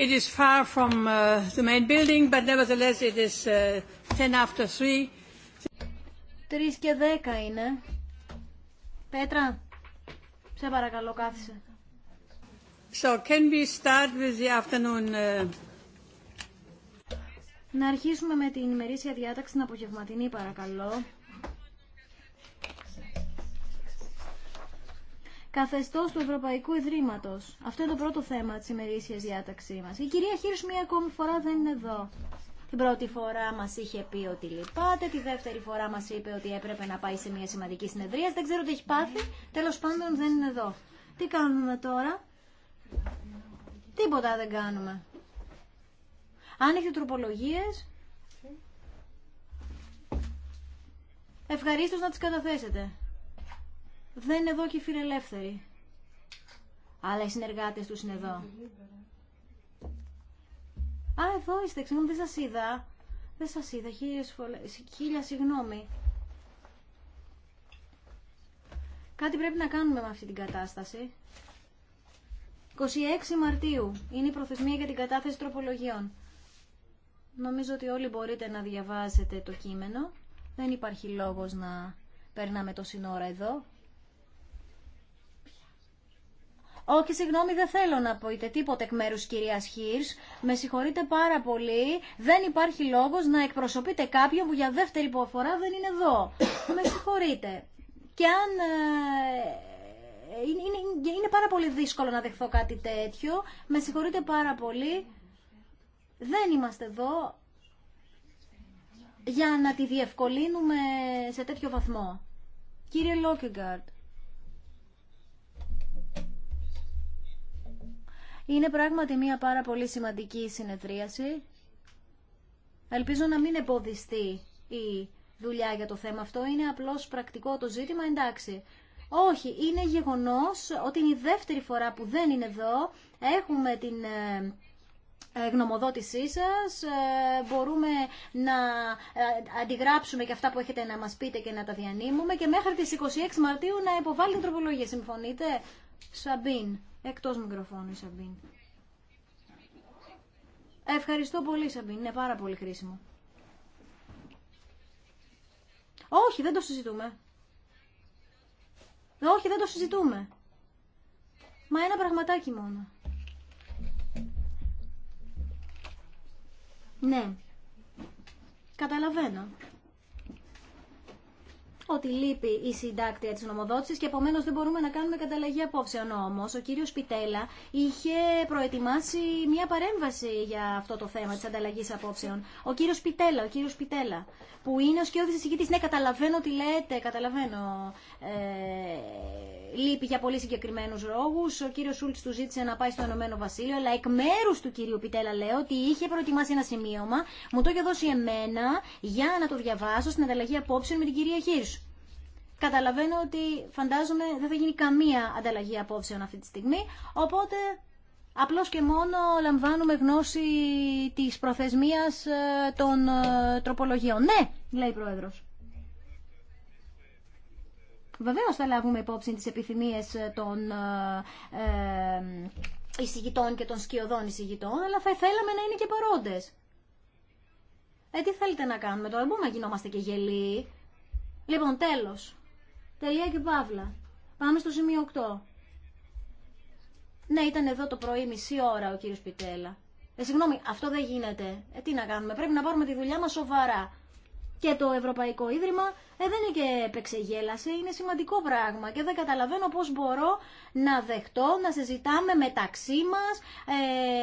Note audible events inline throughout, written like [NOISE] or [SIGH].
It is far from uh, the main building, but nevertheless it is 10 uh, after 3. 3 και δέκα είναι. Πέτρα, σε παρακαλώ κάθισε. So can we start with the afternoon uh, να αρχίσουμε με την ημερήσια διάταξη την απογευματινή παρακαλώ. Καθεστώ του Ευρωπαϊκού Ιδρύματος. Αυτό είναι το πρώτο θέμα τη ημερήσια διάταξή μα. Η κυρία Χίρ, μία ακόμη φορά δεν είναι εδώ. Την πρώτη φορά μα είχε πει ότι λυπάται, τη δεύτερη φορά μα είπε ότι έπρεπε να πάει σε μια σημαντική συνεδρία. Δεν ξέρω τι έχει πάθει. Τέλο πάντων δεν είναι εδώ. Τι κάνουμε τώρα. Τίποτα δεν κάνουμε. Αν έχετε τροπολογίε. Ευχαρίστω να τι καταθέσετε δεν είναι εδώ και οι φιλελεύθεροι. Αλλά οι συνεργάτες τους είναι εδώ. Α, εδώ είστε, ξέρω, δεν σας είδα. Δεν σας είδα, χίλια συγγνώμη. Κάτι πρέπει να κάνουμε με αυτή την κατάσταση. 26 Μαρτίου είναι η προθεσμία για την κατάθεση τροπολογιών. Νομίζω ότι όλοι μπορείτε να διαβάσετε το κείμενο. Δεν υπάρχει λόγος να περνάμε το σύνορα εδώ. Όχι, συγγνώμη, δεν θέλω να πείτε τίποτε εκ μέρου κυρία Χίρ. Με συγχωρείτε πάρα πολύ. Δεν υπάρχει λόγο να εκπροσωπείτε κάποιον που για δεύτερη φορά δεν είναι εδώ. [COUGHS] Με συγχωρείτε. Και αν. Ε, είναι, είναι, είναι πάρα πολύ δύσκολο να δεχθώ κάτι τέτοιο. Με συγχωρείτε πάρα πολύ. Δεν είμαστε εδώ για να τη διευκολύνουμε σε τέτοιο βαθμό. Κύριε Λόκεγκαρτ, Είναι πράγματι μια πάρα πολύ σημαντική συνεδρίαση. Ελπίζω να μην εμποδιστεί η δουλειά για το θέμα αυτό. Είναι απλώς πρακτικό το ζήτημα, εντάξει. Όχι, είναι γεγονός ότι είναι η δεύτερη φορά που δεν είναι εδώ. Έχουμε την ε, ε, γνωμοδότησή σας, ε, μπορούμε να αντιγράψουμε και αυτά που έχετε να μας πείτε και να τα διανύμουμε και μέχρι τις 26 Μαρτίου να υποβάλει την τροπολογία. Συμφωνείτε, Σαμπίν. Εκτός μικροφώνου, Σαμπίν. Ευχαριστώ πολύ, Σαμπίν. Είναι πάρα πολύ χρήσιμο. Όχι, δεν το συζητούμε. Όχι, δεν το συζητούμε. Μα ένα πραγματάκι μόνο. Ναι. Καταλαβαίνω ότι λείπει η συντάκτεια τη νομοδότηση και επομένω δεν μπορούμε να κάνουμε καταλλαγή απόψεων όμω. Ο κύριο Πιτέλα είχε προετοιμάσει μια παρέμβαση για αυτό το θέμα τη ανταλλαγή απόψεων. Ο κύριο Πιτέλα, ο κύριο Πιτέλα, που είναι ο σκιώδη εισηγητής. Ναι, καταλαβαίνω τι λέτε, καταλαβαίνω. Ε, λείπει για πολύ συγκεκριμένου λόγου. Ο κύριο Σούλτ του ζήτησε να πάει στο Ηνωμένο Βασίλειο, αλλά εκ μέρου του κυρίου Πιτέλα λέω ότι είχε προετοιμάσει ένα σημείωμα, μου το είχε δώσει εμένα για να το διαβάσω στην ανταλλαγή απόψεων με την κυρία Χίρς. Καταλαβαίνω ότι φαντάζομαι δεν θα γίνει καμία ανταλλαγή απόψεων αυτή τη στιγμή, οπότε απλώς και μόνο λαμβάνουμε γνώση της προθεσμίας ε, των ε, τροπολογιών. Ναι, λέει η Πρόεδρος. Βεβαίως θα λάβουμε υπόψη τις επιθυμίες ε, των εισηγητών και των σκιωδών εισηγητών, αλλά θα θέλαμε να είναι και παρόντες. Ε, τι θέλετε να κάνουμε τώρα, μπορούμε να γινόμαστε και γελοί. Λοιπόν, τέλος. Τελεία και παύλα. Πάμε στο σημείο 8. Ναι, ήταν εδώ το πρωί μισή ώρα ο κύριος Πιτέλα. Ε, συγγνώμη, αυτό δεν γίνεται. Ε, τι να κάνουμε, πρέπει να πάρουμε τη δουλειά μας σοβαρά. Και το Ευρωπαϊκό Ίδρυμα ε, δεν είναι και επεξεγέλασε, είναι σημαντικό πράγμα και δεν καταλαβαίνω πώς μπορώ να δεχτώ, να συζητάμε μεταξύ μας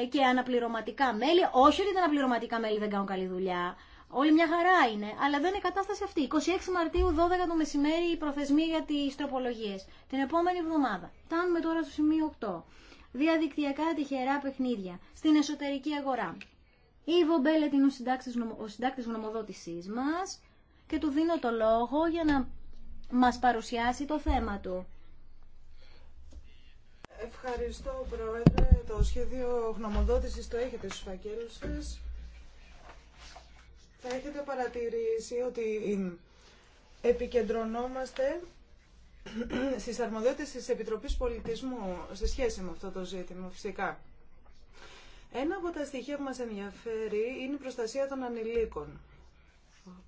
ε, και αναπληρωματικά μέλη. Όχι ότι τα αναπληρωματικά μέλη δεν κάνουν καλή δουλειά, Όλη μια χαρά είναι, αλλά δεν είναι κατάσταση αυτή. 26 Μαρτίου, 12 το μεσημέρι, οι προθεσμοί για τι τροπολογίε. Την επόμενη εβδομάδα. Φτάνουμε τώρα στο σημείο 8. Διαδικτυακά τυχερά παιχνίδια στην εσωτερική αγορά. Ήβο Μπέλετ είναι ο συντάκτη γνωμοδότησή μα και του δίνω το λόγο για να μα παρουσιάσει το θέμα του. Ευχαριστώ, Πρόεδρε. Το σχέδιο γνωμοδότηση το έχετε στου φακέλου σα. Θα έχετε παρατηρήσει ότι επικεντρωνόμαστε [CLEARS THROAT] στις αρμοδιότητες της Επιτροπής Πολιτισμού σε σχέση με αυτό το ζήτημα φυσικά. Ένα από τα στοιχεία που μας ενδιαφέρει είναι η προστασία των ανηλίκων.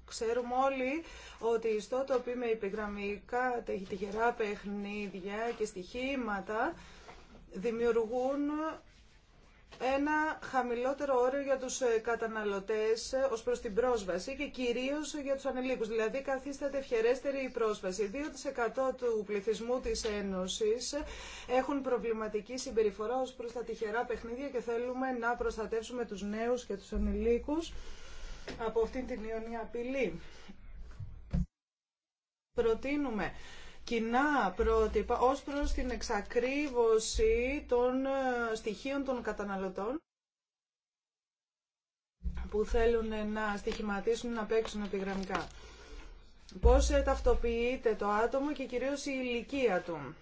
Ξέρουμε όλοι ότι στο τοπί με υπεγραμμικά τυχερά παιχνίδια και στοιχήματα δημιουργούν ένα χαμηλότερο όριο για τους ε, καταναλωτές ε, ως προς την πρόσβαση και κυρίως για τους ανηλίκους. Δηλαδή καθίσταται ευχερέστερη η πρόσβαση. 2% του πληθυσμού της Ένωσης ε, έχουν προβληματική συμπεριφορά ως προς τα τυχερά παιχνίδια και θέλουμε να προστατεύσουμε τους νέους και τους ανηλίκους από αυτήν την ιονία απειλή. Προτείνουμε κοινά πρότυπα ως προς την εξακρίβωση των ε, στοιχείων των καταναλωτών που θέλουν να στοιχηματίσουν να παίξουν επιγραμμικά. Πώς ε, ταυτοποιείται το άτομο και κυρίως η ηλικία του.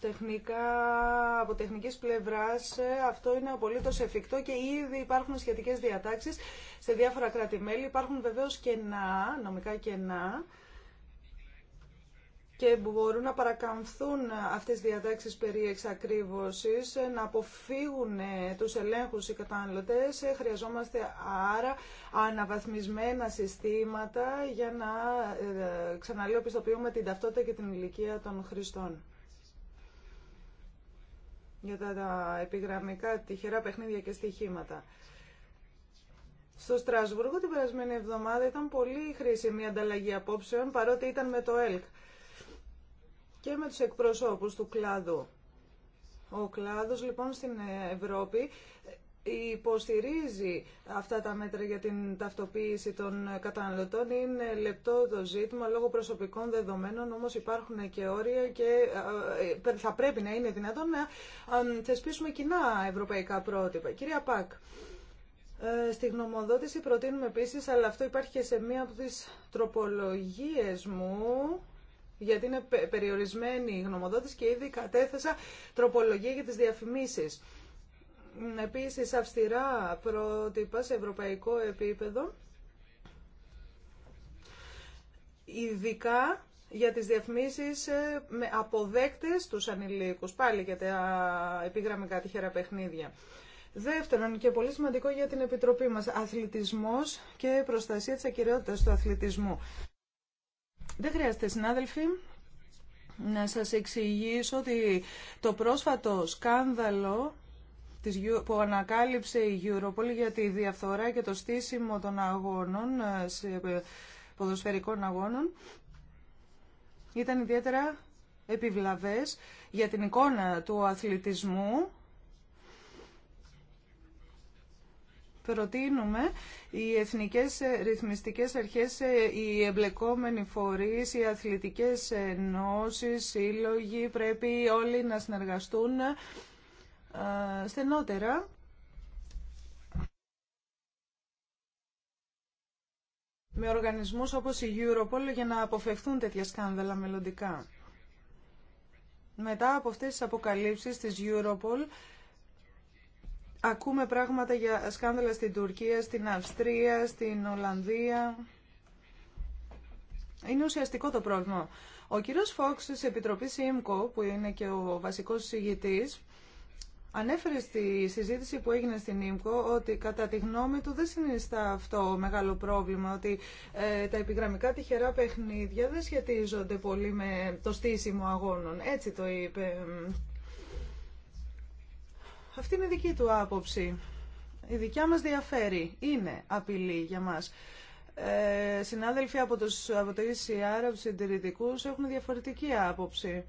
Τεχνικά, από τεχνικής πλευράς ε, αυτό είναι απολύτως εφικτό και ήδη υπάρχουν σχετικές διατάξεις σε διάφορα κράτη-μέλη. Υπάρχουν βεβαίως κενά, νομικά κενά, και μπορούν να παρακαμφθούν αυτές τις διατάξεις περί εξακρίβωσης, να αποφύγουν ε, τους ελέγχους οι καταναλωτές. Ε, χρειαζόμαστε άρα αναβαθμισμένα συστήματα για να ε, ξαναλέω πιστοποιούμε την ταυτότητα και την ηλικία των χρηστών. Για τα, τα επιγραμμικά τυχερά παιχνίδια και στοιχήματα. Στο Στρασβούργο την περασμένη εβδομάδα ήταν πολύ χρήσιμη η ανταλλαγή απόψεων, παρότι ήταν με το ΕΛΚ και με τους εκπροσώπους του κλάδου. Ο κλάδος λοιπόν στην Ευρώπη ε, υποστηρίζει αυτά τα μέτρα για την ταυτοποίηση των καταναλωτών. Είναι λεπτό το ζήτημα λόγω προσωπικών δεδομένων, όμως υπάρχουν και όρια και ε, ε, θα πρέπει να είναι δυνατόν να θεσπίσουμε κοινά ευρωπαϊκά πρότυπα. Κυρία Πακ, στη γνωμοδότηση προτείνουμε επίσης, αλλά αυτό υπάρχει και σε μία από τις τροπολογίες μου, γιατί είναι περιορισμένη η γνωμοδότηση και ήδη κατέθεσα τροπολογία για τις διαφημίσεις. Επίσης, αυστηρά πρότυπα σε ευρωπαϊκό επίπεδο, ειδικά για τις διαφημίσεις ε, με αποδέκτες τους ανηλίκους, πάλι για τα επίγραμμικά τυχερά παιχνίδια. Δεύτερον και πολύ σημαντικό για την Επιτροπή μας, αθλητισμός και προστασία της ακυρεότητας του αθλητισμού. Δεν χρειάζεται, συνάδελφοι, να σας εξηγήσω ότι το πρόσφατο σκάνδαλο που ανακάλυψε η Europol για τη διαφθορά και το στήσιμο των αγώνων, ε, σε ε, ποδοσφαιρικών αγώνων, ήταν ιδιαίτερα επιβλαβές για την εικόνα του αθλητισμού προτείνουμε οι εθνικές ρυθμιστικές αρχές, ε, οι εμπλεκόμενοι φορείς, οι αθλητικές ενώσεις, σύλλογοι, πρέπει όλοι να συνεργαστούν ε, στενότερα. με οργανισμούς όπως η Europol για να αποφευθούν τέτοια σκάνδαλα μελλοντικά. Μετά από αυτές τις αποκαλύψεις της Europol, Ακούμε πράγματα για σκάνδαλα στην Τουρκία, στην Αυστρία, στην Ολλανδία. Είναι ουσιαστικό το πρόβλημα. Ο κύριος Φόξ της επιτροπή ΙΜΚΟ, που είναι και ο βασικός συγητής, ανέφερε στη συζήτηση που έγινε στην ΙΜΚΟ ότι κατά τη γνώμη του δεν συνιστά αυτό μεγάλο πρόβλημα, ότι ε, τα επιγραμμικά τυχερά παιχνίδια δεν σχετίζονται πολύ με το στήσιμο αγώνων. Έτσι το είπε αυτή είναι η δική του άποψη. Η δικιά μας διαφέρει. Είναι απειλή για μας. Ε, συνάδελφοι από, τους, από το ECR, από τους συντηρητικούς, έχουν διαφορετική άποψη.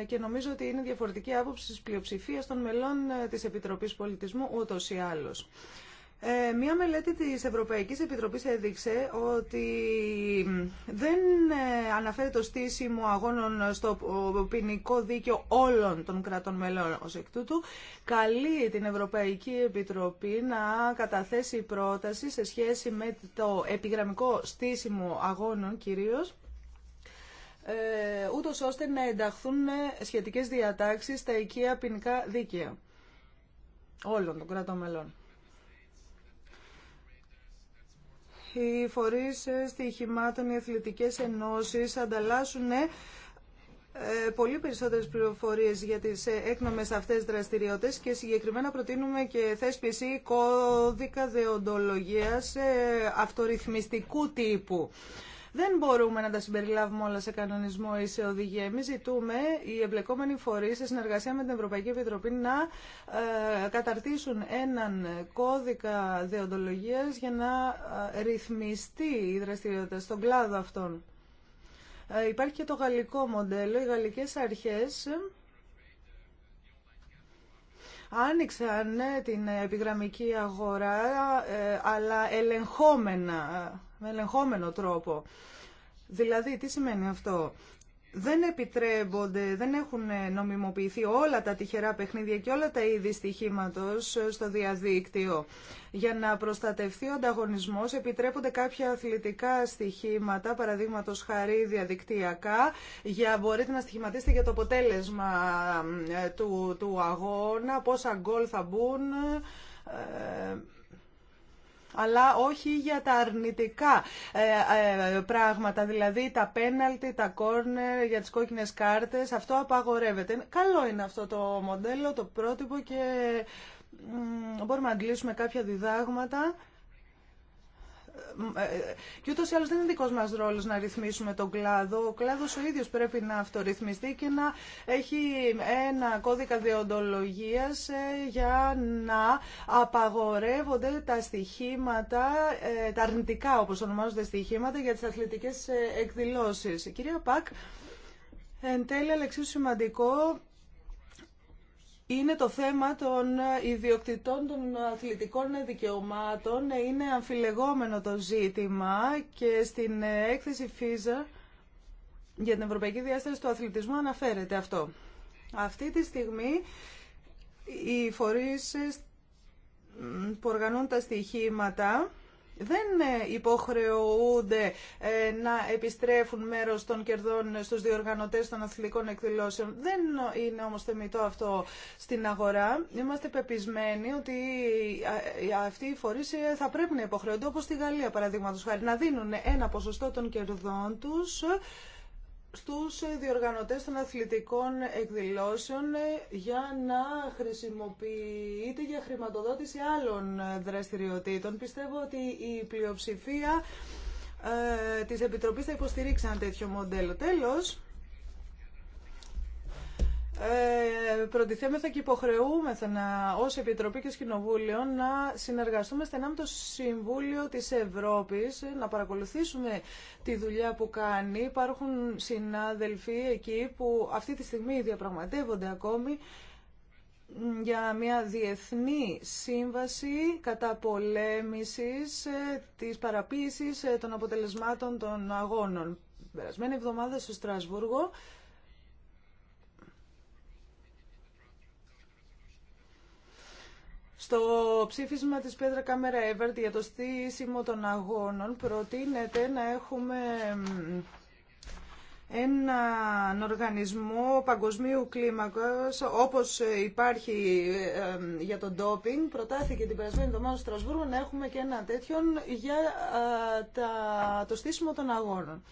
Ε, και νομίζω ότι είναι διαφορετική άποψη της πλειοψηφίας των μελών ε, της Επιτροπής Πολιτισμού ούτως ή άλλως. Ε, μία μελέτη της Ευρωπαϊκής Επιτροπής έδειξε ότι δεν ε, αναφέρει το στήσιμο αγώνων στο ποινικό δίκαιο όλων των κρατών μελών. Ως εκ τούτου, καλεί την Ευρωπαϊκή Επιτροπή να καταθέσει πρόταση σε σχέση με το επιγραμμικό στήσιμο αγώνων κυρίως, ε, ούτως ώστε να ενταχθούν σχετικές διατάξεις στα οικία ποινικά δίκαια όλων των κρατών μελών. οι φορείς ε, στοιχημάτων, οι αθλητικές ενώσεις ανταλλάσσουν ε, ε, πολύ περισσότερες πληροφορίες για τις έκνομες αυτές δραστηριότητες και συγκεκριμένα προτείνουμε και θέσπιση κώδικα δεοντολογίας αυτορυθμιστικού τύπου. Δεν μπορούμε να τα συμπεριλάβουμε όλα σε κανονισμό ή σε οδηγία. Εμεί ζητούμε οι εμπλεκόμενοι φορεί, σε συνεργασία με την Ευρωπαϊκή Επιτροπή, να ε, καταρτήσουν έναν κώδικα δεοντολογία για να ε, ρυθμιστεί η δραστηριότητα στον κλάδο αυτών. Ε, υπάρχει και το γαλλικό μοντέλο. Οι γαλλικές αρχές άνοιξαν την επιγραμμική αγορά, αλλά ελεγχόμενα με ελεγχόμενο τρόπο. Δηλαδή, τι σημαίνει αυτό. Δεν επιτρέπονται, δεν έχουν νομιμοποιηθεί όλα τα τυχερά παιχνίδια και όλα τα είδη στοιχήματο στο διαδίκτυο. Για να προστατευτεί ο ανταγωνισμό, επιτρέπονται κάποια αθλητικά στοιχήματα, παραδείγματο χαρή διαδικτυακά, για μπορείτε να στοιχηματίσετε για το αποτέλεσμα ε, του, του αγώνα, πόσα γκολ θα μπουν, ε, αλλά όχι για τα αρνητικά ε, ε, πράγματα, δηλαδή τα πέναλτι, τα κόρνερ για τις κόκκινες κάρτες, αυτό απαγορεύεται. Καλό είναι αυτό το μοντέλο, το πρότυπο και μπορούμε να αντλήσουμε κάποια διδάγματα και ούτως ή άλλως δεν είναι δικός μας ρόλος να ρυθμίσουμε τον κλάδο. Ο κλάδος ο ίδιος πρέπει να αυτορυθμιστεί και να έχει ένα κώδικα διοντολογίας για να απαγορεύονται τα στοιχήματα, τα αρνητικά όπως ονομάζονται στοιχήματα για τις αθλητικές εκδηλώσεις. Κυρία Πακ, εν τέλει, αλλά σημαντικό, είναι το θέμα των ε, ιδιοκτητών των αθλητικών δικαιωμάτων. Ε, είναι αμφιλεγόμενο το ζήτημα και στην ε, έκθεση ΦΙΖΑ για την Ευρωπαϊκή Διάσταση του Αθλητισμού αναφέρεται αυτό. Αυτή τη στιγμή οι φορείς που οργανώνουν τα στοιχήματα δεν ε, υποχρεούνται ε, να επιστρέφουν μέρος των κερδών στους διοργανωτές των αθλητικών εκδηλώσεων. Δεν ε, είναι όμως θεμητό αυτό στην αγορά. Είμαστε πεπισμένοι ότι αυτοί οι φορείς θα πρέπει να υποχρεούνται, όπως στη Γαλλία παραδείγματος χάρη, να δίνουν ένα ποσοστό των κερδών τους στους διοργανωτές των αθλητικών εκδηλώσεων για να χρησιμοποιείται για χρηματοδότηση άλλων δραστηριοτήτων. Πιστεύω ότι η πλειοψηφία ε, της Επιτροπής θα υποστηρίξει ένα τέτοιο μοντέλο. Τέλος, ε, προτιθέμεθα και υποχρεούμεθα να, ως Επιτροπή και Σκηνοβούλιο να συνεργαστούμε στενά με το Συμβούλιο της Ευρώπης, να παρακολουθήσουμε τη δουλειά που κάνει. Υπάρχουν συνάδελφοι εκεί που αυτή τη στιγμή διαπραγματεύονται ακόμη για μια διεθνή σύμβαση κατά πολέμησης ε, της παραποίησης ε, των αποτελεσμάτων των αγώνων. Περασμένη εβδομάδα στο Στρασβούργο Στο ψήφισμα της Πέτρα Κάμερα Εύαρτη για το στήσιμο των αγώνων προτείνεται να έχουμε έναν οργανισμό παγκοσμίου κλίμακας όπως υπάρχει για τον ντόπινγκ προτάθηκε την περασμένη εβδομάδα στο Στρασβούργο να έχουμε και ένα τέτοιον για ε, το στήσιμο των αγώνων.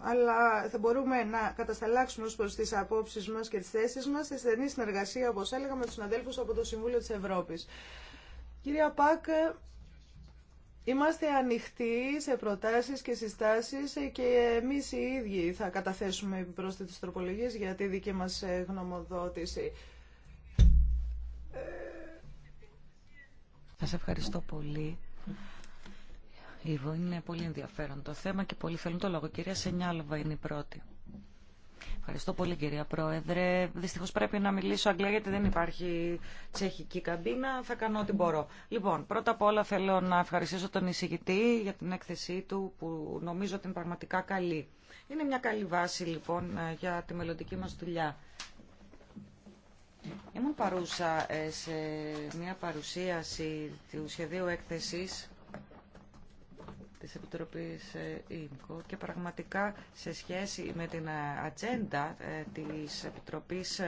αλλά θα μπορούμε να κατασταλάξουμε ως προς τις απόψεις μας και τις θέσεις μας στη στενή συνεργασία, όπως έλεγα, με τους συναδέλφους από το Συμβούλιο της Ευρώπης. Κυρία Πακ, είμαστε ανοιχτοί σε προτάσεις και συστάσεις και εμείς οι ίδιοι θα καταθέσουμε επιπρόσθετες τροπολογίες για τη δική μας ε, γνωμοδότηση. Σας ευχαριστώ πολύ. Ήβο. Είναι πολύ ενδιαφέρον το θέμα και πολύ θέλουν το λόγο. Κυρία Σενιάλβα είναι η πρώτη. Ευχαριστώ πολύ κυρία Πρόεδρε. Δυστυχώ πρέπει να μιλήσω αγγλικά γιατί δεν υπάρχει τσεχική καμπίνα. Θα κάνω ό,τι μπορώ. Λοιπόν, πρώτα απ' όλα θέλω να ευχαριστήσω τον εισηγητή για την έκθεσή του που νομίζω ότι είναι πραγματικά καλή. Είναι μια καλή βάση λοιπόν ε, για τη μελλοντική μας δουλειά. Ήμουν παρούσα ε, σε μια παρουσίαση του σχεδίου έκθεσης της Επιτροπής ε, ΙΜΚΟ και πραγματικά σε σχέση με την ε, ατζέντα ε, της Επιτροπής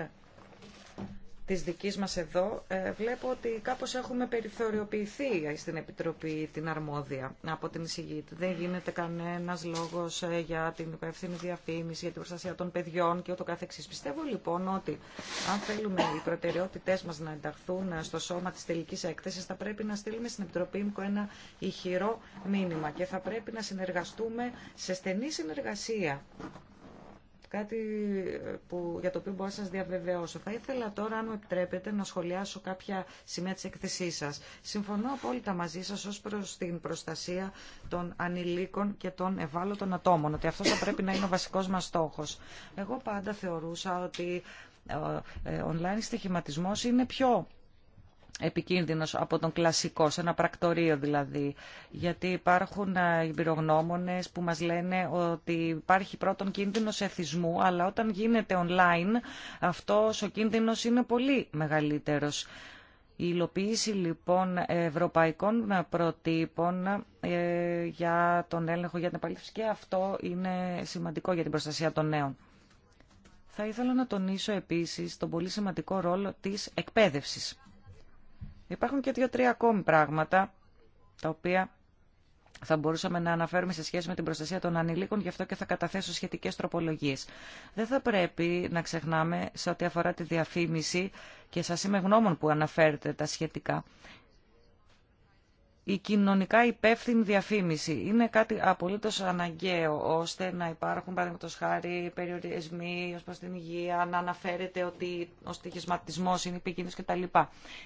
της δικής μας εδώ, ε, βλέπω ότι κάπως έχουμε περιθωριοποιηθεί στην Επιτροπή την αρμόδια από την εισηγήτη. Δεν γίνεται κανένας λόγος ε, για την υπεύθυνη διαφήμιση, για την προστασία των παιδιών και ούτω καθεξής. Πιστεύω λοιπόν ότι αν θέλουμε οι προτεραιότητές μας να ενταχθούν ε, στο σώμα της τελικής έκθεσης, θα πρέπει να στείλουμε στην Επιτροπή ΜΚΟ ένα ηχηρό μήνυμα και θα πρέπει να συνεργαστούμε σε στενή συνεργασία Κάτι ε, που, για το οποίο μπορώ να σας διαβεβαιώσω. Θα ήθελα τώρα, αν μου επιτρέπετε, να σχολιάσω κάποια σημεία της εκθεσής σας. Συμφωνώ απόλυτα μαζί σας ως προς την προστασία των ανηλίκων και των ευάλωτων ατόμων, ότι αυτό θα πρέπει να είναι ο βασικός μας στόχος. Εγώ πάντα θεωρούσα ότι ο ε, ε, online στοιχηματισμός είναι πιο επικίνδυνος από τον κλασικό, σε ένα πρακτορείο δηλαδή. Γιατί υπάρχουν ε, εμπειρογνώμονες που μας λένε ότι υπάρχει πρώτον κίνδυνος εθισμού, αλλά όταν γίνεται online αυτός ο κίνδυνος είναι πολύ μεγαλύτερος. Η υλοποίηση λοιπόν ευρωπαϊκών ε, προτύπων ε, για τον έλεγχο, για την επαλήθευση και αυτό είναι σημαντικό για την προστασία των νέων. Θα ήθελα να τονίσω επίσης τον πολύ σημαντικό ρόλο της εκπαίδευσης Υπάρχουν και δύο-τρία ακόμη πράγματα τα οποία θα μπορούσαμε να αναφέρουμε σε σχέση με την προστασία των ανηλίκων, γι' αυτό και θα καταθέσω σχετικέ τροπολογίε. Δεν θα πρέπει να ξεχνάμε σε ό,τι αφορά τη διαφήμιση και σα είμαι γνώμων που αναφέρετε τα σχετικά η κοινωνικά υπεύθυνη διαφήμιση είναι κάτι απολύτως αναγκαίο ώστε να υπάρχουν παραδείγματος χάρη περιορισμοί ω προ την υγεία, να αναφέρεται ότι ο στοιχισματισμό είναι επικίνδυνος κτλ.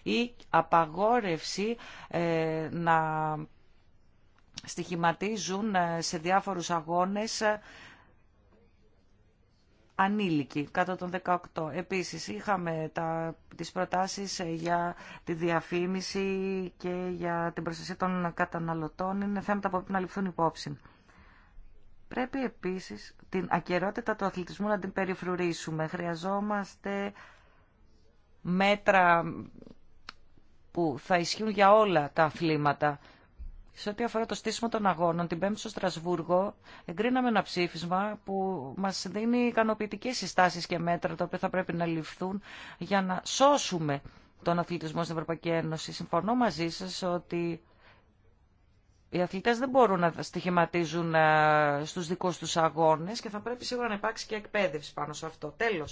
Ή απαγόρευση ε, να στοιχηματίζουν ε, σε διάφορους αγώνες ανήλικοι κάτω των 18. Επίσης είχαμε τα, τις προτάσεις ε, για τη διαφήμιση και για την προστασία των καταναλωτών. Είναι θέματα που πρέπει να ληφθούν υπόψη. Πρέπει επίσης την ακαιρότητα του αθλητισμού να την περιφρουρήσουμε. Χρειαζόμαστε μέτρα που θα ισχύουν για όλα τα αθλήματα σε ό,τι αφορά το στήσιμο των αγώνων, την Πέμπτη στο Στρασβούργο εγκρίναμε ένα ψήφισμα που μα δίνει ικανοποιητικέ συστάσει και μέτρα τα οποία θα πρέπει να ληφθούν για να σώσουμε τον αθλητισμό στην Ευρωπαϊκή Ένωση. Συμφωνώ μαζί σα ότι οι αθλητέ δεν μπορούν να στοιχηματίζουν ε, στου δικού του αγώνε και θα πρέπει σίγουρα να υπάρξει και εκπαίδευση πάνω σε αυτό. Τέλο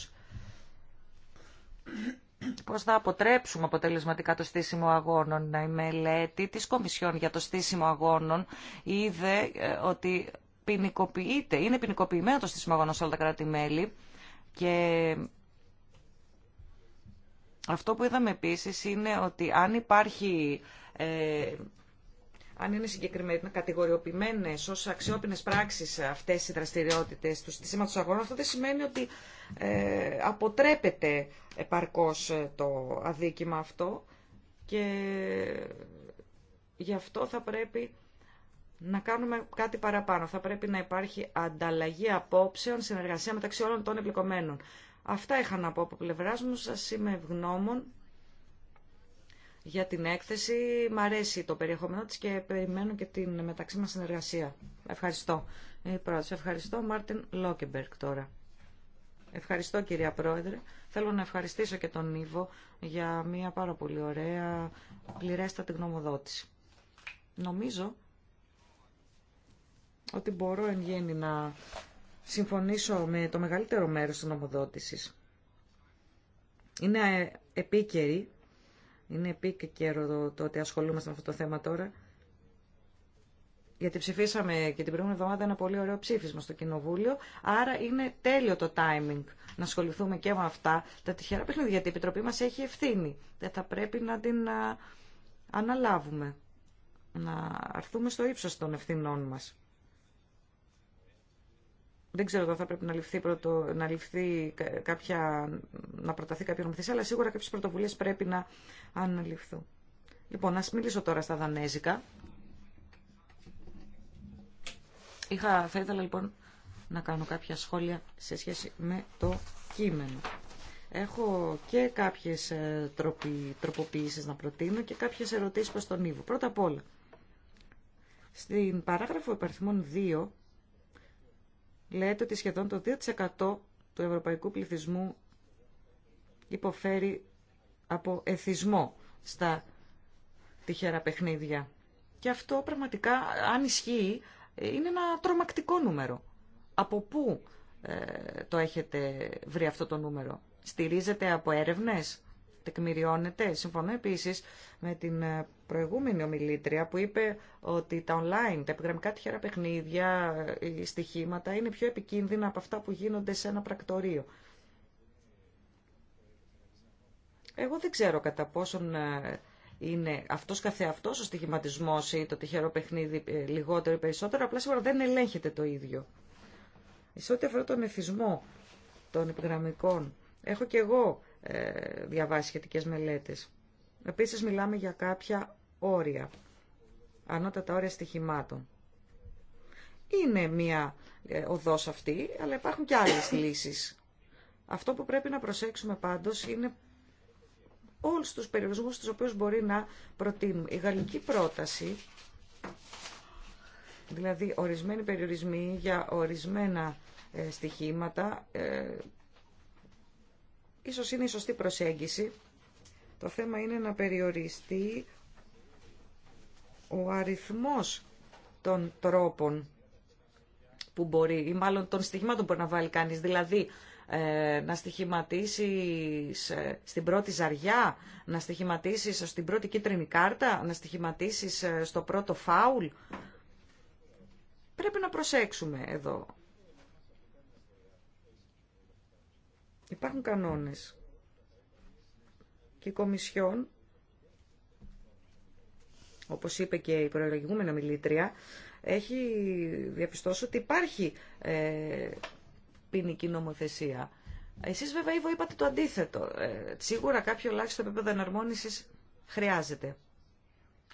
πώς θα αποτρέψουμε αποτελεσματικά το στήσιμο αγώνων. Η μελέτη της Κομισιόν για το στήσιμο αγώνων είδε ε, ότι ποινικοποιείται, είναι ποινικοποιημένο το στήσιμο αγώνων σε όλα τα κράτη-μέλη και αυτό που είδαμε επίσης είναι ότι αν υπάρχει ε, αν είναι συγκεκριμένα κατηγοριοποιημένε ω αξιόπινε πράξει αυτέ οι δραστηριότητε του συστήματο αγορών, αυτό δεν σημαίνει ότι ε, αποτρέπεται επαρκώ ε, το αδίκημα αυτό και γι' αυτό θα πρέπει να κάνουμε κάτι παραπάνω. Θα πρέπει να υπάρχει ανταλλαγή απόψεων, συνεργασία μεταξύ όλων των εμπλεκομένων. Αυτά είχα να πω από πλευρά μου. Σα είμαι ευγνώμων για την έκθεση. Μ' αρέσει το περιεχόμενό της και περιμένω και την μεταξύ μας συνεργασία. Ευχαριστώ. Ε, ευχαριστώ. Μάρτιν Λόκεμπερκ τώρα. Ευχαριστώ κυρία Πρόεδρε. Θέλω να ευχαριστήσω και τον Ήβο για μια πάρα πολύ ωραία πληρέστατη γνωμοδότηση. Νομίζω ότι μπορώ εν γέννη να συμφωνήσω με το μεγαλύτερο μέρος της νομοδότησης. Είναι επίκαιρη είναι επίκαιρο το ότι ασχολούμαστε με αυτό το θέμα τώρα. Γιατί ψηφίσαμε και την προηγούμενη εβδομάδα ένα πολύ ωραίο ψήφισμα στο Κοινοβούλιο. Άρα είναι τέλειο το timing να ασχοληθούμε και με αυτά τα τυχερά παιχνίδια. Γιατί η Επιτροπή μα έχει ευθύνη. Δεν θα πρέπει να την αναλάβουμε. Να αρθούμε στο ύψο των ευθυνών μας δεν ξέρω αν θα πρέπει να ληφθεί, πρωτο, να ληφθεί κάποια, να προταθεί κάποια νομοθεσία, αλλά σίγουρα κάποιες πρωτοβουλίες πρέπει να αναλυφθούν. Λοιπόν, ας μιλήσω τώρα στα δανέζικα. Είχα, θα ήθελα λοιπόν να κάνω κάποια σχόλια σε σχέση με το κείμενο. Έχω και κάποιες ε, τροποποιήσει τροποποιήσεις να προτείνω και κάποιες ερωτήσει προς τον Ήβο. Πρώτα απ' όλα, στην παράγραφο υπαριθμών 2 λέτε ότι σχεδόν το 2% του ευρωπαϊκού πληθυσμού υποφέρει από εθισμό στα τυχερά παιχνίδια. Και αυτό πραγματικά, αν ισχύει, είναι ένα τρομακτικό νούμερο. Από πού ε, το έχετε βρει αυτό το νούμερο. Στηρίζεται από έρευνες τεκμηριώνεται. Συμφωνώ επίσης με την ε, προηγούμενη ομιλήτρια που είπε ότι τα online, τα επιγραμμικά τυχερά παιχνίδια, ε, οι στοιχήματα είναι πιο επικίνδυνα από αυτά που γίνονται σε ένα πρακτορείο. Εγώ δεν ξέρω κατά πόσον ε, είναι αυτός καθεαυτός ο στοιχηματισμός ή το τυχερό παιχνίδι λιγότερο ή περισσότερο, απλά σίγουρα δεν ελέγχεται το ίδιο. Σε ό,τι αφορά τον εθισμό των επιγραμμικών, έχω και εγώ ε, διαβάσει σχετικές μελέτες. Επίσης μιλάμε για κάποια όρια, ανώτατα όρια στοιχημάτων. Είναι μία ε, οδός αυτή, αλλά υπάρχουν και άλλες [COUGHS] λύσεις. Αυτό που πρέπει να προσέξουμε πάντως είναι όλους τους περιορισμούς τους οποίους μπορεί να προτείνουμε. Η γαλλική πρόταση, δηλαδή ορισμένοι περιορισμοί για ορισμένα ε, στοιχήματα, Ίσως είναι η σωστή προσέγγιση. Το θέμα είναι να περιοριστεί ο αριθμός των τρόπων που μπορεί, ή μάλλον των στοιχημάτων που μπορεί να βάλει κανείς. Δηλαδή, ε, να στοιχηματίσεις ε, στην πρώτη ζαριά, να στοιχηματίσεις στην πρώτη κίτρινη κάρτα, να στοιχηματίσεις ε, στο πρώτο φάουλ. Πρέπει να προσέξουμε εδώ. Υπάρχουν κανόνες. Και η Κομισιόν, όπως είπε και η προελογηγούμενα μιλήτρια, έχει διαπιστώσει ότι υπάρχει ε, ποινική νομοθεσία. Εσείς βέβαια Ήβο είπατε το αντίθετο. Ε, σίγουρα κάποιο ελάχιστο επίπεδο εναρμόνισης χρειάζεται.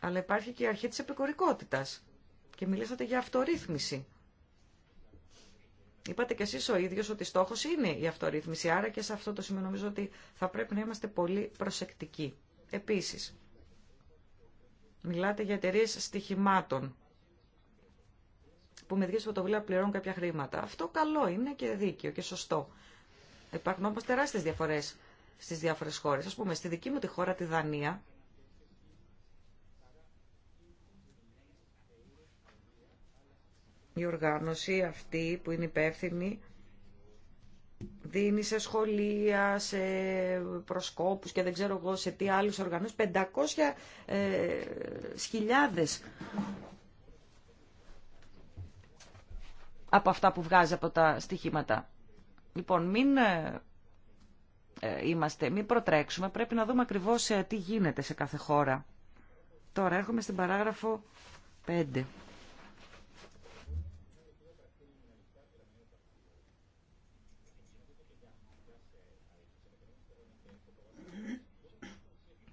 Αλλά υπάρχει και η αρχή της επικορικότητας. Και μιλήσατε για αυτορύθμιση. Είπατε κι εσείς ο ίδιος ότι στόχος είναι η αυτορύθμιση, άρα και σε αυτό το σημείο νομίζω ότι θα πρέπει να είμαστε πολύ προσεκτικοί. Επίσης, μιλάτε για εταιρείε στοιχημάτων που με δική φωτοβουλία πληρώνουν κάποια χρήματα. Αυτό καλό είναι και δίκαιο και σωστό. Υπάρχουν όμως τεράστιες διαφορές στις διάφορες χώρες. Ας πούμε, στη δική μου τη χώρα, τη Δανία, η οργάνωση αυτή που είναι υπεύθυνη δίνει σε σχολεία, σε προσκόπους και δεν ξέρω εγώ σε τι άλλους οργανώσεις, 500 ε, χιλιάδες από αυτά που βγάζει από τα στοιχήματα. Λοιπόν, μην ε, ε, είμαστε, μην προτρέξουμε, πρέπει να δούμε ακριβώς ε, τι γίνεται σε κάθε χώρα. Τώρα έρχομαι στην παράγραφο 5.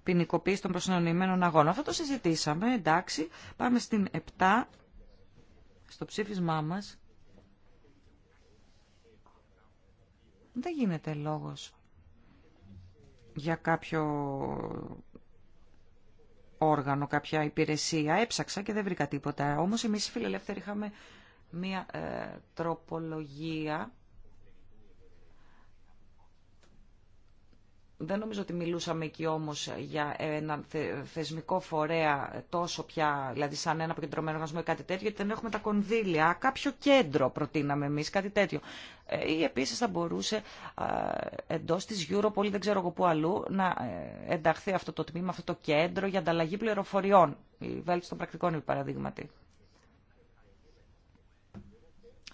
ποινικοποίηση των προσυνονιμένων αγώνων. Αυτό το συζητήσαμε, εντάξει. Πάμε στην 7, στο ψήφισμά μας. Δεν γίνεται λόγος για κάποιο όργανο, κάποια υπηρεσία. Έψαξα και δεν βρήκα τίποτα. Όμως εμείς οι φιλελεύθεροι είχαμε μία ε, τροπολογία Δεν νομίζω ότι μιλούσαμε εκεί όμως για ένα θεσμικό φορέα τόσο πια, δηλαδή σαν ένα αποκεντρωμένο οργανισμό ή κάτι τέτοιο, γιατί δεν έχουμε τα κονδύλια. Κάποιο κέντρο προτείναμε εμείς, κάτι τέτοιο. Ε, ή επίσης θα μπορούσε εντός της Europol, δεν ξέρω εγώ πού αλλού, να ε, ενταχθεί αυτό το τμήμα, αυτό το κέντρο για ανταλλαγή πληροφοριών. Η βέλτιση των πρακτικών, παραδείγματι.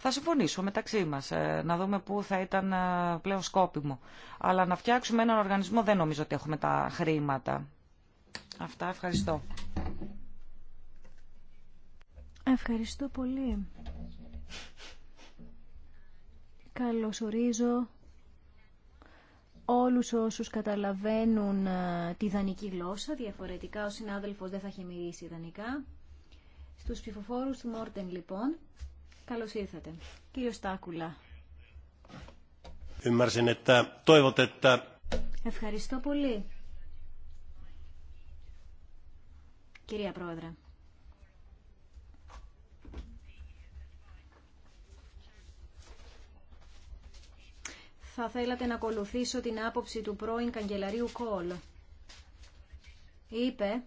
Θα συμφωνήσω μεταξύ μα ε, να δούμε πού θα ήταν ε, πλέον σκόπιμο. Αλλά να φτιάξουμε έναν οργανισμό δεν νομίζω ότι έχουμε τα χρήματα. Αυτά ευχαριστώ. Ευχαριστώ πολύ. Καλωσορίζω όλους όσους καταλαβαίνουν ε, τη δανική γλώσσα. Διαφορετικά ο συνάδελφος δεν θα έχει μιλήσει δανικά. Στους ψηφοφόρους του Μόρτεν λοιπόν Καλώς ήρθατε. Κύριο Στάκουλα. Ευχαριστώ πολύ. Κυρία Πρόεδρε. θα θέλατε να ακολουθήσω την άποψη του πρώην καγκελαρίου Κόλ. Είπε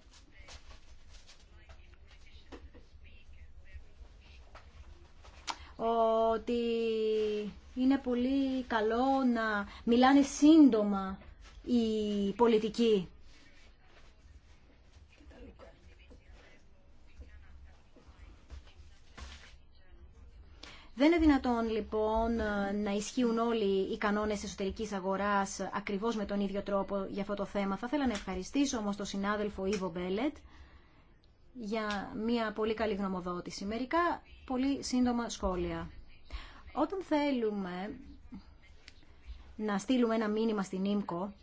ότι είναι πολύ καλό να μιλάνε σύντομα οι πολιτικοί. Δεν είναι δυνατόν λοιπόν να ισχύουν όλοι οι κανόνες εσωτερικής αγοράς ακριβώς με τον ίδιο τρόπο για αυτό το θέμα. Θα ήθελα να ευχαριστήσω όμως τον συνάδελφο Ιβο Μπέλετ για μια πολύ καλή γνωμοδότηση. Μερικά πολύ σύντομα σχόλια. Όταν θέλουμε να στείλουμε ένα μήνυμα στην ΙΜΚΟ,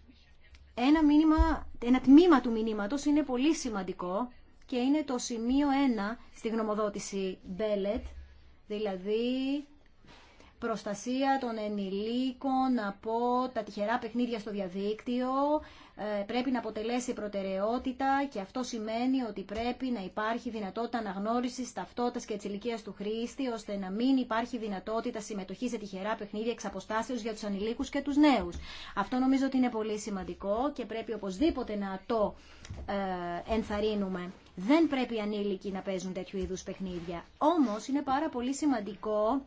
ένα, μήνυμα, ένα τμήμα του μηνύματος είναι πολύ σημαντικό και είναι το σημείο 1 στη γνωμοδότηση Μπέλετ, δηλαδή προστασία των ενηλίκων από τα τυχερά παιχνίδια στο διαδίκτυο ε, πρέπει να αποτελέσει προτεραιότητα και αυτό σημαίνει ότι πρέπει να υπάρχει δυνατότητα αναγνώριση ταυτότητας και τη ηλικία του χρήστη ώστε να μην υπάρχει δυνατότητα συμμετοχή σε τυχερά παιχνίδια εξ αποστάσεω για του ανηλίκους και του νέου. Αυτό νομίζω ότι είναι πολύ σημαντικό και πρέπει οπωσδήποτε να το ε, ενθαρρύνουμε. Δεν πρέπει οι ανήλικοι να παίζουν τέτοιου είδου παιχνίδια. Όμω είναι πάρα πολύ σημαντικό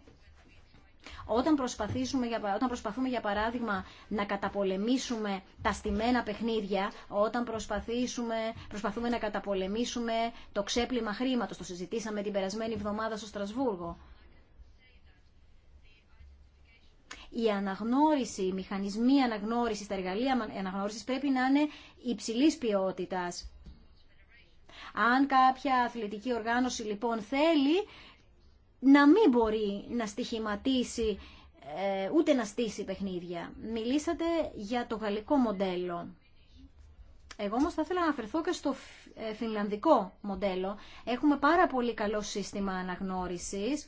όταν, προσπαθήσουμε, όταν προσπαθούμε, για παράδειγμα, να καταπολεμήσουμε τα στημένα παιχνίδια, όταν προσπαθήσουμε, προσπαθούμε να καταπολεμήσουμε το ξέπλυμα χρήματο, το συζητήσαμε την περασμένη εβδομάδα στο Στρασβούργο, η αναγνώριση, οι μηχανισμοί αναγνώριση, τα εργαλεία αναγνώριση, πρέπει να είναι υψηλή ποιότητα. Αν κάποια αθλητική οργάνωση λοιπόν θέλει να μην μπορεί να στοιχηματίσει ε, ούτε να στήσει παιχνίδια. Μιλήσατε για το γαλλικό μοντέλο. Εγώ όμως θα ήθελα να αναφερθώ και στο ε, φινλανδικό μοντέλο. Έχουμε πάρα πολύ καλό σύστημα αναγνώρισης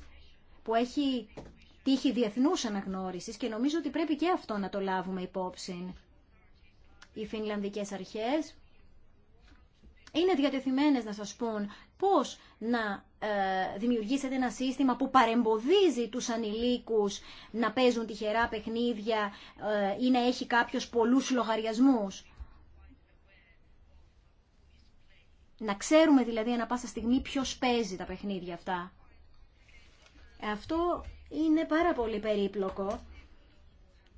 που έχει τύχει διεθνούς αναγνώρισης και νομίζω ότι πρέπει και αυτό να το λάβουμε υπόψη. Οι φινλανδικές αρχές είναι διατεθειμένες να σας πούν πώς να ε, δημιουργήσετε ένα σύστημα που παρεμποδίζει τους ανηλίκους να παίζουν τυχερά παιχνίδια ε, ή να έχει κάποιος πολλούς λογαριασμούς. Να ξέρουμε δηλαδή ανα πάσα στιγμή ποιος παίζει τα παιχνίδια αυτά. Αυτό είναι πάρα πολύ περίπλοκο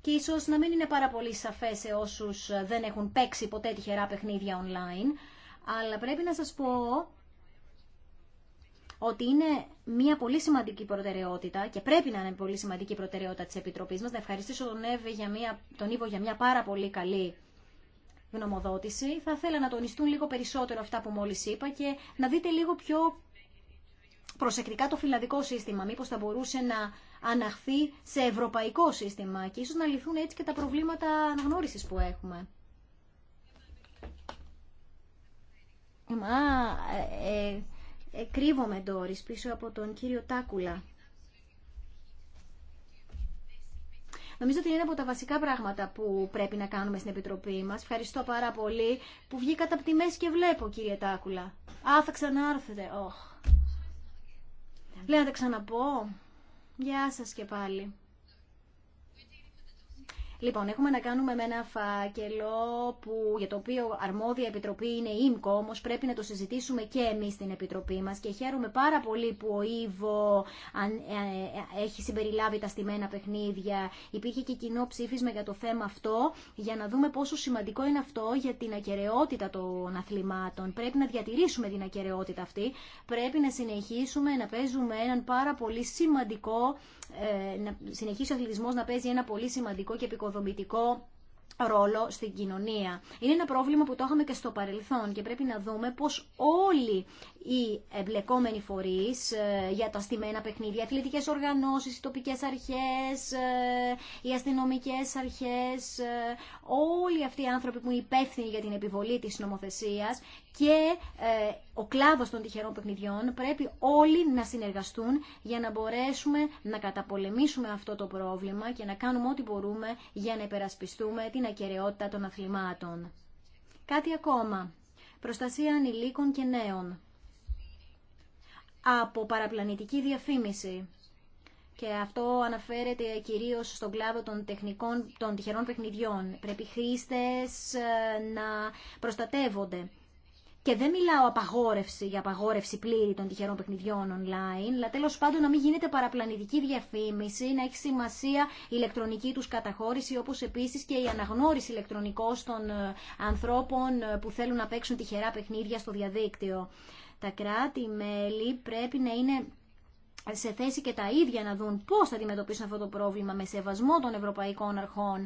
και ίσως να μην είναι πάρα πολύ σαφές σε όσους δεν έχουν παίξει ποτέ τυχερά παιχνίδια online, αλλά πρέπει να σας πω ότι είναι μια πολύ σημαντική προτεραιότητα και πρέπει να είναι πολύ σημαντική προτεραιότητα τη επιτροπή μα. Να ευχαριστήσω τον, Εύη για μια, τον Ήβο για μια πάρα πολύ καλή γνωμοδότηση. Θα ήθελα να τονιστούν λίγο περισσότερο αυτά που μόλις είπα και να δείτε λίγο πιο προσεκτικά το φιλανδικό σύστημα. Μήπως θα μπορούσε να αναχθεί σε ευρωπαϊκό σύστημα και ίσω να λυθούν έτσι και τα προβλήματα αναγνωρίση που έχουμε. Ε, ε, κρύβομαι Ντόρις πίσω από τον κύριο Τάκουλα. Νομίζω ότι είναι από τα βασικά πράγματα που πρέπει να κάνουμε στην Επιτροπή μας. Ευχαριστώ πάρα πολύ που βγήκατε από τη μέση και βλέπω κύριε Τάκουλα. Α, θα ξανάρθετε. Oh. Λέω να τα ξαναπώ. Γεια σας και πάλι. Λοιπόν, έχουμε να κάνουμε με ένα φάκελο που, για το οποίο αρμόδια επιτροπή είναι η ΙΜΚΟ, όμως πρέπει να το συζητήσουμε και εμείς στην επιτροπή μας και χαίρομαι πάρα πολύ που ο Ήβο ε, ε, έχει συμπεριλάβει τα στημένα παιχνίδια. Υπήρχε και κοινό ψήφισμα για το θέμα αυτό, για να δούμε πόσο σημαντικό είναι αυτό για την ακαιρεότητα των αθλημάτων. Πρέπει να διατηρήσουμε την ακαιρεότητα αυτή, πρέπει να συνεχίσουμε να παίζουμε έναν πάρα πολύ σημαντικό ε, να συνεχίσει ο αθλητισμός να παίζει ένα πολύ σημαντικό και επικοδομητικό ρόλο στην κοινωνία. Είναι ένα πρόβλημα που το είχαμε και στο παρελθόν και πρέπει να δούμε πώς όλοι οι εμπλεκόμενοι φορείς ε, για τα στημένα παιχνίδια, αθλητικές οργανώσει, οι τοπικές αρχές, ε, οι αστυνομικές αρχές, ε, όλοι αυτοί οι άνθρωποι που είναι υπεύθυνοι για την επιβολή της νομοθεσία. και ο κλάδο των τυχερών παιχνιδιών πρέπει όλοι να συνεργαστούν για να μπορέσουμε να καταπολεμήσουμε αυτό το πρόβλημα και να κάνουμε ό,τι μπορούμε για να υπερασπιστούμε την ακαιρεότητα των αθλημάτων. Κάτι ακόμα. Προστασία ανηλίκων και νέων από παραπλανητική διαφήμιση. Και αυτό αναφέρεται κυρίως στον κλάδο των, τεχνικών, των τυχερών παιχνιδιών. Πρέπει χρήστε χρήστες ε, να προστατεύονται. Και δεν μιλάω απαγόρευση για απαγόρευση πλήρη των τυχερών παιχνιδιών online, αλλά τέλος πάντων να μην γίνεται παραπλανητική διαφήμιση, να έχει σημασία η ηλεκτρονική τους καταχώρηση, όπω επίση και η αναγνώριση ηλεκτρονικώ των ε, ανθρώπων ε, που θέλουν να παίξουν τυχερά παιχνίδια στο διαδίκτυο. Τα κράτη-μέλη πρέπει να είναι σε θέση και τα ίδια να δουν πώς θα αντιμετωπίσουν αυτό το πρόβλημα με σεβασμό των ευρωπαϊκών αρχών.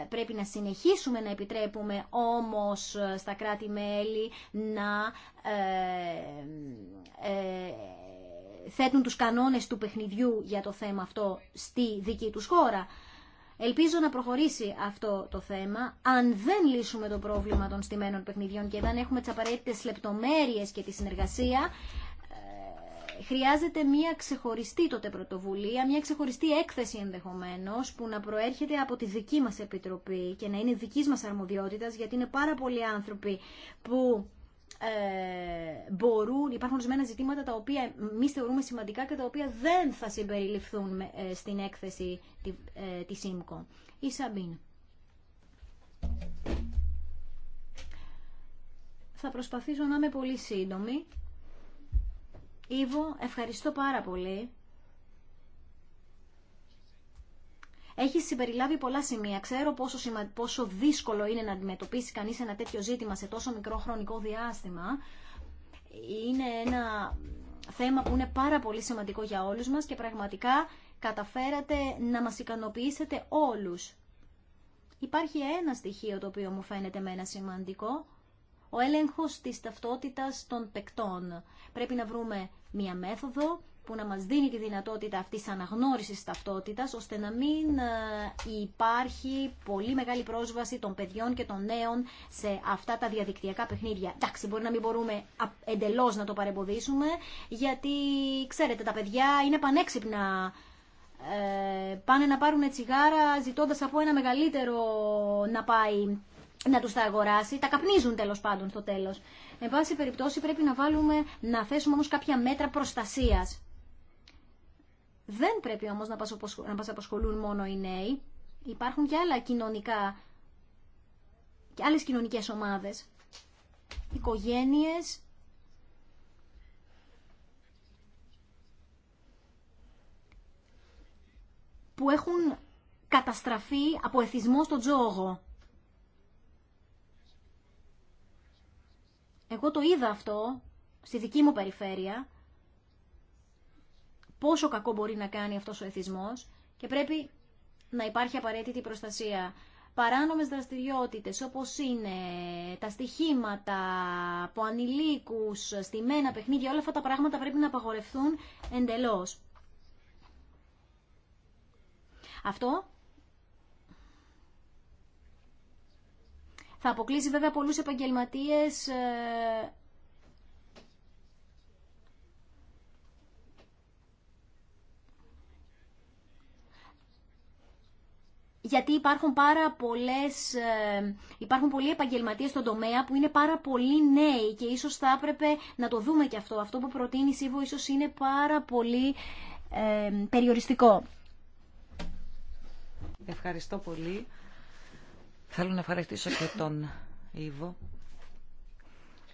Ε, πρέπει να συνεχίσουμε να επιτρέπουμε όμως ε, στα κράτη-μέλη να ε, θέτουν τους κανόνες του παιχνιδιού για το θέμα αυτό στη δική τους χώρα. Ελπίζω να προχωρήσει αυτό το θέμα. Αν δεν λύσουμε το πρόβλημα των στημένων παιχνιδιών και δεν έχουμε τις απαραίτητες λεπτομέρειες και τη συνεργασία, ε, χρειάζεται μια ξεχωριστή τότε πρωτοβουλία, μια ξεχωριστή έκθεση ενδεχομένως που να προέρχεται από τη δική μας επιτροπή και να είναι δικής μας αρμοδιότητας γιατί είναι πάρα πολλοί άνθρωποι που ε, μπορούν, υπάρχουν ορισμένα ζητήματα τα οποία εμεί θεωρούμε σημαντικά και τα οποία δεν θα συμπεριληφθούν ε, στην έκθεση τη ΣΥΜΚΟ. Ε, Η Σαμπίν. Θα προσπαθήσω να είμαι πολύ σύντομη. Ήβο, ευχαριστώ πάρα πολύ έχει συμπεριλάβει πολλά σημεία. Ξέρω πόσο, πόσο δύσκολο είναι να αντιμετωπίσει κανείς ένα τέτοιο ζήτημα σε τόσο μικρό χρονικό διάστημα. Είναι ένα θέμα που είναι πάρα πολύ σημαντικό για όλους μας και πραγματικά καταφέρατε να μας ικανοποιήσετε όλους. Υπάρχει ένα στοιχείο το οποίο μου φαίνεται με ένα σημαντικό, ο έλεγχος της ταυτότητας των παικτών. Πρέπει να βρούμε μία μέθοδο που να μας δίνει τη δυνατότητα αυτής αναγνώρισης ταυτότητας, ώστε να μην ε, υπάρχει πολύ μεγάλη πρόσβαση των παιδιών και των νέων σε αυτά τα διαδικτυακά παιχνίδια. Εντάξει, μπορεί να μην μπορούμε εντελώς να το παρεμποδίσουμε, γιατί ξέρετε τα παιδιά είναι πανέξυπνα ε, πάνε να πάρουν τσιγάρα ζητώντας από ένα μεγαλύτερο να πάει να τους τα αγοράσει, τα καπνίζουν τέλος πάντων στο τέλος. Εν πάση περιπτώσει πρέπει να βάλουμε, να θέσουμε όμως κάποια μέτρα προστασίας. Δεν πρέπει όμως να μας απασχολούν μόνο οι νέοι. Υπάρχουν και άλλα κοινωνικά και άλλες κοινωνικές ομάδες, οικογένειες, που έχουν καταστραφεί από εθισμό στον τζόγο. Εγώ το είδα αυτό στη δική μου περιφέρεια πόσο κακό μπορεί να κάνει αυτός ο εθισμό και πρέπει να υπάρχει απαραίτητη προστασία. Παράνομε δραστηριότητες όπως είναι τα στοιχήματα από ανηλίκου, στημένα παιχνίδια, όλα αυτά τα πράγματα πρέπει να απαγορευτούν εντελώς. Αυτό θα αποκλείσει βέβαια πολλούς επαγγελματίες ε, γιατί υπάρχουν πάρα πολλές, ε, υπάρχουν πολλοί επαγγελματίες στον τομέα που είναι πάρα πολύ νέοι και ίσως θα έπρεπε να το δούμε και αυτό. Αυτό που προτείνει η Σίβο ίσως είναι πάρα πολύ ε, περιοριστικό. Ευχαριστώ πολύ. Θέλω να ευχαριστήσω και τον Ήβο.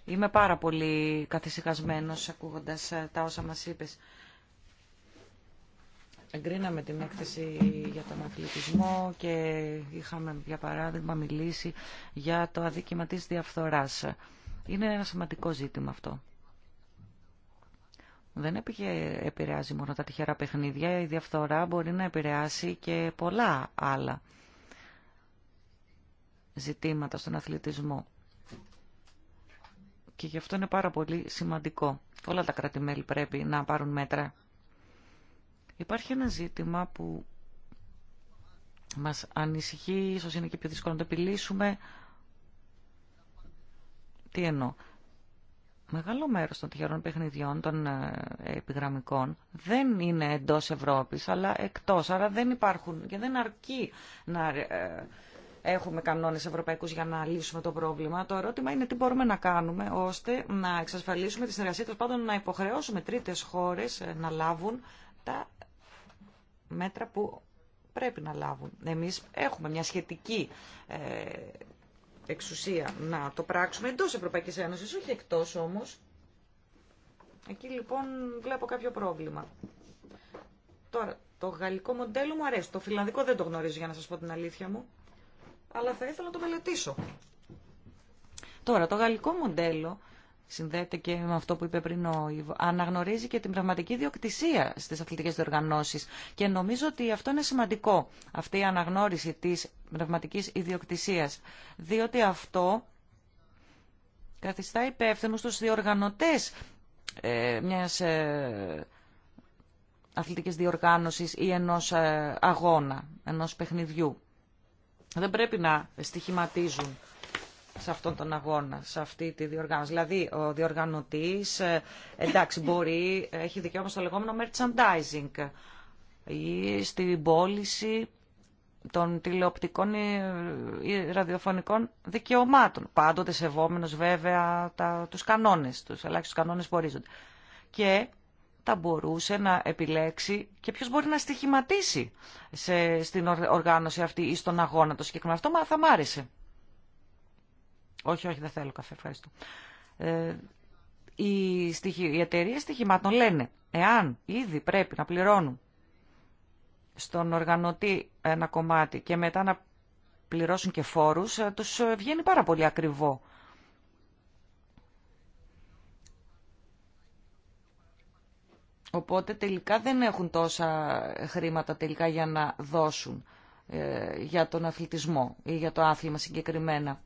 Είμαι πάρα πολύ καθησυχασμένος ακούγοντας ε, τα όσα μας είπες. Εγκρίναμε την έκθεση για τον αθλητισμό και είχαμε, για παράδειγμα, μιλήσει για το αδίκημα της διαφθοράς. Είναι ένα σημαντικό ζήτημα αυτό. Δεν επηρεάζει μόνο τα τυχερά παιχνίδια, η διαφθορά μπορεί να επηρεάσει και πολλά άλλα ζητήματα στον αθλητισμό. Και γι' αυτό είναι πάρα πολύ σημαντικό. Όλα τα κράτη-μέλη πρέπει να πάρουν μέτρα Υπάρχει ένα ζήτημα που μας ανησυχεί, ίσως είναι και πιο δύσκολο να το επιλύσουμε. Τι εννοώ. Μεγάλο μέρος των τυχερών παιχνιδιών, των ε, επιγραμμικών, δεν είναι εντός Ευρώπης, αλλά εκτός. Άρα δεν υπάρχουν και δεν αρκεί να ε, έχουμε κανόνες ευρωπαϊκούς για να λύσουμε το πρόβλημα. Το ερώτημα είναι τι μπορούμε να κάνουμε ώστε να εξασφαλίσουμε τη συνεργασία του πάντων να υποχρεώσουμε τρίτες χώρες ε, να λάβουν τα μέτρα που πρέπει να λάβουν. Εμείς έχουμε μια σχετική ε, εξουσία να το πράξουμε εντός Ευρωπαϊκής Ένωσης, όχι εκτός όμως. Εκεί λοιπόν βλέπω κάποιο πρόβλημα. Τώρα, το γαλλικό μοντέλο μου αρέσει. Το φιλανδικό δεν το γνωρίζω για να σας πω την αλήθεια μου. Αλλά θα ήθελα να το μελετήσω. Τώρα, το γαλλικό μοντέλο συνδέεται και με αυτό που είπε πριν ο Ιβ, αναγνωρίζει και την πραγματική διοκτησία στις αθλητικές διοργανώσεις και νομίζω ότι αυτό είναι σημαντικό, αυτή η αναγνώριση της πνευματικής ιδιοκτησίας, διότι αυτό καθιστά υπεύθυνους τους διοργανωτές ε, μιας ε, αθλητικής διοργάνωσης ή ενός ε, αγώνα, ενός παιχνιδιού. Δεν πρέπει να στοιχηματίζουν σε αυτόν τον αγώνα, σε αυτή τη διοργάνωση. Δηλαδή, ο διοργανωτής, ε, εντάξει, μπορεί, έχει δικαίωμα στο λεγόμενο merchandising ή στην πώληση των τηλεοπτικών ή ραδιοφωνικών δικαιωμάτων. Πάντοτε σεβόμενος βέβαια τα, τους κανόνες, τους ελάχιστους κανόνες που ορίζονται. Και θα μπορούσε να επιλέξει και ποιος μπορεί να στοιχηματίσει σε, στην οργάνωση αυτή ή στον αγώνα το συγκεκριμένο. Αυτό θα μ' άρεσε. Όχι, όχι, δεν θέλω καφέ, ευχαριστώ. Ε, οι, εταιρείε στοιχημάτων λένε, εάν ήδη πρέπει να πληρώνουν στον οργανωτή ένα κομμάτι και μετά να πληρώσουν και φόρους, ε, τους ε, βγαίνει πάρα πολύ ακριβό. Οπότε τελικά δεν έχουν τόσα χρήματα τελικά για να δώσουν ε, για τον αθλητισμό ή για το άθλημα συγκεκριμένα.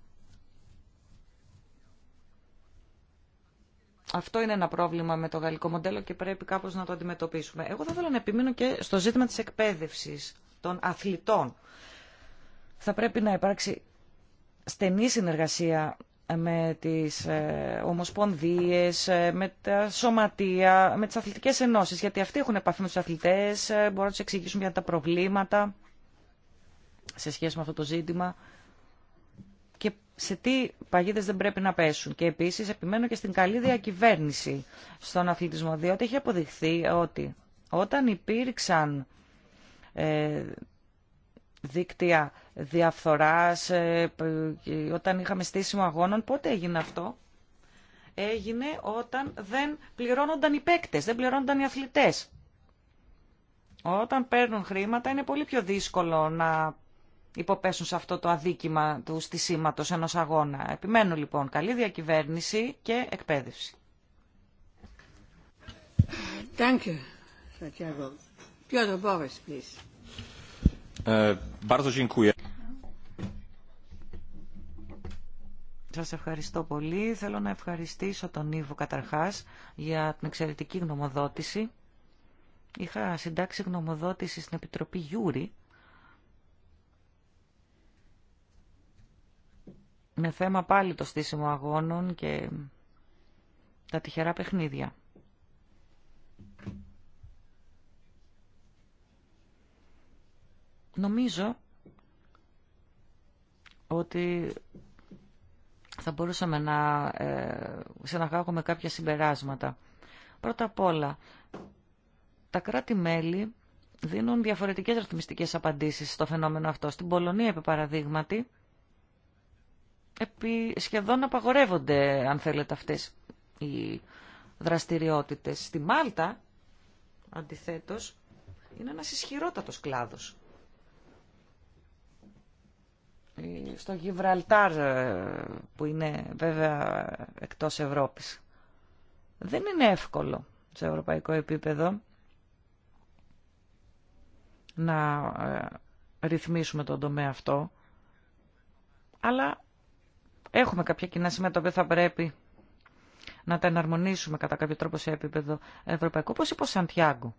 Αυτό είναι ένα πρόβλημα με το γαλλικό μοντέλο και πρέπει κάπως να το αντιμετωπίσουμε. Εγώ θα ήθελα να επιμείνω και στο ζήτημα της εκπαίδευσης των αθλητών. Θα πρέπει να υπάρξει στενή συνεργασία με τις ε, ομοσπονδίες, ε, με τα σωματεία, με τις αθλητικές ενώσεις, γιατί αυτοί έχουν επαφή με τους αθλητές, ε, μπορούν να τους εξηγήσουν για τα προβλήματα σε σχέση με αυτό το ζήτημα σε τι παγίδες δεν πρέπει να πέσουν. Και επίσης επιμένω και στην καλή διακυβέρνηση στον αθλητισμό, διότι έχει αποδειχθεί ότι όταν υπήρξαν ε, δίκτυα διαφθοράς, ε, όταν είχαμε στήσιμο αγώνων, πότε έγινε αυτό. Έγινε όταν δεν πληρώνονταν οι παίκτες, δεν πληρώνονταν οι αθλητές. Όταν παίρνουν χρήματα είναι πολύ πιο δύσκολο να υποπέσουν σε αυτό το αδίκημα του στισίματος ενός αγώνα. Επιμένω λοιπόν καλή διακυβέρνηση και εκπαίδευση. Ε, Σα ευχαριστώ πολύ. Θέλω να ευχαριστήσω τον Ήβο καταρχάς για την εξαιρετική γνωμοδότηση. Είχα συντάξει γνωμοδότηση στην Επιτροπή Γιούρη με θέμα πάλι το στήσιμο αγώνων και τα τυχερά παιχνίδια. Νομίζω ότι θα μπορούσαμε να ε, συναγάγουμε κάποια συμπεράσματα. Πρώτα απ' όλα, τα κράτη-μέλη δίνουν διαφορετικές ρυθμιστικές απαντήσεις στο φαινόμενο αυτό. Στην Πολωνία, επί παραδείγματι, επί, σχεδόν απαγορεύονται, αν θέλετε, αυτές οι δραστηριότητες. Στη Μάλτα, αντιθέτως, είναι ένας ισχυρότατος κλάδος. Ε, στο Γιβραλτάρ, ε, που είναι βέβαια εκτός Ευρώπης. Δεν είναι εύκολο σε ευρωπαϊκό επίπεδο να ε, ρυθμίσουμε τον τομέα αυτό, αλλά έχουμε κάποια κοινά σημεία τα οποία θα πρέπει να τα εναρμονίσουμε κατά κάποιο τρόπο σε επίπεδο ευρωπαϊκό, όπως είπε ο Σαντιάγκο.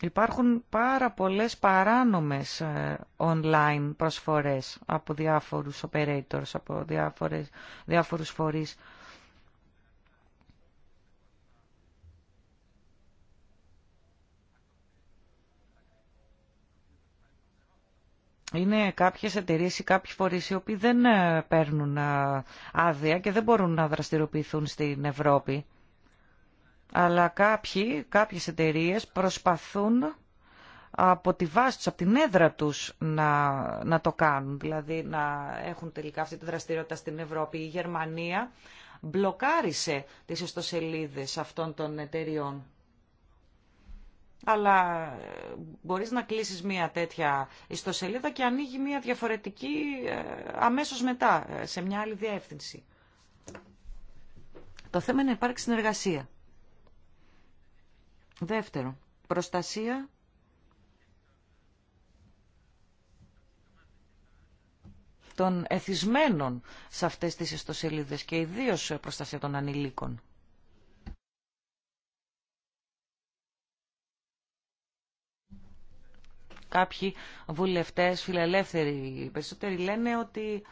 Υπάρχουν πάρα πολλές παράνομες ε, online προσφορές από διάφορους operators, από διάφορες, διάφορους φορείς είναι κάποιες εταιρείες ή κάποιοι φορείς οι οποίοι δεν ε, παίρνουν ε, άδεια και δεν μπορούν να δραστηριοποιηθούν στην Ευρώπη. Αλλά κάποιοι, κάποιες εταιρείες προσπαθούν από τη βάση τους, από την έδρα τους να, να το κάνουν. Δηλαδή να έχουν τελικά αυτή τη δραστηριότητα στην Ευρώπη. Η Γερμανία μπλοκάρισε τις ιστοσελίδες αυτών των εταιριών αλλά ε, μπορείς να κλείσεις μια τέτοια ιστοσελίδα και ανοίγει μια διαφορετική ε, αμέσως μετά, ε, σε μια άλλη διεύθυνση. Το θέμα είναι να υπάρξει συνεργασία. Δεύτερο, προστασία των εθισμένων σε αυτές τις ιστοσελίδες και ιδίως προστασία των ανηλίκων. Κάποιοι βουλευτές φιλελεύθεροι περισσότεροι λένε ότι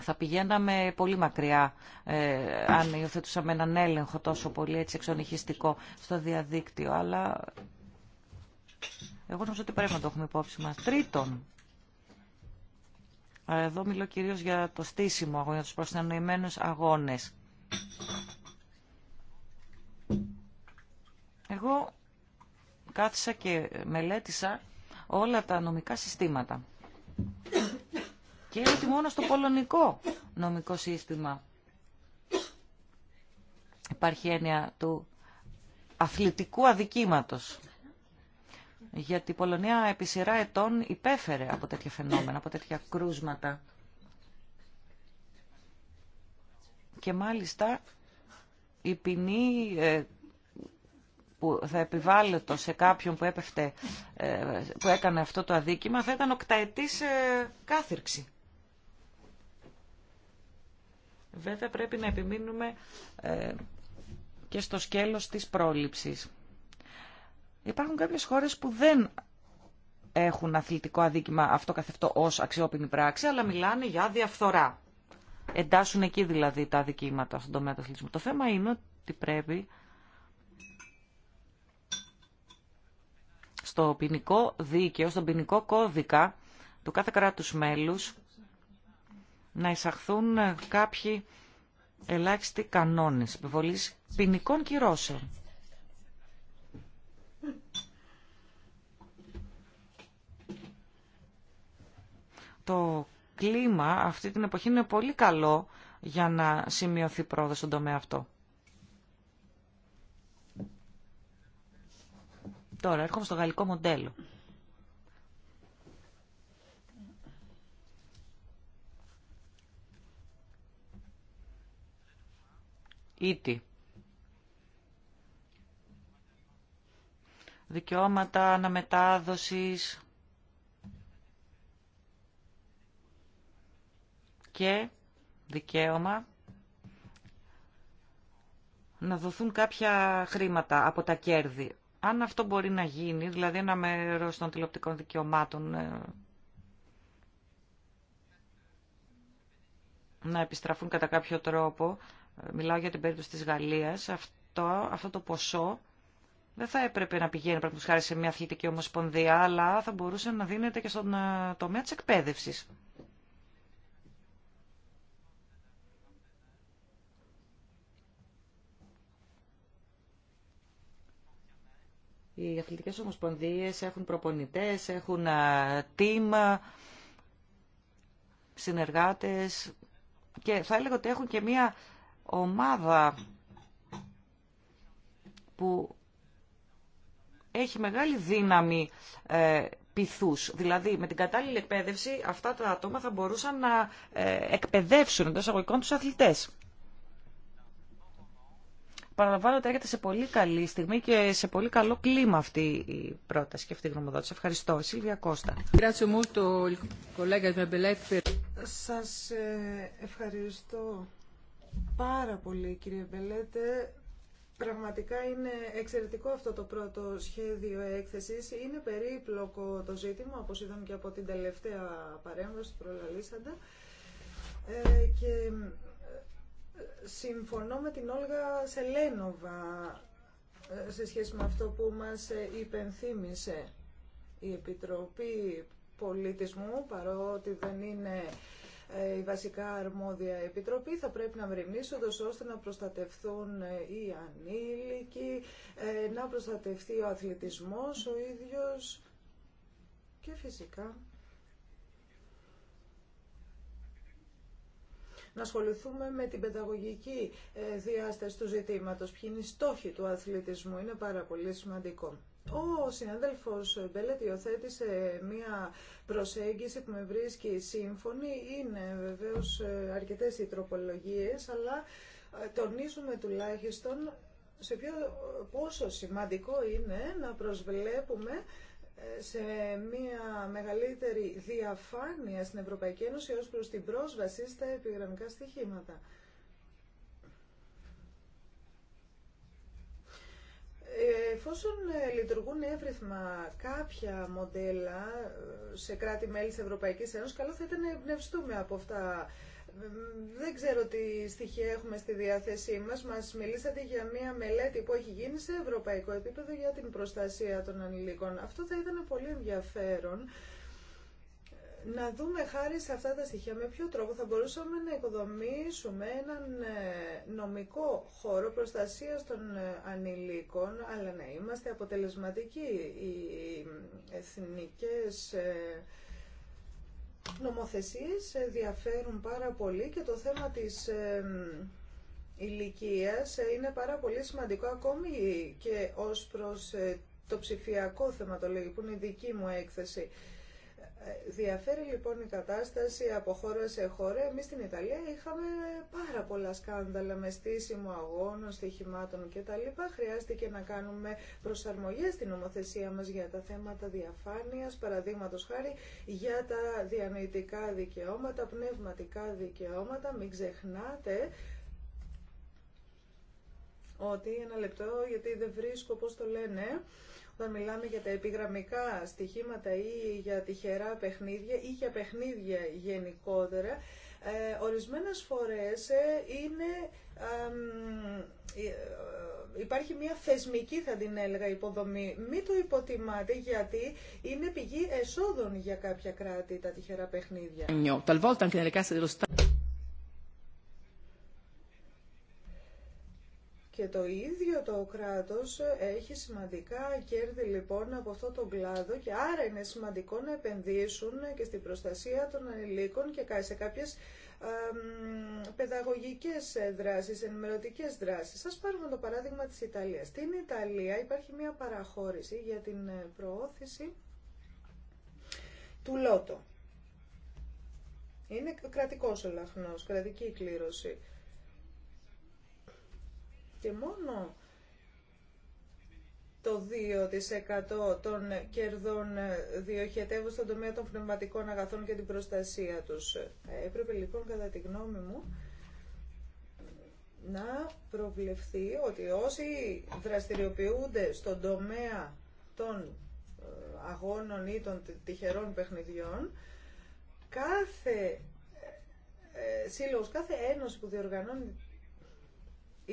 θα πηγαίναμε πολύ μακριά ε, αν υιοθετούσαμε έναν έλεγχο τόσο πολύ έτσι εξονυχιστικό στο διαδίκτυο. Αλλά εγώ νομίζω ότι πρέπει να το έχουμε υπόψη μας. Τρίτον, εδώ μιλώ κυρίως για το στήσιμο αγώνα, για τους προσανοημένους αγώνες. Εγώ κάθισα και μελέτησα όλα τα νομικά συστήματα. Και είναι ότι μόνο στο πολωνικό νομικό σύστημα υπάρχει έννοια του αθλητικού αδικήματος. Γιατί η Πολωνία επί σειρά ετών υπέφερε από τέτοια φαινόμενα, από τέτοια κρούσματα. Και μάλιστα η ποινή ε, που θα επιβάλλεται σε κάποιον που έπεφτε, ε, που έκανε αυτό το αδίκημα, θα ήταν οκταετής ε, κάθυρξη. Βέβαια πρέπει να επιμείνουμε ε, και στο σκέλος της πρόληψης. Υπάρχουν κάποιες χώρες που δεν έχουν αθλητικό αδίκημα αυτό καθευτό ως αξιόπινη πράξη, αλλά μιλάνε για διαφθορά. Εντάσσουν εκεί δηλαδή τα αδικήματα στον τομέα του αθλητισμού. Το θέμα είναι ότι πρέπει στο ποινικό δίκαιο, στον ποινικό κώδικα του κάθε κράτους μέλους να εισαχθούν κάποιοι ελάχιστοι κανόνες επιβολής ποινικών κυρώσεων. Το κλίμα αυτή την εποχή είναι πολύ καλό για να σημειωθεί πρόοδος στον τομέα αυτό. Τώρα έρχομαι στο γαλλικό μοντέλο. Ήτι. Δικαιώματα αναμετάδοσης και δικαίωμα να δοθούν κάποια χρήματα από τα κέρδη αν αυτό μπορεί να γίνει, δηλαδή ένα μέρος των τηλεοπτικών δικαιωμάτων ε, να επιστραφούν κατά κάποιο τρόπο, ε, μιλάω για την περίπτωση της Γαλλίας, αυτό, αυτό το ποσό δεν θα έπρεπε να πηγαίνει πραγματικά χάρη σε μια αθλητική ομοσπονδία, αλλά θα μπορούσε να δίνεται και στον ε, τομέα της εκπαίδευσης. Οι αθλητικές ομοσπονδίες έχουν προπονητές, έχουν τίμα, συνεργάτες και θα έλεγα ότι έχουν και μία ομάδα που έχει μεγάλη δύναμη ε, πειθούς. Δηλαδή με την κατάλληλη εκπαίδευση αυτά τα άτομα θα μπορούσαν να ε, εκπαιδεύσουν εντός αγωγικών τους αθλητές. Παραλαμβάνω ότι έρχεται σε πολύ καλή στιγμή και σε πολύ καλό κλίμα αυτή η πρόταση και αυτή η γνωμοδότηση. Ευχαριστώ. Σίλβια Κώστα. Σας ε, ευχαριστώ πάρα πολύ κύριε Μπελέτε. Πραγματικά είναι εξαιρετικό αυτό το πρώτο σχέδιο έκθεσης. Είναι περίπλοκο το ζήτημα, όπως είδαμε και από την τελευταία παρέμβαση, προλαλήσαντα. Ε, και Συμφωνώ με την Όλγα Σελένοβα ε, σε σχέση με αυτό που μας ε, υπενθύμησε η Επιτροπή Πολιτισμού, παρότι δεν είναι ε, η βασικά αρμόδια επιτροπή θα πρέπει να μεριμνήσονται ώστε να προστατευθούν οι ανήλικοι, να προστατευτεί ο αθλητισμός ο ίδιος και φυσικά να ασχοληθούμε με την παιδαγωγική ε, διάσταση του ζητήματος, ποιοι είναι οι στόχοι του αθλητισμού, είναι πάρα πολύ σημαντικό. Ο συνάδελφος Μπέλετ υιοθέτησε μία προσέγγιση που με βρίσκει σύμφωνη. Είναι βεβαίως ε, αρκετές οι τροπολογίες, αλλά ε, τονίζουμε τουλάχιστον σε ποιο, πόσο σημαντικό είναι να προσβλέπουμε σε μια μεγαλύτερη διαφάνεια στην Ευρωπαϊκή Ένωση ως προς την πρόσβαση στα επιγραμμικά στοιχήματα. Εφόσον ε, λειτουργούν εύρυθμα κάποια μοντέλα ε, σε κράτη-μέλη της Ευρωπαϊκής Ένωσης, καλό θα ήταν να εμπνευστούμε από αυτά δεν ξέρω τι στοιχεία έχουμε στη διάθεσή μας. Μας μιλήσατε για μια μελέτη που έχει γίνει σε ευρωπαϊκό επίπεδο για την προστασία των ανηλίκων. Αυτό θα ήταν πολύ ενδιαφέρον. Να δούμε χάρη σε αυτά τα στοιχεία με ποιο τρόπο θα μπορούσαμε να οικοδομήσουμε έναν ε, νομικό χώρο προστασίας των ε, ανηλίκων, αλλά να είμαστε αποτελεσματικοί. Οι ε, εθνικές νομοθεσίες διαφέρουν πάρα πολύ και το θέμα της ηλικίας είναι πάρα πολύ σημαντικό ακόμη και ως προς ε, το ψηφιακό θεματολόγιο που είναι η δική μου έκθεση. Ε, διαφέρει λοιπόν η κατάσταση από χώρα σε χώρα. Εμείς στην Ιταλία είχαμε πάρα πολλά σκάνδαλα με στήσιμο αγώνων, στοιχημάτων κτλ. Χρειάστηκε να κάνουμε προσαρμογές στην ομοθεσία μας για τα θέματα διαφάνειας, παραδείγματος χάρη για τα διανοητικά δικαιώματα, πνευματικά δικαιώματα. Μην ξεχνάτε ότι ένα λεπτό γιατί δεν βρίσκω πώς το λένε όταν μιλάμε για τα επιγραμμικά στοιχήματα ή για τυχερά παιχνίδια ή για παιχνίδια γενικότερα, ε, ορισμένες φορές ε, είναι, ε, ε, υπάρχει μια θεσμική θα την έλεγα υποδομή. Μην το υποτιμάτε γιατί είναι πηγή εσόδων για κάποια κράτη τα τυχερά παιχνίδια. Και το ίδιο το κράτος έχει σημαντικά κέρδη λοιπόν από αυτό τον κλάδο και άρα είναι σημαντικό να επενδύσουν και στην προστασία των ανηλίκων και σε κάποιες παιδαγωγικές δράσεις, ενημερωτικές δράσεις. Σας πάρουμε το παράδειγμα της Ιταλίας. Στην Ιταλία υπάρχει μια παραχώρηση για την ε, προώθηση του Λότο. Είναι κρατικός ο λαχνός, κρατική κλήρωση και μόνο το 2% των κερδών διοχετεύουν στον τομέα των πνευματικών αγαθών και την προστασία τους. Έπρεπε λοιπόν κατά τη γνώμη μου να προβλεφθεί ότι όσοι δραστηριοποιούνται στον τομέα των ε, αγώνων ή των τυχερών παιχνιδιών, κάθε ε, ε, σύλλογος, κάθε ένωση που διοργανώνει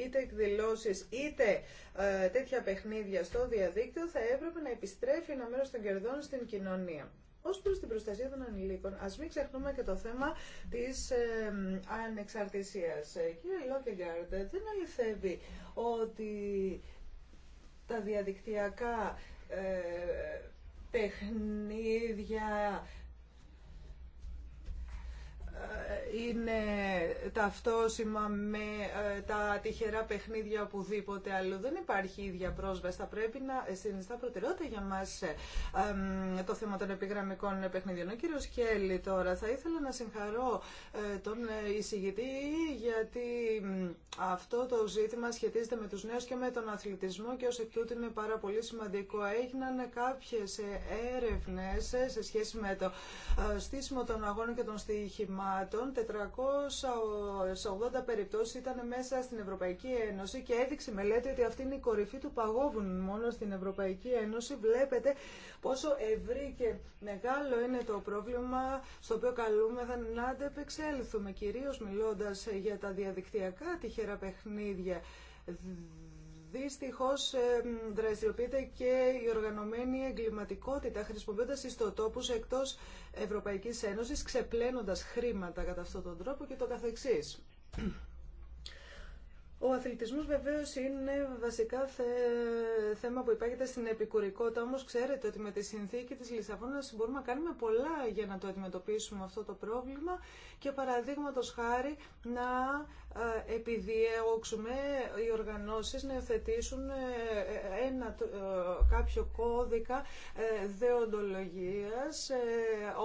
είτε εκδηλώσεις είτε ε, τέτοια παιχνίδια στο διαδίκτυο θα έπρεπε να επιστρέφει ένα μέρος των κερδών στην κοινωνία. Ω προ την προστασία των ανηλίκων, α μην ξεχνούμε και το θέμα τη ε, ανεξαρτησία. Κύριε Λόκεγκάρντ, δεν αληθεύει ότι τα διαδικτυακά ε, παιχνίδια είναι ταυτόσιμα με ε, τα τυχερά παιχνίδια οπουδήποτε αλλού. Δεν υπάρχει ίδια πρόσβαση. Θα πρέπει να συνιστά προτεραιότητα για μας ε, το θέμα των επιγραμμικών παιχνιδιών. Ο κύριος Κέλλη τώρα θα ήθελα να συγχαρώ ε, τον εισηγητή γιατί αυτό το ζήτημα σχετίζεται με τους νέους και με τον αθλητισμό και ως εκ τούτου είναι πάρα πολύ σημαντικό. Έγιναν κάποιες έρευνες σε σχέση με το στήσιμο των αγώνων και των στοιχημάτων θυμάτων, 480 περιπτώσεις ήταν μέσα στην Ευρωπαϊκή Ένωση και έδειξε μελέτη ότι αυτή είναι η κορυφή του παγόβουνου μόνο στην Ευρωπαϊκή Ένωση. Βλέπετε πόσο ευρύ και μεγάλο είναι το πρόβλημα στο οποίο καλούμε να αντεπεξέλθουμε, κυρίως μιλώντας για τα διαδικτυακά τυχερά παιχνίδια Δυστυχώς δραστηριοποιείται και η οργανωμένη εγκληματικότητα χρησιμοποιώντας ιστοτόπους εκτός Ευρωπαϊκής Ένωσης, ξεπλένοντας χρήματα κατά αυτόν τον τρόπο και το καθεξής. Ο αθλητισμός βεβαίως είναι βασικά θέμα που υπάγεται στην επικουρικότητα, όμως ξέρετε ότι με τη συνθήκη της Λισαβόνας μπορούμε να κάνουμε πολλά για να το αντιμετωπίσουμε αυτό το πρόβλημα και παραδείγματο χάρη να ε, επιδιώξουμε οι οργανώσεις να ευθετήσουν ε, ένα ε, κάποιο κώδικα δεοντολογίας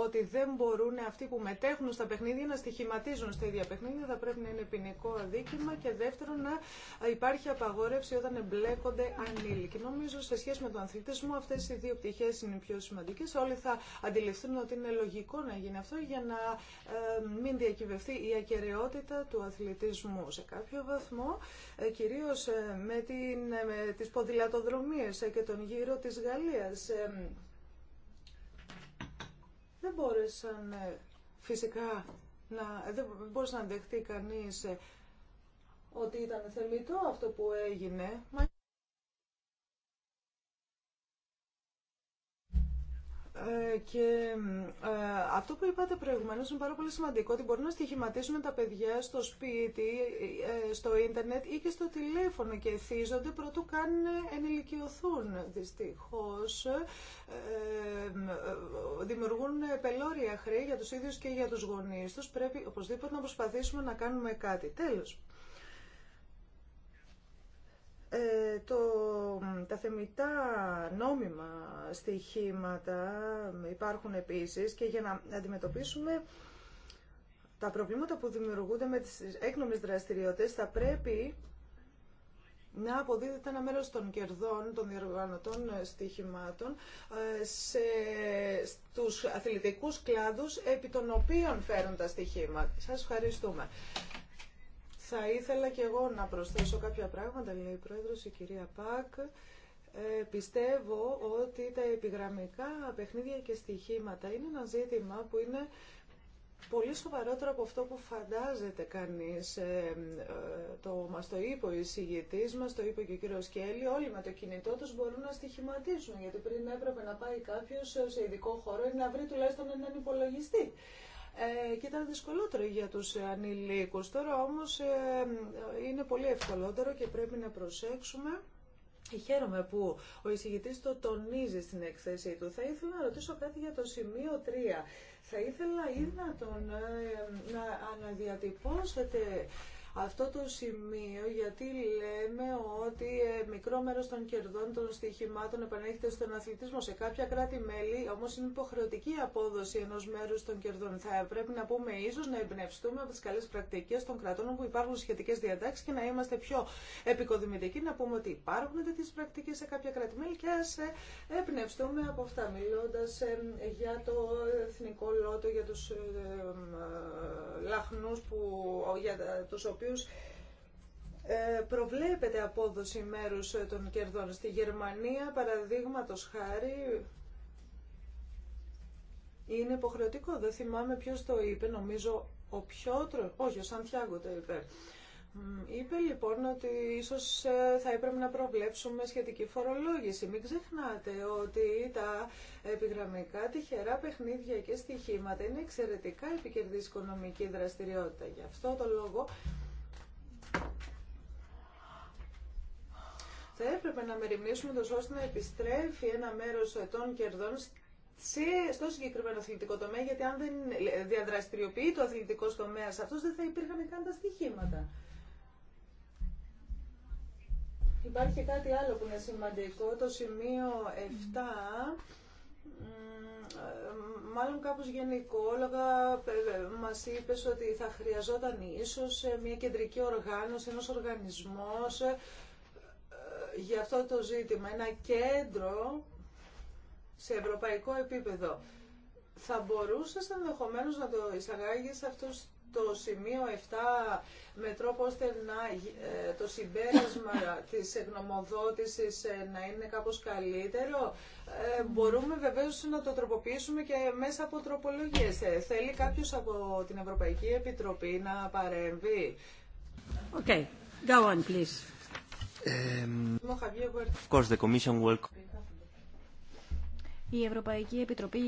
ότι δεν μπορούν αυτοί που μετέχουν στα παιχνίδια να στοιχηματίζουν στα ίδια παιχνίδια, θα πρέπει να είναι ποινικό αδίκημα και δεύτερον υπάρχει απαγόρευση όταν εμπλέκονται ανήλικοι. Νομίζω σε σχέση με τον αθλητισμό αυτέ οι δύο πτυχέ είναι πιο σημαντικέ. Όλοι θα αντιληφθούν ότι είναι λογικό να γίνει αυτό για να ε, μην διακυβευτεί η ακαιρεότητα του αθλητισμού σε κάποιο βαθμό, ε, κυρίω ε, με, την, με τις ποδηλατοδρομίες και τον γύρο της Γαλλίας. Δεν μπόρεσαν φυσικά να, δεν μπορούσε να δεχτεί κανείς ότι ήταν θεμητό αυτό που έγινε. Ε, και ε, αυτό που είπατε προηγουμένως είναι πάρα πολύ σημαντικό ότι μπορεί να στοιχηματίσουν τα παιδιά στο σπίτι, ε, στο ίντερνετ ή και στο τηλέφωνο και θίζονται πρωτού καν ενηλικιωθούν δυστυχώς δημιουργούν πελώρια χρέη για τους ίδιους και για τους γονείς τους πρέπει οπωσδήποτε να προσπαθήσουμε να κάνουμε κάτι τέλος ε, το, τα θεμητά νόμιμα στοιχήματα υπάρχουν επίσης και για να αντιμετωπίσουμε τα προβλήματα που δημιουργούνται με τις έκνομες δραστηριότητες θα πρέπει να αποδίδεται ένα μέρος των κερδών των διοργανωτών στοιχημάτων ε, σε, στους αθλητικούς κλάδους επί των οποίων φέρουν τα στοιχήματα. Σας ευχαριστούμε. Θα ήθελα και εγώ να προσθέσω κάποια πράγματα, λέει η Πρόεδρος, η κυρία Πακ. Ε, πιστεύω ότι τα επιγραμμικά παιχνίδια και στοιχήματα είναι ένα ζήτημα που είναι πολύ σοβαρότερο από αυτό που φαντάζεται κανείς. Ε, ε, το, μας το είπε ο εισηγητής μας, το είπε και ο κύριος Κέλλη, όλοι με το κινητό τους μπορούν να στοιχηματίσουν, γιατί πριν έπρεπε να πάει κάποιος σε ειδικό χώρο ή να βρει τουλάχιστον έναν υπολογιστή. Ε, και ήταν δυσκολότερο για τους ανηλίκους. Τώρα όμως ε, είναι πολύ ευκολότερο και πρέπει να προσέξουμε. χαίρομαι που ο εισηγητής το τονίζει στην έκθεσή του. Θα ήθελα να ρωτήσω κάτι για το σημείο 3. Θα ήθελα ήδη να, τον, ε, να αναδιατυπώσετε αυτό το σημείο γιατί λέμε ότι ε, μικρό μέρος των κερδών των στοιχημάτων επανέρχεται στον αθλητισμό. Σε κάποια κράτη-μέλη όμως είναι υποχρεωτική απόδοση ενός μέρους των κερδών. Θα πρέπει να πούμε ίσως να εμπνευστούμε από τις καλές πρακτικές των κρατών που υπάρχουν σχετικές διατάξεις και να είμαστε πιο επικοδημητικοί, να πούμε ότι υπάρχουν τέτοιε πρακτικές σε κάποια κράτη-μέλη και ας ε, εμπνευστούμε από αυτά, μιλώντας ε, για το εθνικό λότο, για τους λαχνούς που, για τους οποίου ε, προβλέπεται απόδοση μέρου ε, των κερδών. Στη Γερμανία, παραδείγματο χάρη, είναι υποχρεωτικό. Δεν θυμάμαι ποιο το είπε, νομίζω ο Πιότρο, όχι ο Σαντιάγκο το είπε. Είπε λοιπόν ότι ίσως ε, θα έπρεπε να προβλέψουμε σχετική φορολόγηση. Μην ξεχνάτε ότι τα επιγραμμικά τυχερά παιχνίδια και στοιχήματα είναι εξαιρετικά επικερδής οικονομική δραστηριότητα. Γι' αυτό το λόγο θα έπρεπε να μεριμνήσουμε τόσο ώστε να επιστρέφει ένα μέρο των κερδών σε, στο συγκεκριμένο αθλητικό τομέα, γιατί αν δεν διαδραστηριοποιεί το αθλητικό τομέα αυτό, δεν θα υπήρχαν καν τα στοιχήματα. Υπάρχει κάτι άλλο που είναι σημαντικό, το σημείο 7, μάλλον κάπως γενικόλογα μας είπε ότι θα χρειαζόταν ίσως ε, μια κεντρική οργάνωση, ένας οργανισμός ε, για αυτό το ζήτημα, ένα κέντρο σε ευρωπαϊκό επίπεδο. Θα μπορούσες ενδεχομένω να το εισαγάγει σε αυτό το σημείο 7 με τρόπο ώστε να, ε, το συμπέρασμα της εγνωμοδότησης ε, να είναι κάπως καλύτερο. Ε, μπορούμε βεβαίως να το τροποποιήσουμε και μέσα από τροπολογίες. θέλει κάποιος από την Ευρωπαϊκή Επιτροπή να παρέμβει. Okay. Go on, Of Η Ευρωπαϊκή Επιτροπή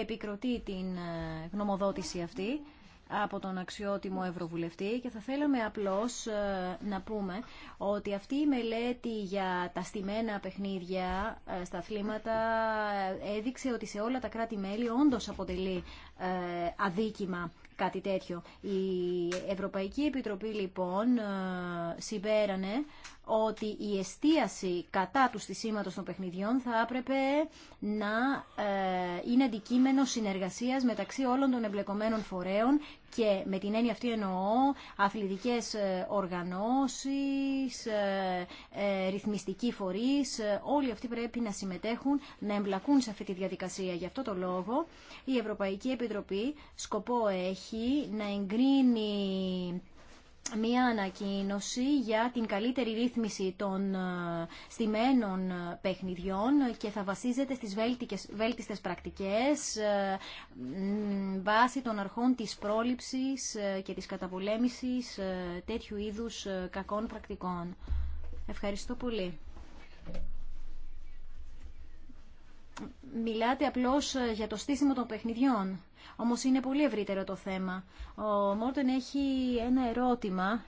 επικροτεί την ε, γνωμοδότηση αυτή από τον αξιότιμο Ευρωβουλευτή και θα θέλαμε απλώς ε, να πούμε ότι αυτή η μελέτη για τα στημένα παιχνίδια ε, στα αθλήματα έδειξε ότι σε όλα τα κράτη-μέλη όντως αποτελεί αδίκημα κάτι τέτοιο. Η Ευρωπαϊκή Επιτροπή λοιπόν ε, συμπέρανε ότι η εστίαση κατά του στισήματος των παιχνιδιών θα έπρεπε να ε, είναι αντικείμενο συνεργασίας μεταξύ όλων των εμπλεκομένων φορέων και με την έννοια αυτή εννοώ αθλητικές ε, οργανώσεις, ε, ε, ρυθμιστικοί φορείς, όλοι αυτοί πρέπει να συμμετέχουν, να εμπλακούν σε αυτή τη διαδικασία. Γι' αυτό το λόγο η Ευρωπαϊκή Επιτροπή σκοπό έχει να εγκρίνει μία ανακοίνωση για την καλύτερη ρύθμιση των ε, στημένων ε, παιχνιδιών και θα βασίζεται στις βέλτιστες πρακτικές ε, βάσει των αρχών της πρόληψης και της καταπολέμησης τέτοιου είδους κακών πρακτικών. Ευχαριστώ πολύ. Μιλάτε απλώς για το στήσιμο των παιχνιδιών. Όμως είναι πολύ ευρύτερο το θέμα. Ο Μόρτον έχει ένα ερώτημα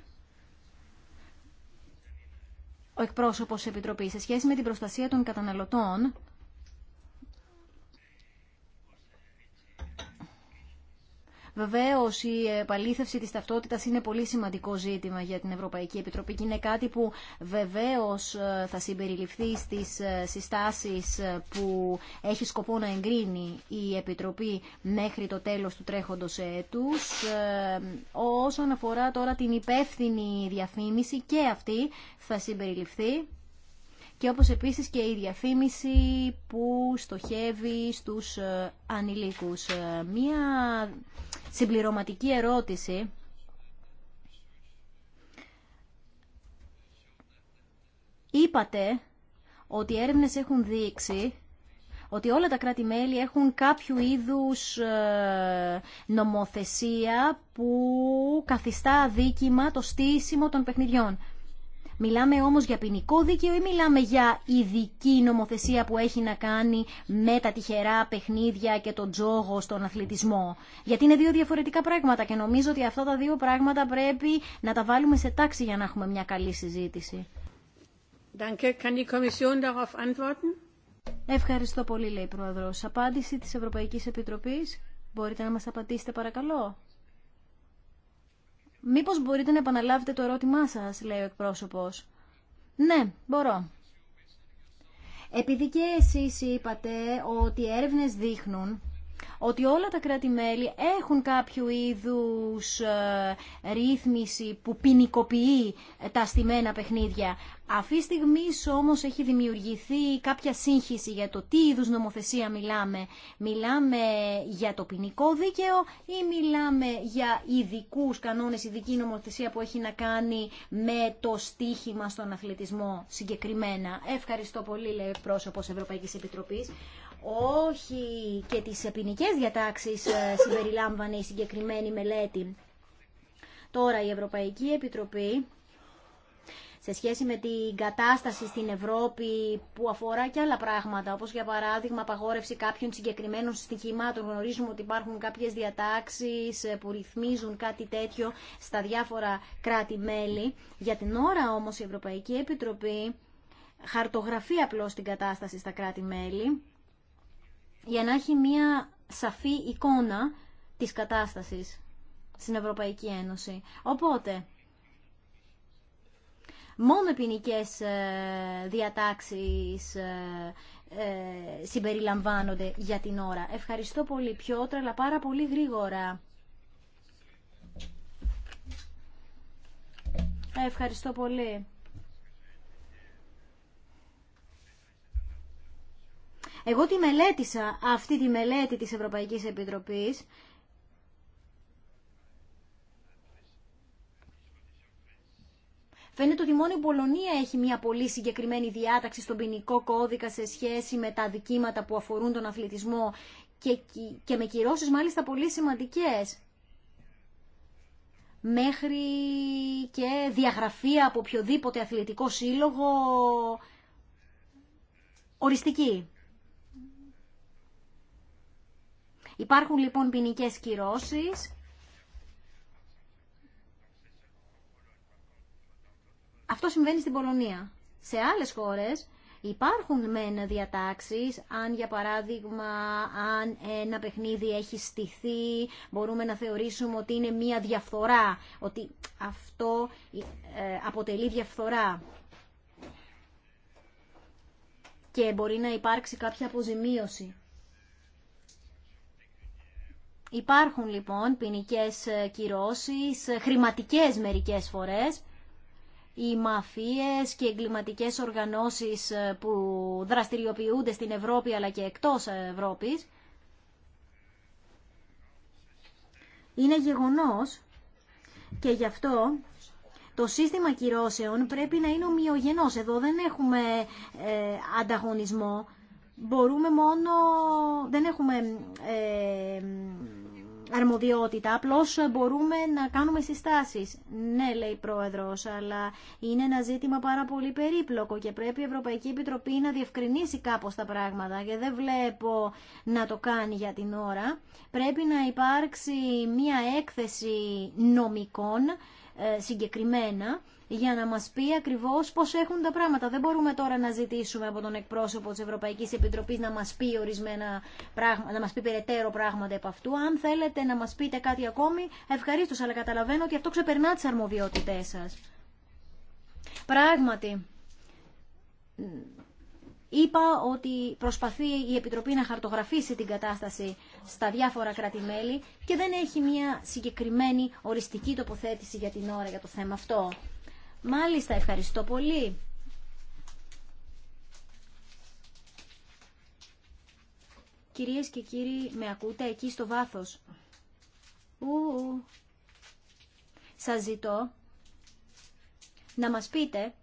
ο εκπρόσωπος της Επιτροπής σε σχέση με την προστασία των καταναλωτών Βεβαίως η επαλήθευση της ταυτότητα είναι πολύ σημαντικό ζήτημα για την Ευρωπαϊκή Επιτροπή και είναι κάτι που βεβαίως ε, θα συμπεριληφθεί στις ε, συστάσεις ε, που έχει σκοπό να εγκρίνει η Επιτροπή μέχρι το τέλος του τρέχοντος έτους. Όσον αφορά τώρα την υπεύθυνη διαφήμιση και αυτή θα συμπεριληφθεί και όπως επίσης και η διαφήμιση που στοχεύει στους ε, ανηλίκους. Ε, μία συμπληρωματική ερώτηση Είπατε ότι οι έρευνες έχουν δείξει ότι όλα τα κράτη-μέλη έχουν κάποιο είδους ε, νομοθεσία που καθιστά δίκημα το στήσιμο των παιχνιδιών. Μιλάμε όμως για ποινικό δίκαιο ή μιλάμε για ειδική νομοθεσία που έχει να κάνει με τα τυχερά παιχνίδια και τον τζόγο στον αθλητισμό. Γιατί είναι δύο διαφορετικά πράγματα και νομίζω ότι αυτά τα δύο πράγματα πρέπει να τα βάλουμε σε τάξη για να έχουμε μια καλή συζήτηση. Ευχαριστώ πολύ, λέει η Πρόεδρος. Απάντηση της Ευρωπαϊκής Επιτροπής. Μπορείτε να μας απαντήσετε παρακαλώ. Μήπως μπορείτε να επαναλάβετε το ερώτημά σας, λέει ο εκπρόσωπος. Ναι, μπορώ. Επειδή και εσείς είπατε ότι οι έρευνες δείχνουν ότι όλα τα κράτη-μέλη έχουν κάποιο είδους ε, ρύθμιση που ποινικοποιεί ε, τα στημένα παιχνίδια. Αυτή τη στιγμή όμως έχει δημιουργηθεί κάποια σύγχυση για το τι είδους νομοθεσία μιλάμε. Μιλάμε για το ποινικό δίκαιο ή μιλάμε για ειδικού κανόνες, ειδική νομοθεσία που έχει να κάνει με το στίχημα στον αθλητισμό συγκεκριμένα. Ευχαριστώ πολύ, λέει πρόσωπος Ευρωπαϊκής Επιτροπής όχι και τις ποινικέ διατάξεις ε, συμπεριλάμβανε η συγκεκριμένη μελέτη. Τώρα η Ευρωπαϊκή Επιτροπή σε σχέση με την κατάσταση στην Ευρώπη που αφορά και άλλα πράγματα, όπως για παράδειγμα απαγόρευση κάποιων συγκεκριμένων στοιχημάτων. Γνωρίζουμε ότι υπάρχουν κάποιες διατάξεις ε, που ρυθμίζουν κάτι τέτοιο στα διάφορα κράτη-μέλη. Για την ώρα όμως η Ευρωπαϊκή Επιτροπή χαρτογραφεί απλώς την κατάσταση στα κράτη-μέλη για να έχει μία σαφή εικόνα της κατάστασης στην Ευρωπαϊκή Ένωση. Οπότε, μόνο ποινικέ ε, διατάξεις ε, ε, συμπεριλαμβάνονται για την ώρα. Ευχαριστώ πολύ, Πιότρα, αλλά πάρα πολύ γρήγορα. Ευχαριστώ πολύ. Εγώ τη μελέτησα, αυτή τη μελέτη της Ευρωπαϊκής Επιτροπής, Φαίνεται ότι μόνο η Πολωνία έχει μια πολύ συγκεκριμένη διάταξη στον ποινικό κώδικα σε σχέση με τα δικήματα που αφορούν τον αθλητισμό και, και με κυρώσεις μάλιστα πολύ σημαντικές. Μέχρι και διαγραφή από οποιοδήποτε αθλητικό σύλλογο οριστική. Υπάρχουν λοιπόν ποινικέ κυρώσει. Αυτό συμβαίνει στην Πολωνία. Σε άλλες χώρες υπάρχουν μεν διατάξεις, αν για παράδειγμα, αν ένα παιχνίδι έχει στηθεί, μπορούμε να θεωρήσουμε ότι είναι μία διαφθορά, ότι αυτό ε, αποτελεί διαφθορά. Και μπορεί να υπάρξει κάποια αποζημίωση. Υπάρχουν λοιπόν ποινικέ ε, κυρώσεις, ε, χρηματικές μερικές φορές. Οι μαφίες και εγκληματικές οργανώσεις ε, που δραστηριοποιούνται στην Ευρώπη αλλά και εκτός Ευρώπης. Είναι γεγονός και γι' αυτό το σύστημα κυρώσεων πρέπει να είναι ομοιογενός. Εδώ δεν έχουμε ανταγωνισμό. Μπορούμε μόνο... Δεν έχουμε αρμοδιότητα. Απλώς μπορούμε να κάνουμε συστάσεις. Ναι, λέει η Πρόεδρος, αλλά είναι ένα ζήτημα πάρα πολύ περίπλοκο και πρέπει η Ευρωπαϊκή Επιτροπή να διευκρινίσει κάπως τα πράγματα και δεν βλέπω να το κάνει για την ώρα. Πρέπει να υπάρξει μία έκθεση νομικών ε, συγκεκριμένα για να μας πει ακριβώς πώς έχουν τα πράγματα. Δεν μπορούμε τώρα να ζητήσουμε από τον εκπρόσωπο της Ευρωπαϊκής Επιτροπής να μας πει ορισμένα πράγματα, να μας πει περαιτέρω πράγματα από αυτού. Αν θέλετε να μας πείτε κάτι ακόμη, ευχαρίστως, αλλά καταλαβαίνω ότι αυτό ξεπερνά τις αρμοδιότητές σας. Πράγματι, Είπα ότι προσπαθεί η Επιτροπή να χαρτογραφήσει την κατάσταση στα διάφορα κράτη-μέλη και δεν έχει μια συγκεκριμένη οριστική τοποθέτηση για την ώρα για το θέμα αυτό. Μάλιστα, ευχαριστώ πολύ. Κυρίες και κύριοι, με ακούτε εκεί στο βάθος. Ου, σας ζητώ να μας πείτε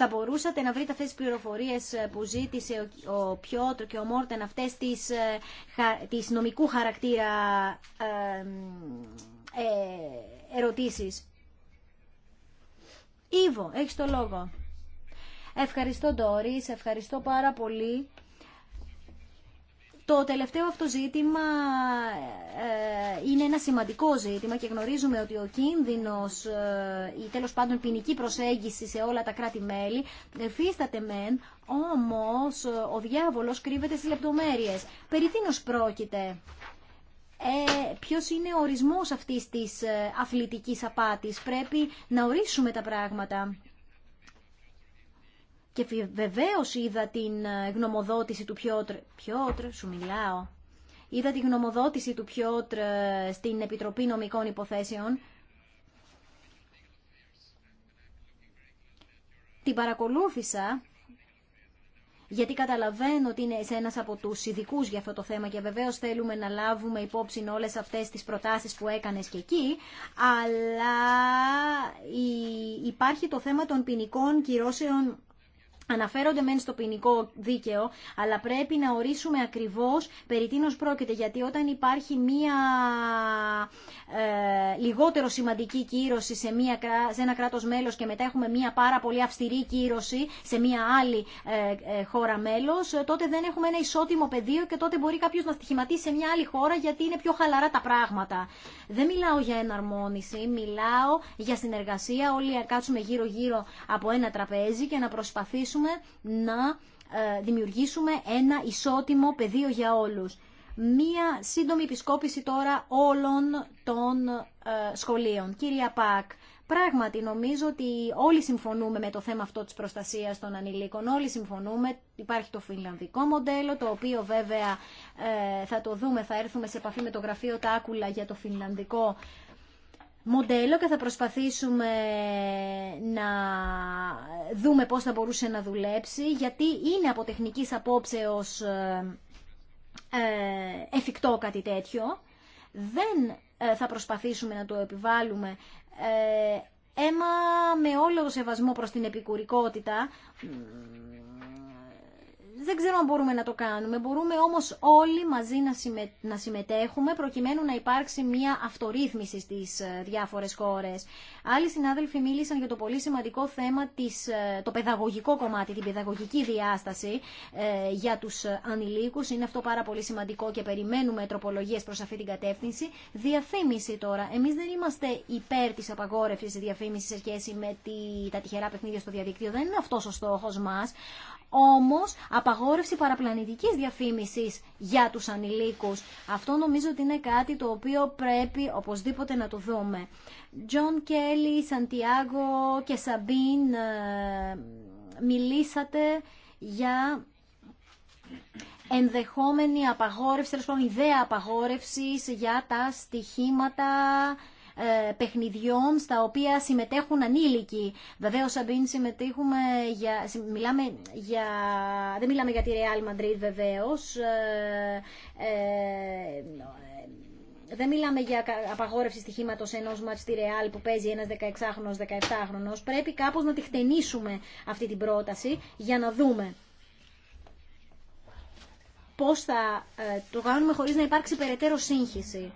Θα μπορούσατε να βρείτε αυτές τις πληροφορίες ε, που ζήτησε ο Πιότρο και ο Μόρτεν, αυτές τις, ε, νομικού χαρακτήρα ε, ερωτήσεις. Ήβο, έχεις το λόγο. Ευχαριστώ Ντόρις, ευχαριστώ πάρα πολύ το τελευταίο αυτό ζήτημα ε, είναι ένα σημαντικό ζήτημα και γνωρίζουμε ότι ο κίνδυνος ή ε, τέλος πάντων ποινική προσέγγιση σε όλα τα κράτη-μέλη εφίσταται μεν, όμως ε, ο διάβολος κρύβεται στις λεπτομέρειες. Περί τίνος πρόκειται. Ε, ποιος είναι ο ορισμός αυτής της αθλητικής απάτης. Πρέπει να ορίσουμε τα πράγματα. Και βεβαίως είδα την ε, γνωμοδότηση του Πιότρ. Πιότρ, σου μιλάω. Είδα τη γνωμοδότηση του Πιότρ ε, στην Επιτροπή Νομικών Υποθέσεων. Την παρακολούθησα γιατί καταλαβαίνω ότι είναι ένας από τους ειδικού για αυτό το θέμα και βεβαίως θέλουμε να λάβουμε υπόψη όλες αυτές τις προτάσεις που έκανες και εκεί, αλλά υπάρχει το θέμα των ποινικών κυρώσεων Αναφέρονται μεν στο ποινικό δίκαιο, αλλά πρέπει να ορίσουμε ακριβώς περί τίνος πρόκειται, γιατί όταν υπάρχει μία ε, λιγότερο σημαντική κύρωση σε, μία, σε ένα κράτος μέλος και μετά έχουμε μία πάρα πολύ αυστηρή κύρωση σε μία άλλη ε, ε, χώρα μέλος, τότε δεν έχουμε ένα ισότιμο πεδίο και τότε μπορεί κάποιος να στοιχηματίσει σε μία άλλη χώρα γιατί είναι πιο χαλαρά τα πράγματα. Δεν μιλάω για εναρμόνιση, μιλάω για συνεργασία, όλοι κάτσουμε γύρω-γύρω από ένα τραπέζι και να προσπαθήσουμε μπορέσουμε να ε, δημιουργήσουμε ένα ισότιμο πεδίο για όλους. Μία σύντομη επισκόπηση τώρα όλων των ε, σχολείων. Κυρία Πακ, Πράγματι, νομίζω ότι όλοι συμφωνούμε με το θέμα αυτό της προστασίας των ανηλίκων. Όλοι συμφωνούμε. Υπάρχει το φιλανδικό μοντέλο, το οποίο βέβαια ε, θα το δούμε, θα έρθουμε σε επαφή με το γραφείο Τάκουλα για το φιλανδικό μοντέλο και θα προσπαθήσουμε να δούμε πώς θα μπορούσε να δουλέψει, γιατί είναι από τεχνικής απόψεως ε, ε, εφικτό κάτι τέτοιο. Δεν ε, θα προσπαθήσουμε να το επιβάλλουμε έμα με όλο το σεβασμό προς την επικουρικότητα δεν ξέρω αν μπορούμε να το κάνουμε. Μπορούμε όμως όλοι μαζί να, να συμμετέχουμε προκειμένου να υπάρξει μια αυτορύθμιση στις ε, διάφορε χώρε. Άλλοι συνάδελφοι μίλησαν για το πολύ σημαντικό θέμα, της... Ε, το παιδαγωγικό κομμάτι, την παιδαγωγική διάσταση ε, για του ανηλίκους. Είναι αυτό πάρα πολύ σημαντικό και περιμένουμε τροπολογίε προ αυτή την κατεύθυνση. Διαφήμιση τώρα. Εμεί δεν είμαστε υπέρ τη απαγόρευσης διαφήμιση σε σχέση με τη... τα τυχερά παιχνίδια στο διαδικτύο. Δεν είναι αυτό ο στόχο μα όμως απαγόρευση παραπλανητικής διαφήμισης για τους ανηλίκους. Αυτό νομίζω ότι είναι κάτι το οποίο πρέπει οπωσδήποτε να το δούμε. Τζον Κέλλη, Σαντιάγο και Σαμπίν ε, μιλήσατε για ενδεχόμενη απαγόρευση, τέλο πάντων ιδέα απαγόρευσης για τα στοιχήματα ε, παιχνιδιών στα οποία συμμετέχουν ανήλικοι. βεβαίω Σαμπίν, συμμετέχουμε για, μιλάμε για, δεν μιλάμε για τη Real Madrid βεβαίως, ε, ε, δεν μιλάμε για απαγόρευση στοιχήματο ενό ματ στη Ρεάλ που παίζει ένα 16χρονο, 17χρονο. Πρέπει κάπω να τη χτενίσουμε αυτή την πρόταση για να δούμε πώ θα το κάνουμε χωρί να υπάρξει περαιτέρω σύγχυση.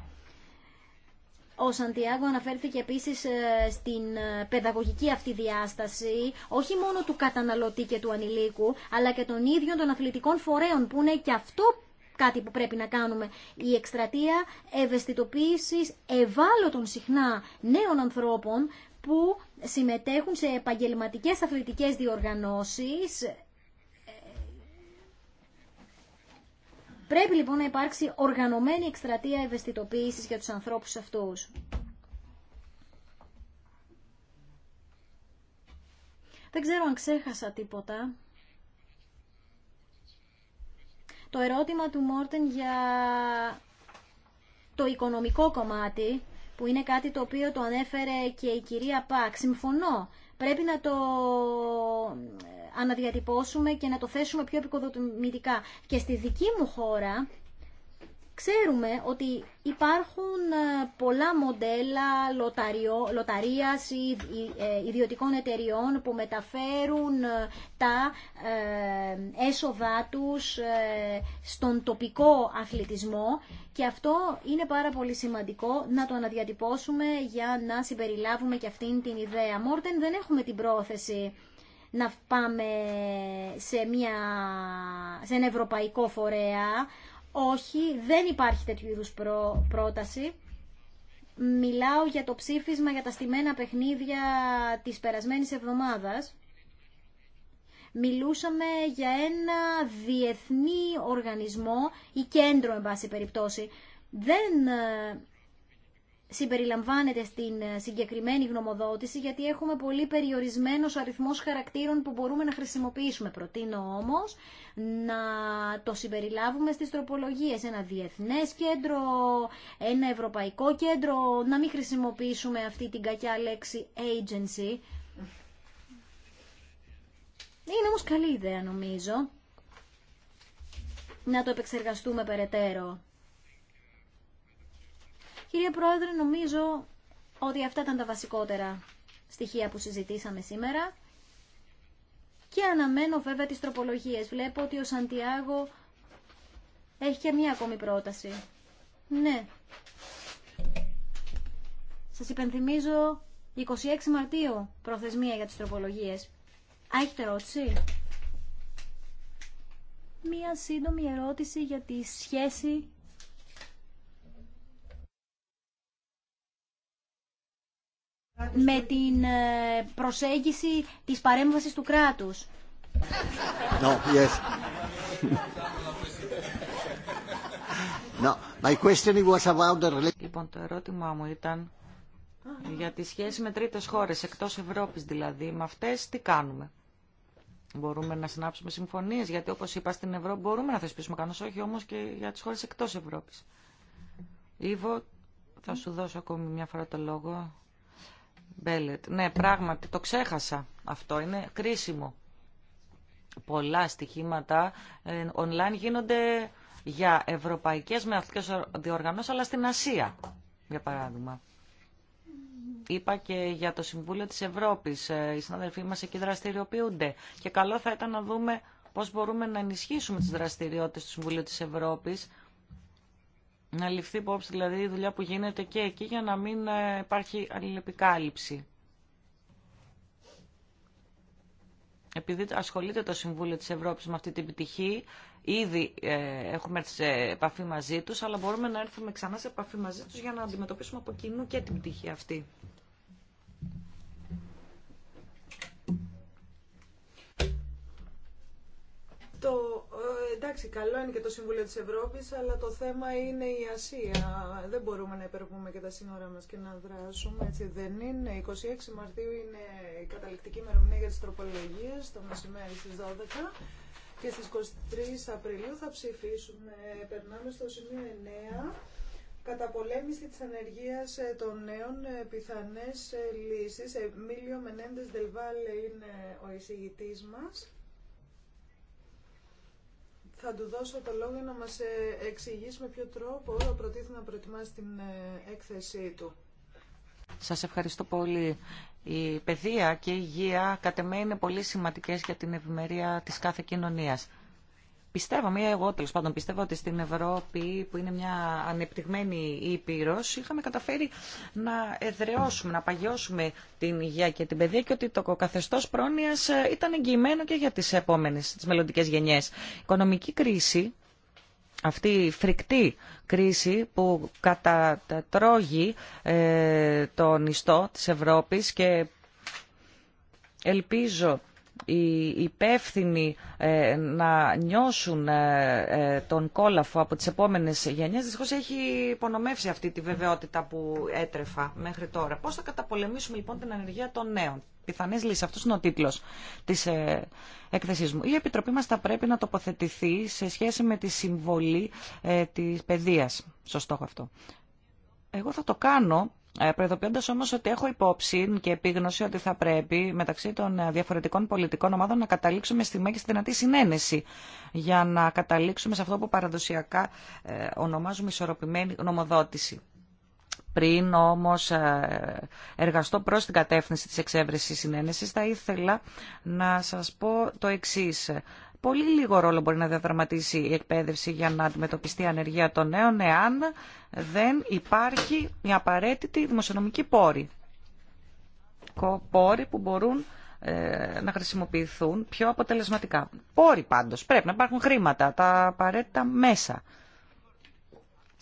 Ο Σαντιάγκο αναφέρθηκε επίσης ε, στην ε, παιδαγωγική αυτή διάσταση, όχι μόνο του καταναλωτή και του ανηλίκου, αλλά και των ίδιων των αθλητικών φορέων, που είναι και αυτό κάτι που πρέπει να κάνουμε. Η εκστρατεία ευαισθητοποίησης ευάλωτων συχνά νέων ανθρώπων που συμμετέχουν σε επαγγελματικές αθλητικές διοργανώσεις Πρέπει λοιπόν να υπάρξει οργανωμένη εκστρατεία ευαισθητοποίησης για τους ανθρώπους αυτούς. Δεν ξέρω αν ξέχασα τίποτα. Το ερώτημα του Μόρτεν για το οικονομικό κομμάτι, που είναι κάτι το οποίο το ανέφερε και η κυρία Πακ. Συμφωνώ. Πρέπει να το αναδιατυπώσουμε και να το θέσουμε πιο επικοδομητικά. Και στη δική μου χώρα ξέρουμε ότι υπάρχουν ε, πολλά μοντέλα λοταριό, λοταρίας ή ε, ιδιωτικών εταιριών που μεταφέρουν ε, τα έσοδά τους στον τοπικό αθλητισμό και αυτό είναι πάρα πολύ σημαντικό να το αναδιατυπώσουμε για να συμπεριλάβουμε και αυτήν την ιδέα. Μόρτεν δεν έχουμε την πρόθεση να πάμε σε, μια, σε ένα ευρωπαϊκό φορέα. Όχι, δεν υπάρχει τέτοιου είδους πρόταση. Μιλάω για το ψήφισμα για τα στημένα παιχνίδια της περασμένης εβδομάδας. Μιλούσαμε για ένα διεθνή οργανισμό ή κέντρο, εν πάση περιπτώσει. Δεν ε, συμπεριλαμβάνεται στην ε, συγκεκριμένη γνωμοδότηση γιατί έχουμε πολύ περιορισμένος αριθμός χαρακτήρων που μπορούμε να χρησιμοποιήσουμε. Προτείνω όμως να το συμπεριλάβουμε στις τροπολογίες. Ένα διεθνές κέντρο, ένα ευρωπαϊκό κέντρο, να μην χρησιμοποιήσουμε αυτή την κακιά λέξη agency. Είναι όμως καλή ιδέα νομίζω να το επεξεργαστούμε περαιτέρω. Κύριε Πρόεδρε, νομίζω ότι αυτά ήταν τα βασικότερα στοιχεία που συζητήσαμε σήμερα και αναμένω βέβαια τις τροπολογίες. Βλέπω ότι ο Σαντιάγο έχει και μία ακόμη πρόταση. Ναι. Σας υπενθυμίζω 26 Μαρτίου προθεσμία για τις τροπολογίες. Α, έχετε ερώτηση. Μία σύντομη ερώτηση για τη σχέση με την ε, προσέγγιση της παρέμβασης του κράτους. No, yes. my question was about the... Λοιπόν, το ερώτημά μου ήταν για τη σχέση με τρίτες χώρες, εκτός Ευρώπης δηλαδή, με αυτές τι κάνουμε. Μπορούμε να συνάψουμε συμφωνίες, γιατί όπως είπα στην Ευρώπη μπορούμε να θεσπίσουμε κανώς όχι, όμως και για τις χώρες εκτός Ευρώπης. Ήβο, θα σου δώσω ακόμη μια φορά το λόγο Μπέλετ. Ναι, πράγματι, το ξέχασα. Αυτό είναι κρίσιμο. Πολλά στοιχήματα ε, online γίνονται για ευρωπαϊκές με αυτικές διοργανώσεις, αλλά στην Ασία, για παράδειγμα. Είπα και για το Συμβούλιο της Ευρώπης, ε, οι συναδελφοί μας εκεί δραστηριοποιούνται και καλό θα ήταν να δούμε πώς μπορούμε να ενισχύσουμε τις δραστηριότητες του Συμβουλίου της Ευρώπης να ληφθεί υπόψη δηλαδή η δουλειά που γίνεται και εκεί για να μην ε, υπάρχει αλληλεπικάλυψη. Επειδή ασχολείται το Συμβούλιο της Ευρώπης με αυτή την πτυχή, ήδη ε, έχουμε έρθει σε επαφή μαζί τους, αλλά μπορούμε να έρθουμε ξανά σε επαφή μαζί τους για να αντιμετωπίσουμε από κοινού και την πτυχή αυτή. Το εντάξει, καλό είναι και το Συμβούλιο της Ευρώπης, αλλά το θέμα είναι η Ασία. Δεν μπορούμε να υπερβούμε και τα σύνορα μας και να δράσουμε, έτσι δεν είναι. 26 Μαρτίου είναι η καταληκτική ημερομηνία για τις τροπολογίες, το μεσημέρι στις 12. Και στις 23 Απριλίου θα ψηφίσουμε, περνάμε στο σημείο 9, καταπολέμηση της ανεργίας ε, των νέων, ε, πιθανές ε, λύσεις. Εμίλιο Μενέντες Δελβάλε είναι ο εισηγητής μας. Θα του δώσω το λόγο να μας ε, εξηγήσει με ποιο τρόπο προτίθεται να προετοιμάσει την ε, έκθεσή του. Σας ευχαριστώ πολύ. Η παιδεία και η υγεία κατ' εμέ είναι πολύ σημαντικές για την ευημερία της κάθε κοινωνίας. Πιστεύω, μία εγώ τέλος πάντων, πιστεύω ότι στην Ευρώπη που είναι ή εγώ τέλο πάντων πιστεύω ότι στην Ευρώπη που είναι μια ανεπτυγμένη ήπειρο, είχαμε καταφέρει να εδραιώσουμε, να παγιώσουμε την υγεία και την παιδεία και ότι το καθεστώ πρόνοια ε, ήταν εγγυημένο και για τις επόμενες, τις μελλοντικέ γενιές. οικονομική κρίση αυτή η φρικτή κρίση που κατατρώγει ε, τον ιστό της Ευρώπης και ελπίζω οι υπεύθυνοι ε, να νιώσουν ε, ε, τον κόλαφο από τις επόμενες γενιές δυστυχώς έχει υπονομεύσει αυτή τη βεβαιότητα που έτρεφα μέχρι τώρα. Πώς θα καταπολεμήσουμε λοιπόν την ανεργία των νέων. Πιθανές λύσεις. Αυτός είναι ο τίτλος της έκθεσής μου. Η Επιτροπή μας θα πρέπει να τοποθετηθεί σε σχέση με τη συμβολή της παιδείας. Σωστό αυτό. Εγώ θα το κάνω ε, Προειδοποιώντα όμω ότι έχω υπόψη και επίγνωση ότι θα πρέπει μεταξύ των ε, διαφορετικών πολιτικών ομάδων να καταλήξουμε στη μέγιστη δυνατή συνένεση για να καταλήξουμε σε αυτό που παραδοσιακά ε, ονομάζουμε ισορροπημένη νομοδότηση. Πριν όμως εργαστώ προ την κατεύθυνση της εξέβρεση συνένεση, θα ήθελα να σα πω το εξή πολύ λίγο ρόλο μπορεί να διαδραματίσει η εκπαίδευση για να αντιμετωπιστεί η ανεργία των νέων εάν δεν υπάρχει μια απαραίτητη δημοσιονομική πόρη. Πόροι που μπορούν ε, να χρησιμοποιηθούν πιο αποτελεσματικά. Πόροι πάντως. Πρέπει να υπάρχουν χρήματα, τα απαραίτητα μέσα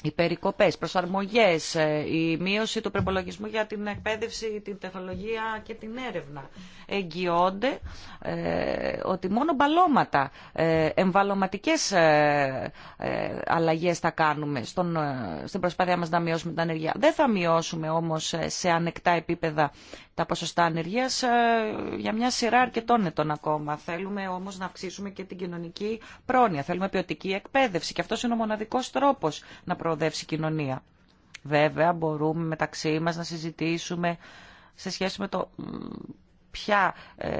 οι περικοπές, προσαρμογές, ε, η μείωση του προπολογισμού για την εκπαίδευση, την τεχνολογία και την έρευνα εγγυώνται ε, ότι μόνο μπαλώματα, ε, εμβαλωματικές ε, αλλαγές θα κάνουμε στον, στην προσπάθειά μας να μειώσουμε την ανεργία. Δεν θα μειώσουμε όμως σε ανεκτά επίπεδα τα ποσοστά ανεργίας ε, για μια σειρά αρκετών ετών ακόμα. Θέλουμε όμως να αυξήσουμε και την κοινωνική πρόνοια, θέλουμε ποιοτική εκπαίδευση και αυτός είναι ο μοναδικός τρόπος να προοδεύσει η κοινωνία. Βέβαια μπορούμε μεταξύ μας να συζητήσουμε σε σχέση με το ποια ε,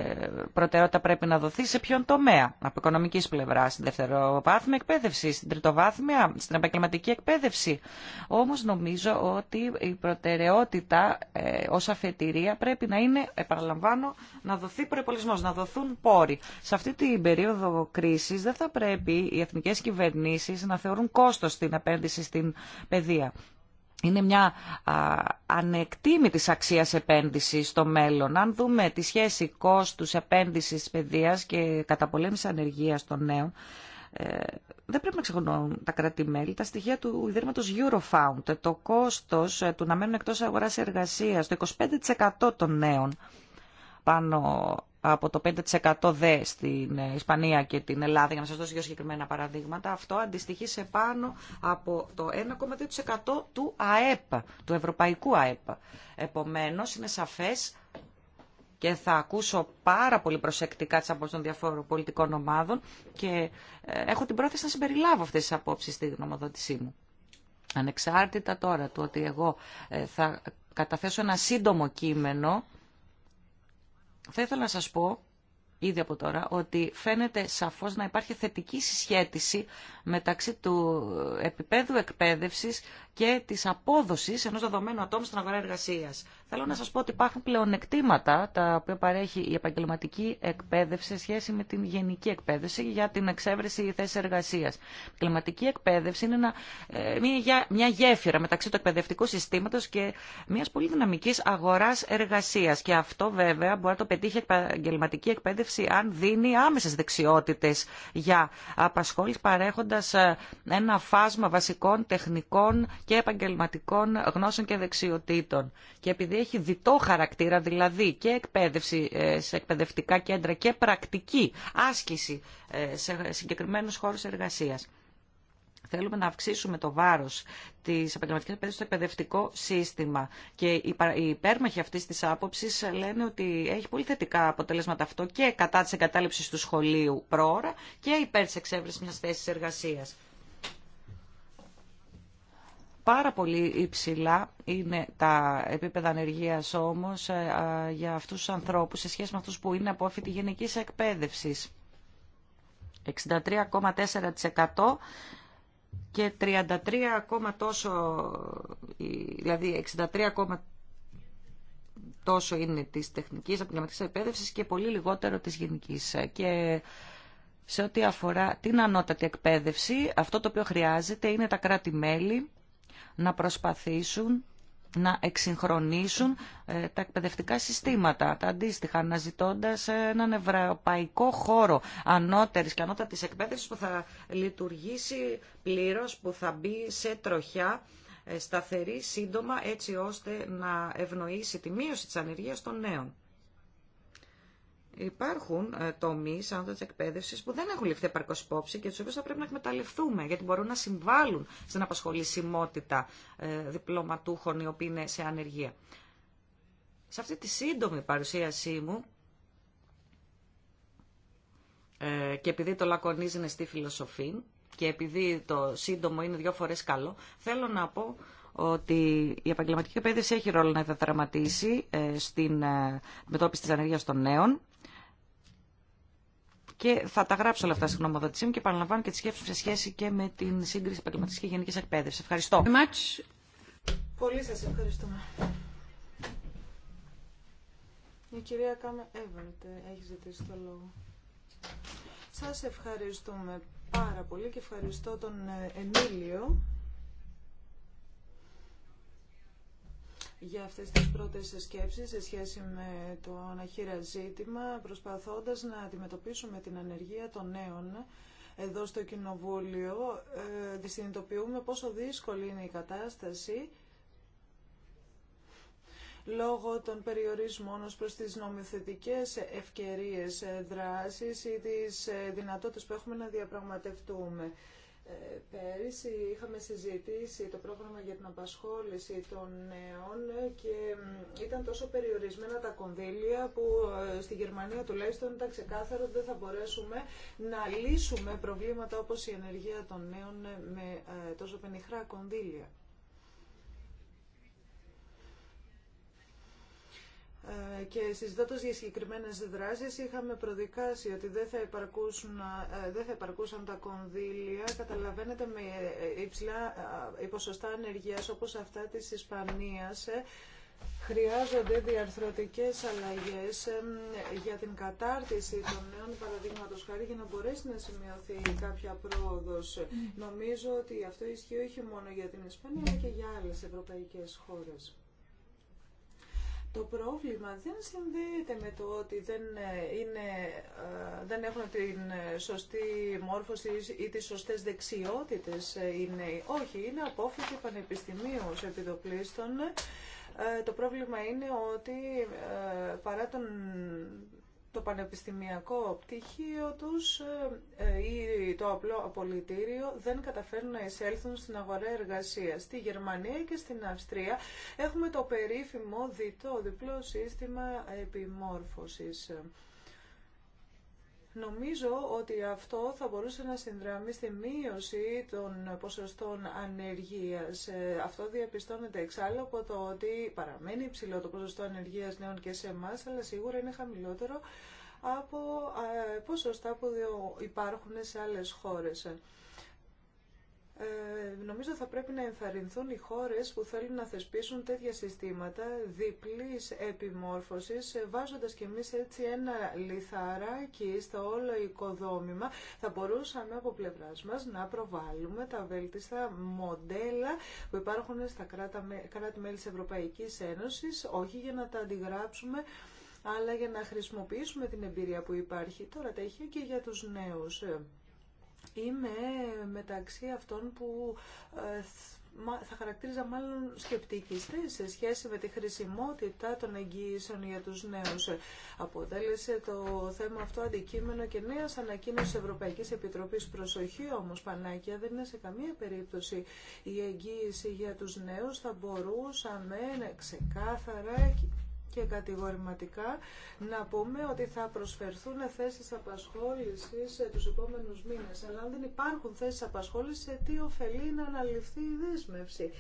προτεραιότητα πρέπει να δοθεί σε ποιον τομέα. Από οικονομική πλευρά, στην δευτεροβάθμια εκπαίδευση, στην τριτοβάθμια, στην επαγγελματική εκπαίδευση. Όμω νομίζω ότι η προτεραιότητα ε, ω αφετηρία πρέπει να είναι, επαναλαμβάνω, να δοθεί προπολισμό, να δοθούν πόροι. Σε αυτή την περίοδο κρίση δεν θα πρέπει οι εθνικέ κυβερνήσει να θεωρούν κόστο την επένδυση στην παιδεία είναι μια α, ανεκτήμητης αξίας επένδυση στο μέλλον. Αν δούμε τη σχέση κόστους επένδυσης παιδείας και καταπολέμησης ανεργίας των νέων, ε, δεν πρέπει να ξεχνούν τα κράτη-μέλη τα στοιχεία του Ιδρύματος Eurofound. Το κόστος ε, του να μένουν εκτός αγοράς εργασίας, το 25% των νέων, πάνω από το 5% δε στην Ισπανία και την Ελλάδα, για να σας δώσω δύο συγκεκριμένα παραδείγματα, αυτό αντιστοιχεί σε πάνω από το 1,2% του ΑΕΠ, του Ευρωπαϊκού ΑΕΠ. Επομένως, είναι σαφές και θα ακούσω πάρα πολύ προσεκτικά τις απόψεις των διαφόρων πολιτικών ομάδων και ε, έχω την πρόθεση να συμπεριλάβω αυτές τις απόψεις στη γνωμοδότησή μου. Ανεξάρτητα τώρα του ότι εγώ ε, θα καταθέσω ένα σύντομο κείμενο θα ήθελα να σας πω ήδη από τώρα ότι φαίνεται σαφώς να υπάρχει θετική συσχέτιση μεταξύ του επίπεδου εκπαίδευσης και της απόδοσης ενός δεδομένου ατόμου στην αγορά εργασίας. Θέλω να σας πω ότι υπάρχουν πλεονεκτήματα τα οποία παρέχει η επαγγελματική εκπαίδευση σε σχέση με την γενική εκπαίδευση για την εξέβρεση θέση εργασίας. Η επαγγελματική εκπαίδευση είναι ε, μια, μια γέφυρα μεταξύ του εκπαιδευτικού συστήματος και μιας πολύ δυναμικής αγοράς εργασίας. Και αυτό βέβαια μπορεί να το πετύχει η επαγγελματική εκπαίδευση εκπαίδευση αν δίνει άμεσες δεξιότητες για απασχόληση παρέχοντας ε, ένα φάσμα βασικών τεχνικών και επαγγελματικών γνώσεων και δεξιοτήτων. Και επειδή έχει διτό χαρακτήρα, δηλαδή και εκπαίδευση ε, σε εκπαιδευτικά κέντρα και πρακτική άσκηση ε, σε συγκεκριμένους χώρους εργασίας. Θέλουμε να αυξήσουμε το βάρο τη επαγγελματική εκπαίδευση στο εκπαιδευτικό σύστημα. Και οι υπέρμαχοι αυτή τη άποψη λένε ότι έχει πολύ θετικά αποτελέσματα αυτό και κατά τη εγκατάλειψη του σχολείου πρόωρα και υπέρ τη εξέβρεση μια θέση εργασία. Πάρα πολύ υψηλά είναι τα επίπεδα ανεργία όμω ε, για αυτού του ανθρώπου σε σχέση με αυτού που είναι απόφοιτοι γενική εκπαίδευση. 63,4% και 33 τόσο, δηλαδή 63 ακόμα τόσο είναι της τεχνικής επαγγελματικής εκπαίδευσης και πολύ λιγότερο της γενικής. Και σε ό,τι αφορά την ανώτατη εκπαίδευση, αυτό το οποίο χρειάζεται είναι τα κράτη-μέλη να προσπαθήσουν να εξυγχρονίσουν ε, τα εκπαιδευτικά συστήματα, τα αντίστοιχα, αναζητώντα έναν ευρωπαϊκό χώρο ανώτερη και ανώτατης εκπαίδευση που θα λειτουργήσει πλήρω που θα μπει σε τροχιά ε, σταθερή σύντομα έτσι ώστε να ευνοήσει τη μείωση τη ανεργία των νέων. Υπάρχουν ε, τομεί άνθρωπο τη εκπαίδευση που δεν έχουν ληφθεί επαρκώ υπόψη και του οποίου θα πρέπει να εκμεταλλευτούμε, γιατί μπορούν να συμβάλλουν στην απασχολησιμότητα ε, διπλωματούχων οι οποίοι είναι σε ανεργία. Σε αυτή τη σύντομη παρουσίασή μου, ε, και επειδή το λακωνίζει στη φιλοσοφή και επειδή το σύντομο είναι δύο φορές καλό, θέλω να πω ότι η επαγγελματική εκπαίδευση έχει ρόλο να δραματίσει στην μετώπιση της ανεργίας των νέων. Και θα τα γράψω όλα αυτά στην γνωμοδότησή μου και παραλαμβάνω και τι σκέψη σε σχέση και με την σύγκριση επαγγελματική και γενική εκπαίδευση. Ευχαριστώ. Πολύ σα ευχαριστούμε. Η κυρία Κάμε έχει ζητήσει το λόγο. Σας ευχαριστούμε πάρα πολύ και ευχαριστώ τον ε, Εμίλιο για αυτές τις πρώτες σκέψεις σε σχέση με το αναχείρα ζήτημα, προσπαθώντας να αντιμετωπίσουμε την ανεργία των νέων εδώ στο Κοινοβούλιο. Ε, πόσο δύσκολη είναι η κατάσταση λόγω των περιορισμών ως προς τις νομιοθετικές ευκαιρίες δράσης ή τις ε, δυνατότητες που έχουμε να διαπραγματευτούμε. Ε, πέρυσι είχαμε συζητήσει το πρόγραμμα για την απασχόληση των νέων και ήταν τόσο περιορισμένα τα κονδύλια που ε, στη Γερμανία τουλάχιστον ήταν ξεκάθαρο ότι δεν θα μπορέσουμε να λύσουμε προβλήματα όπως η ενεργεία των νέων με ε, τόσο πενιχρά κονδύλια. Ε, και συζητώντας για συγκεκριμένες δράσεις είχαμε προδικάσει ότι δεν θα, υπαρκούσουν, ε, δεν θα υπαρκούσαν τα κονδύλια καταλαβαίνετε με ε, υψηλά ποσοστά ανεργίας όπως αυτά της Ισπανίας χρειάζονται διαρθρωτικές αλλαγές για την κατάρτιση των νέων παραδείγματο χάρη για να μπορέσει να σημειωθεί κάποια πρόοδος. Νομίζω ότι αυτό ισχύει όχι μόνο για την Ισπανία αλλά και για άλλες ευρωπαϊκές χώρες. Το πρόβλημα δεν συνδέεται με το ότι δεν, ε, είναι, ε, δεν έχουν την ε, σωστή μόρφωση ή τις σωστές δεξιότητες οι νέοι. Όχι, είναι απόφαση πανεπιστημίου σε επιδοπλίστων. Το πρόβλημα είναι ότι παρά τον το πανεπιστημιακό πτυχίο τους ε, ή το απλό απολυτήριο δεν καταφέρνουν να εισέλθουν στην αγορά εργασίας. Στη Γερμανία και στην Αυστρία έχουμε το περίφημο διτό διπλό σύστημα επιμόρφωσης. Νομίζω ότι αυτό θα μπορούσε να συνδράμει στη μείωση των ποσοστών ανεργίας. Ε, αυτό διαπιστώνεται εξάλλου από το ότι παραμένει υψηλό το ποσοστό ανεργίας νέων και σε εμά, αλλά σίγουρα είναι χαμηλότερο από ε, ποσοστά που υπάρχουν σε άλλες χώρες. Ε, νομίζω θα πρέπει να ενθαρρυνθούν οι χώρες που θέλουν να θεσπίσουν τέτοια συστήματα διπλής επιμόρφωσης, ε, βάζοντας κι εμείς έτσι ένα λιθαράκι στο όλο οικοδόμημα. Θα μπορούσαμε από πλευράς μας να προβάλλουμε τα βέλτιστα μοντέλα που υπάρχουν στα κράτη-μέλη της Ευρωπαϊκής Ένωσης, όχι για να τα αντιγράψουμε, αλλά για να χρησιμοποιήσουμε την εμπειρία που υπάρχει. Τώρα τα και για τους νέους. Ε, Είμαι μεταξύ αυτών που ε, θα χαρακτήριζα μάλλον σκεπτικιστή σε σχέση με τη χρησιμότητα των εγγύησεων για τους νέους. Αποτέλεσε το θέμα αυτό αντικείμενο και νέα ανακοίνωση Ευρωπαϊκής Επιτροπής. Προσοχή όμως, Πανάκια, δεν είναι σε καμία περίπτωση η εγγύηση για τους νέους. Θα μπορούσαμε ξεκάθαρα και κατηγορηματικά να πούμε ότι θα προσφερθούν θέσεις απασχόλησης ε, τους επόμενους μήνες. Αλλά αν δεν υπάρχουν θέσεις απασχόλησης, σε τι ωφελεί να αναλυφθεί η δέσμευση.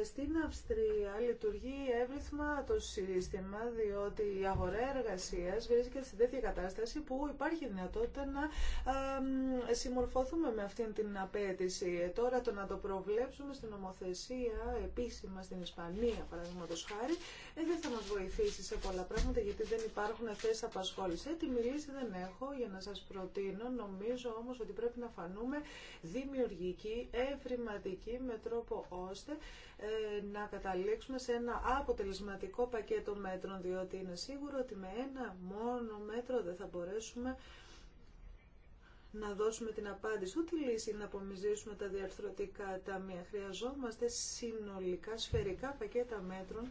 Ε, στην Αυστρία λειτουργεί εύρυθμα το σύστημα, διότι η αγορά εργασία βρίσκεται σε τέτοια κατάσταση που υπάρχει δυνατότητα να συμμορφωθούμε με αυτήν την απέτηση. Ε, τώρα το να το προβλέψουμε στην νομοθεσία επίσημα στην Ισπανία, παραδείγματο χάρη, ε, δεν θα μα βοηθήσει σε πολλά πράγματα γιατί δεν υπάρχουν θέσει απασχόληση. τη μιλήση δεν έχω για να σα προτείνω. Νομίζω όμω ότι πρέπει να φανούμε δημιουργικοί, ευρηματικοί με τρόπο ώστε ε, να καταλήξουμε σε ένα αποτελεσματικό πακέτο μέτρων, διότι είναι σίγουρο ότι με ένα μόνο μέτρο δεν θα μπορέσουμε να δώσουμε την απάντηση, ούτε λύση να απομυζήσουμε τα διαρθρωτικά ταμεία. Χρειαζόμαστε συνολικά σφαιρικά πακέτα μέτρων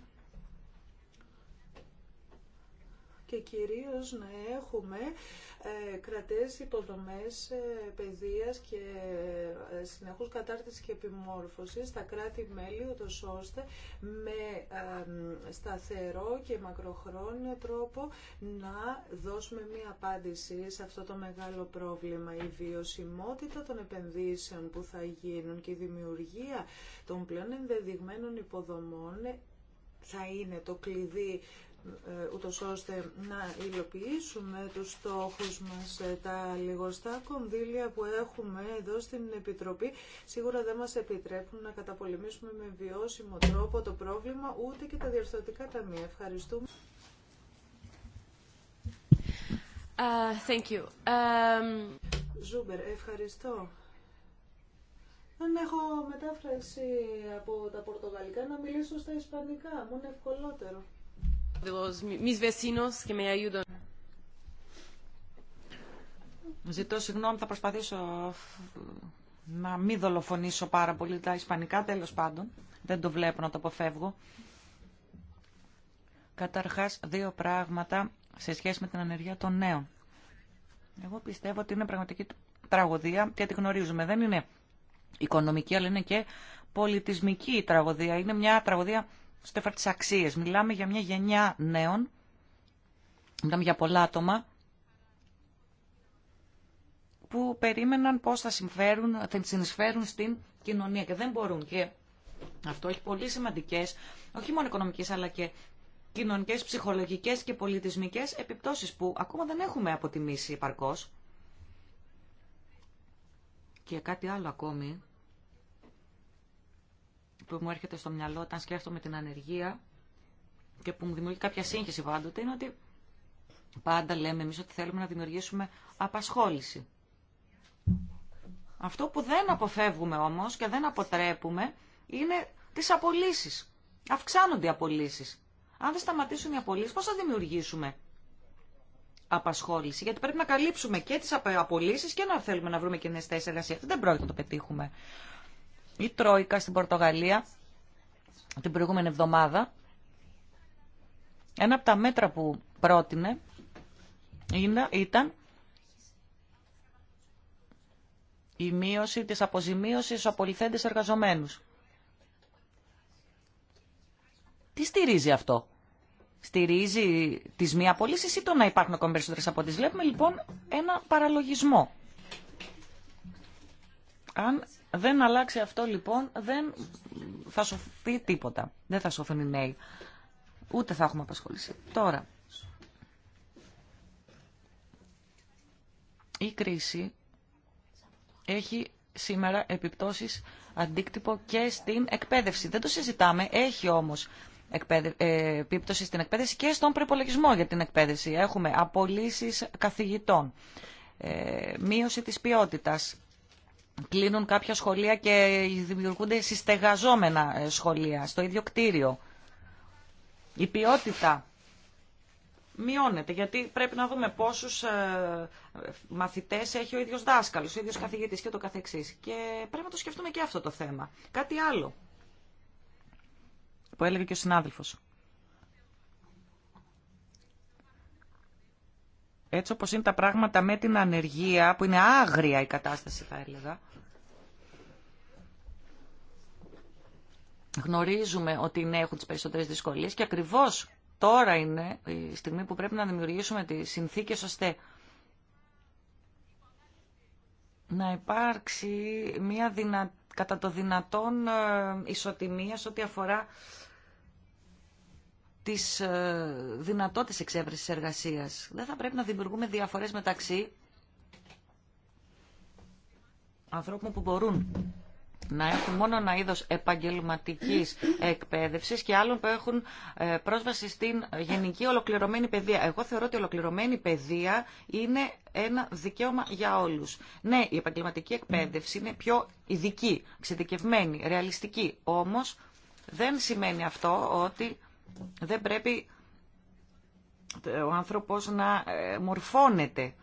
και κυρίως να έχουμε ε, κρατές υποδομές ε, παιδείας και ε, συνεχούς κατάρτιση και επιμόρφωση στα κράτη-μέλη, ούτως ώστε με ε, σταθερό και μακροχρόνιο τρόπο να δώσουμε μία απάντηση σε αυτό το μεγάλο πρόβλημα. Η βιωσιμότητα των επενδύσεων που θα γίνουν και η δημιουργία των πλέον ενδεδειγμένων υποδομών θα είναι το κλειδί ε, ούτως ώστε να υλοποιήσουμε τους στόχους μας. Ε, τα λιγοστά κονδύλια που έχουμε εδώ στην Επιτροπή σίγουρα δεν μας επιτρέπουν να καταπολεμήσουμε με βιώσιμο τρόπο το πρόβλημα ούτε και τα διορθωτικά ταμεία. Ευχαριστούμε. thank you. Ζούμπερ, ευχαριστώ. Δεν έχω μετάφραση από τα πορτογαλικά να μιλήσω στα ισπανικά, μου είναι ευκολότερο mis vecinos que me ayudan. Ζητώ συγγνώμη, θα προσπαθήσω να μην δολοφονήσω πάρα πολύ τα ισπανικά, τέλος πάντων. Δεν το βλέπω να το αποφεύγω. Καταρχάς, δύο πράγματα σε σχέση με την ανεργία των νέων. Εγώ πιστεύω ότι είναι πραγματική τραγωδία και τη γνωρίζουμε. Δεν είναι οικονομική, αλλά είναι και πολιτισμική τραγωδία. Είναι μια τραγωδία στο τι τις αξίες. Μιλάμε για μια γενιά νέων, μιλάμε για πολλά άτομα, που περίμεναν πώς θα συμφέρουν, θα συνεισφέρουν στην κοινωνία και δεν μπορούν. Και αυτό έχει πολύ σημαντικές, όχι μόνο οικονομικές, αλλά και κοινωνικές, ψυχολογικές και πολιτισμικές επιπτώσεις που ακόμα δεν έχουμε αποτιμήσει επαρκώς. Και κάτι άλλο ακόμη που μου έρχεται στο μυαλό όταν σκέφτομαι την ανεργία και που μου δημιουργεί κάποια σύγχυση πάντοτε είναι ότι πάντα λέμε εμεί ότι θέλουμε να δημιουργήσουμε απασχόληση. Αυτό που δεν αποφεύγουμε όμως και δεν αποτρέπουμε είναι τις απολύσει. Αυξάνονται οι απολύσεις. Αν δεν σταματήσουν οι απολύσει, πώς θα δημιουργήσουμε απασχόληση. Γιατί πρέπει να καλύψουμε και τις απολύσει και να θέλουμε να βρούμε κοινέ θέσει εργασία. Δεν πρόκειται να το πετύχουμε η Τρόικα στην Πορτογαλία την προηγούμενη εβδομάδα, ένα από τα μέτρα που πρότεινε ήταν η μείωση της αποζημίωσης στους απολυθέντες εργαζομένους. Τι στηρίζει αυτό. Στηρίζει τις μία απολύσεις ή το να υπάρχουν ακόμη περισσότερες από τις. Βλέπουμε λοιπόν ένα παραλογισμό. Αν δεν αλλάξει αυτό λοιπόν, δεν θα σωθεί τίποτα. Δεν θα σωθούν οι νέοι. Ούτε θα έχουμε απασχόληση. Τώρα, η κρίση έχει σήμερα επιπτώσεις αντίκτυπο και στην εκπαίδευση. Δεν το συζητάμε, έχει όμως ε, επίπτωση στην εκπαίδευση και στον προπολογισμό για την εκπαίδευση. Έχουμε απολύσεις καθηγητών, ε, μείωση της ποιότητας κλείνουν κάποια σχολεία και δημιουργούνται συστεγαζόμενα ε, σχολεία στο ίδιο κτίριο. Η ποιότητα μειώνεται γιατί πρέπει να δούμε πόσους ε, μαθητές έχει ο ίδιος δάσκαλος, ο ίδιος καθηγητής και το καθεξής. Και πρέπει να το σκεφτούμε και αυτό το θέμα. Κάτι άλλο που έλεγε και ο συνάδελφος. Έτσι όπως είναι τα πράγματα με την ανεργία, που είναι άγρια η κατάσταση θα έλεγα, γνωρίζουμε ότι είναι έχουν τις περισσότερες δυσκολίες και ακριβώς τώρα είναι η στιγμή που πρέπει να δημιουργήσουμε τις συνθήκες ώστε να υπάρξει μια δυνα... κατά το δυνατόν ε, ισοτιμία σε ό,τι αφορά τις ε, δυνατότητες εξέβρεση εργασίας. Δεν θα πρέπει να δημιουργούμε διαφορές μεταξύ ανθρώπων που μπορούν να έχουν μόνο ένα είδος επαγγελματικής εκπαίδευσης και άλλων που έχουν ε, πρόσβαση στην γενική ολοκληρωμένη παιδεία. Εγώ θεωρώ ότι η ολοκληρωμένη παιδεία είναι ένα δικαίωμα για όλους. Ναι, η επαγγελματική εκπαίδευση είναι πιο ειδική, εξειδικευμένη, ρεαλιστική. Όμως δεν σημαίνει αυτό ότι δεν πρέπει ο άνθρωπος να ε, μορφώνεται,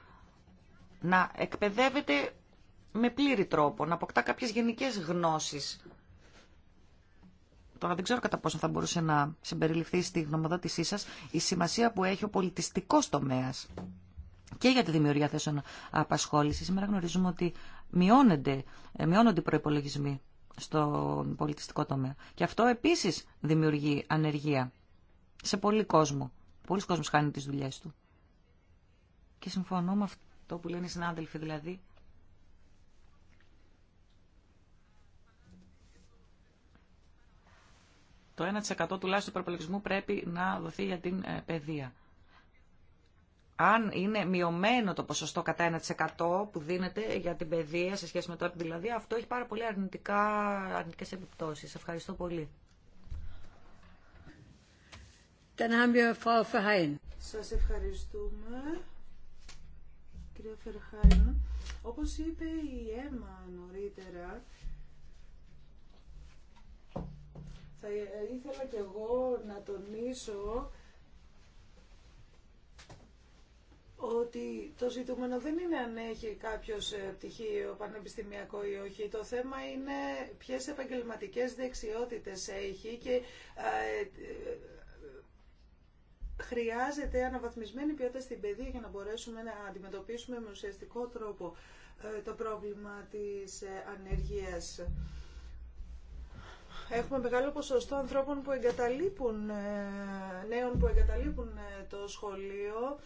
να εκπαιδεύεται με πλήρη τρόπο, να αποκτά κάποιες γενικές γνώσεις. Τώρα δεν ξέρω κατά πόσο θα μπορούσε να συμπεριληφθεί στη γνωμοδότησή σας η σημασία που έχει ο πολιτιστικός τομέας και για τη δημιουργία θέσεων απασχόλησης. Σήμερα γνωρίζουμε ότι μειώνονται, ε, μειώνονται οι προπολογισμοί στον πολιτιστικό τομέα. Και αυτό επίσης δημιουργεί ανεργία σε πολύ κόσμο. Πολλοί κόσμοι χάνουν τις δουλειέ του. Και συμφωνώ με αυτό που λένε οι συνάδελφοι, δηλαδή το 1% τουλάχιστον του προπολογισμού πρέπει να δοθεί για την ε, παιδεία. Αν είναι μειωμένο το ποσοστό κατά 1% που δίνεται για την παιδεία σε σχέση με το ΕΠ, δηλαδή αυτό έχει πάρα πολύ αρνητικά, αρνητικές επιπτώσεις. Ευχαριστώ πολύ. Dann Σας ευχαριστούμε, κυρία Φερχάιν. Όπως είπε η Έμα νωρίτερα, θα ήθελα και εγώ να τονίσω ότι το ζητούμενο δεν είναι αν έχει κάποιος ε, πτυχίο πανεπιστημιακό ή όχι. Το θέμα είναι ποιες επαγγελματικές δεξιότητες έχει και ε, χρειάζεται αναβαθμισμένη ποιότητα στην παιδεία για να μπορέσουμε να αντιμετωπίσουμε με ουσιαστικό τρόπο ε, το πρόβλημα της ε, ανεργίας. Έχουμε μεγάλο ποσοστό ανθρώπων που εγκαταλείπουν, ε, νέων που εγκαταλείπουν το σχολείο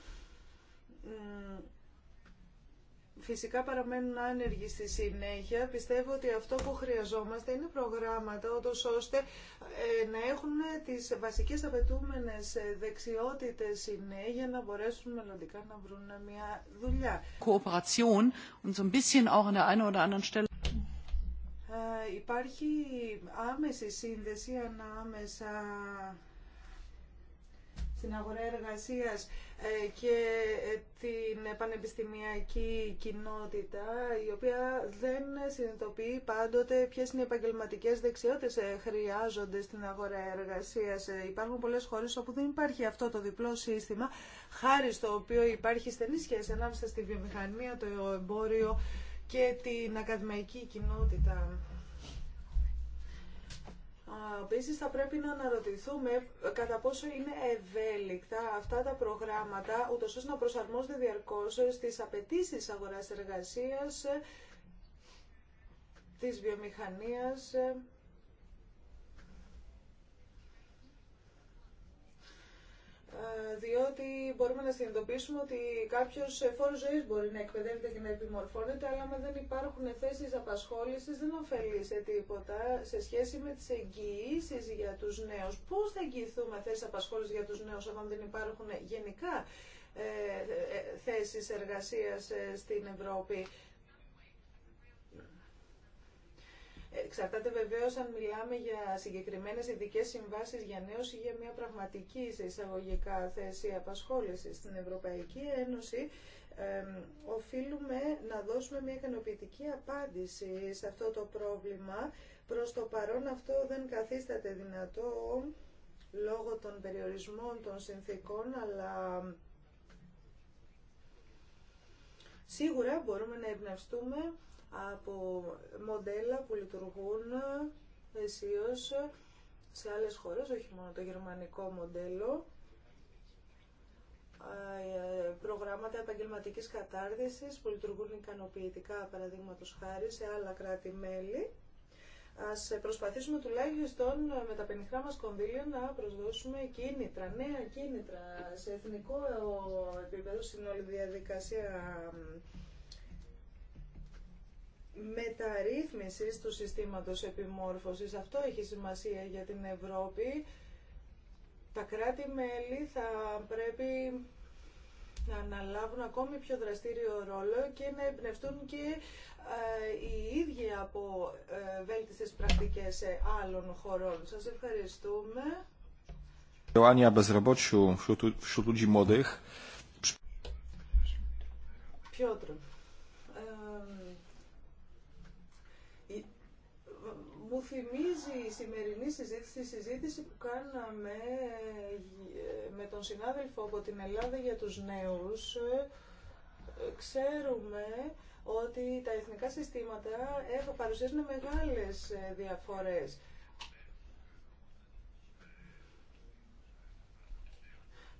φυσικά παραμένουν άνεργοι στη συνέχεια. Πιστεύω ότι αυτό που χρειαζόμαστε είναι προγράμματα ώστε ε, να έχουν τις βασικές απαιτούμενες δεξιότητες οι νέοι για να μπορέσουν μελλοντικά να βρουν μια δουλειά. Υπάρχει άμεση σύνδεση ανάμεσα στην αγορά εργασίας ε, και ε, την πανεπιστημιακή κοινότητα, η οποία δεν συνειδητοποιεί πάντοτε ποιες είναι οι επαγγελματικές δεξιότητες ε, χρειάζονται στην αγορά εργασίας. Υπάρχουν πολλές χώρες όπου δεν υπάρχει αυτό το διπλό σύστημα, χάρη στο οποίο υπάρχει στενή σχέση ανάμεσα στη βιομηχανία, το εμπόριο και την ακαδημαϊκή κοινότητα. Επίση, θα πρέπει να αναρωτηθούμε ε, κατά πόσο είναι ευέλικτα αυτά τα προγράμματα, ούτω ώστε να προσαρμόζονται διαρκώ στι απαιτήσει αγορά-εργασία, ε, τη βιομηχανία ε, Ε, διότι μπορούμε να συνειδητοποιήσουμε ότι κάποιο φόρο ζωή μπορεί να εκπαιδεύεται και να επιμορφώνεται, αλλά αν δεν υπάρχουν θέσει απασχόληση, δεν ωφελεί σε τίποτα σε σχέση με τι εγγυήσει για του νέου. Πώ θα εγγυηθούμε θέσει απασχόληση για του νέου, αν δεν υπάρχουν γενικά ε, ε, ε θέσεις εργασίας στην Ευρώπη. Εξαρτάται βεβαίω αν μιλάμε για συγκεκριμένε ειδικέ συμβάσει για νέου ή για μια πραγματική σε εισαγωγικά θέση απασχόληση στην Ευρωπαϊκή Ένωση. οφείλουμε να δώσουμε μια ικανοποιητική απάντηση σε αυτό το πρόβλημα. Προς το παρόν αυτό δεν καθίσταται δυνατό λόγω των περιορισμών των συνθήκων, αλλά σίγουρα μπορούμε να εμπνευστούμε από μοντέλα που λειτουργούν αισίως σε άλλες χώρες, όχι μόνο το γερμανικό μοντέλο, ε, προγράμματα επαγγελματικής κατάρτισης που λειτουργούν ικανοποιητικά, παραδείγματος χάρη, σε άλλα κράτη-μέλη. Ας προσπαθήσουμε τουλάχιστον με τα πενιχρά μας κονδύλια να προσδώσουμε κίνητρα, νέα κίνητρα, σε εθνικό επίπεδο, στην όλη διαδικασία μεταρρύθμισης του συστήματος επιμόρφωσης. Αυτό έχει σημασία για την Ευρώπη. Τα κράτη-μέλη θα πρέπει να αναλάβουν ακόμη πιο δραστήριο ρόλο και να εμπνευστούν και ε, οι ίδιοι από ε, βέλτιστες πρακτικές άλλων χωρών. Σας ευχαριστούμε. Πιότρο. που θυμίζει η σημερινή συζήτηση, Η συζήτηση που κάναμε ε, με τον συνάδελφο από την Ελλάδα για τους νέους, ε, ξέρουμε ότι τα εθνικά συστήματα παρουσιάζουν μεγάλες ε, διαφορές.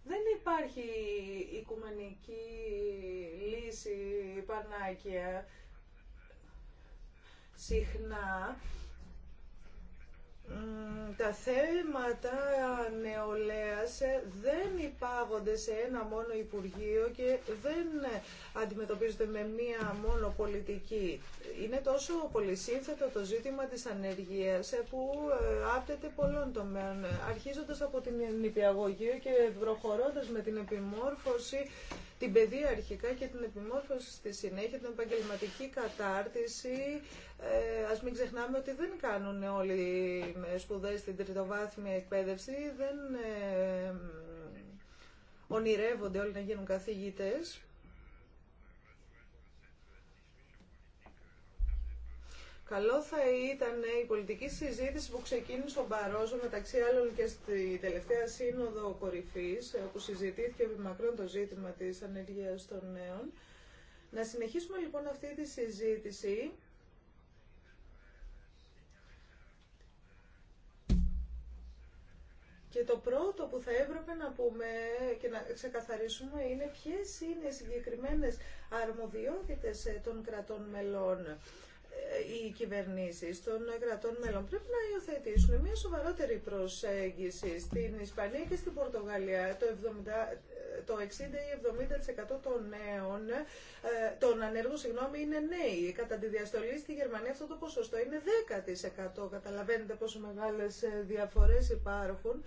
Δεν υπάρχει οικουμενική λύση πανάκια συχνά τα θέματα νεολαίας ε, δεν υπάγονται σε ένα μόνο Υπουργείο και δεν ε, αντιμετωπίζονται με μία μόνο πολιτική. Είναι τόσο πολυσύνθετο το ζήτημα της ανεργίας ε, που άπτεται πολλών τομέων, αρχίζοντας από την νηπιαγωγή και προχωρώντας με την επιμόρφωση την παιδεία αρχικά και την επιμόρφωση στη συνέχεια, την επαγγελματική κατάρτιση. Ε, ας μην ξεχνάμε ότι δεν κάνουν όλοι σπουδές στην τριτοβάθμια εκπαίδευση, δεν ε, ονειρεύονται όλοι να γίνουν καθηγητές. Καλό θα ήταν η πολιτική συζήτηση που ξεκίνησε στον Παρόζο μεταξύ άλλων και στη τελευταία σύνοδο κορυφής όπου συζητήθηκε μακρόν το ζήτημα της ανεργίας των νέων. Να συνεχίσουμε λοιπόν αυτή τη συζήτηση. Και το πρώτο που θα έπρεπε να πούμε και να ξεκαθαρίσουμε είναι ποιες είναι οι συγκεκριμένες αρμοδιότητες ε, των κρατών μελών οι κυβερνήσεις των κρατών μέλων πρέπει να υιοθετήσουν μια σοβαρότερη προσέγγιση στην Ισπανία και στην Πορτογαλία. Το 70, το 60 ή 70% των νέων, ε, των ανέργων, συγγνώμη, είναι νέοι. Κατά τη διαστολή στη Γερμανία αυτό το ποσοστό είναι 10%. Καταλαβαίνετε πόσο μεγάλες ε, διαφορές υπάρχουν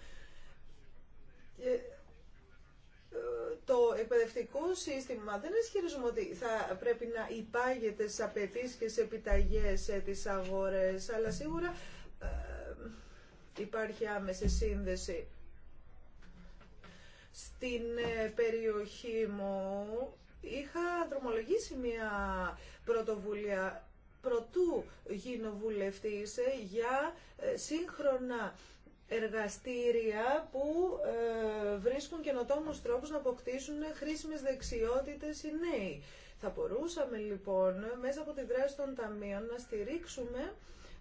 το εκπαιδευτικό σύστημα δεν ισχυρίζουμε ότι θα πρέπει να υπάγεται στι απαιτήσει και στι επιταγέ ε, τη αγορέ, αλλά σίγουρα ε, υπάρχει άμεση σύνδεση. Στην ε, περιοχή μου είχα δρομολογήσει μια πρωτοβουλία πρωτού γίνω βουλευτής για σύγχρονα εργαστήρια που ε, βρίσκουν καινοτόμου τρόπους να αποκτήσουν χρήσιμες δεξιότητες οι νέοι. Θα μπορούσαμε λοιπόν μέσα από τη δράση των ταμείων να στηρίξουμε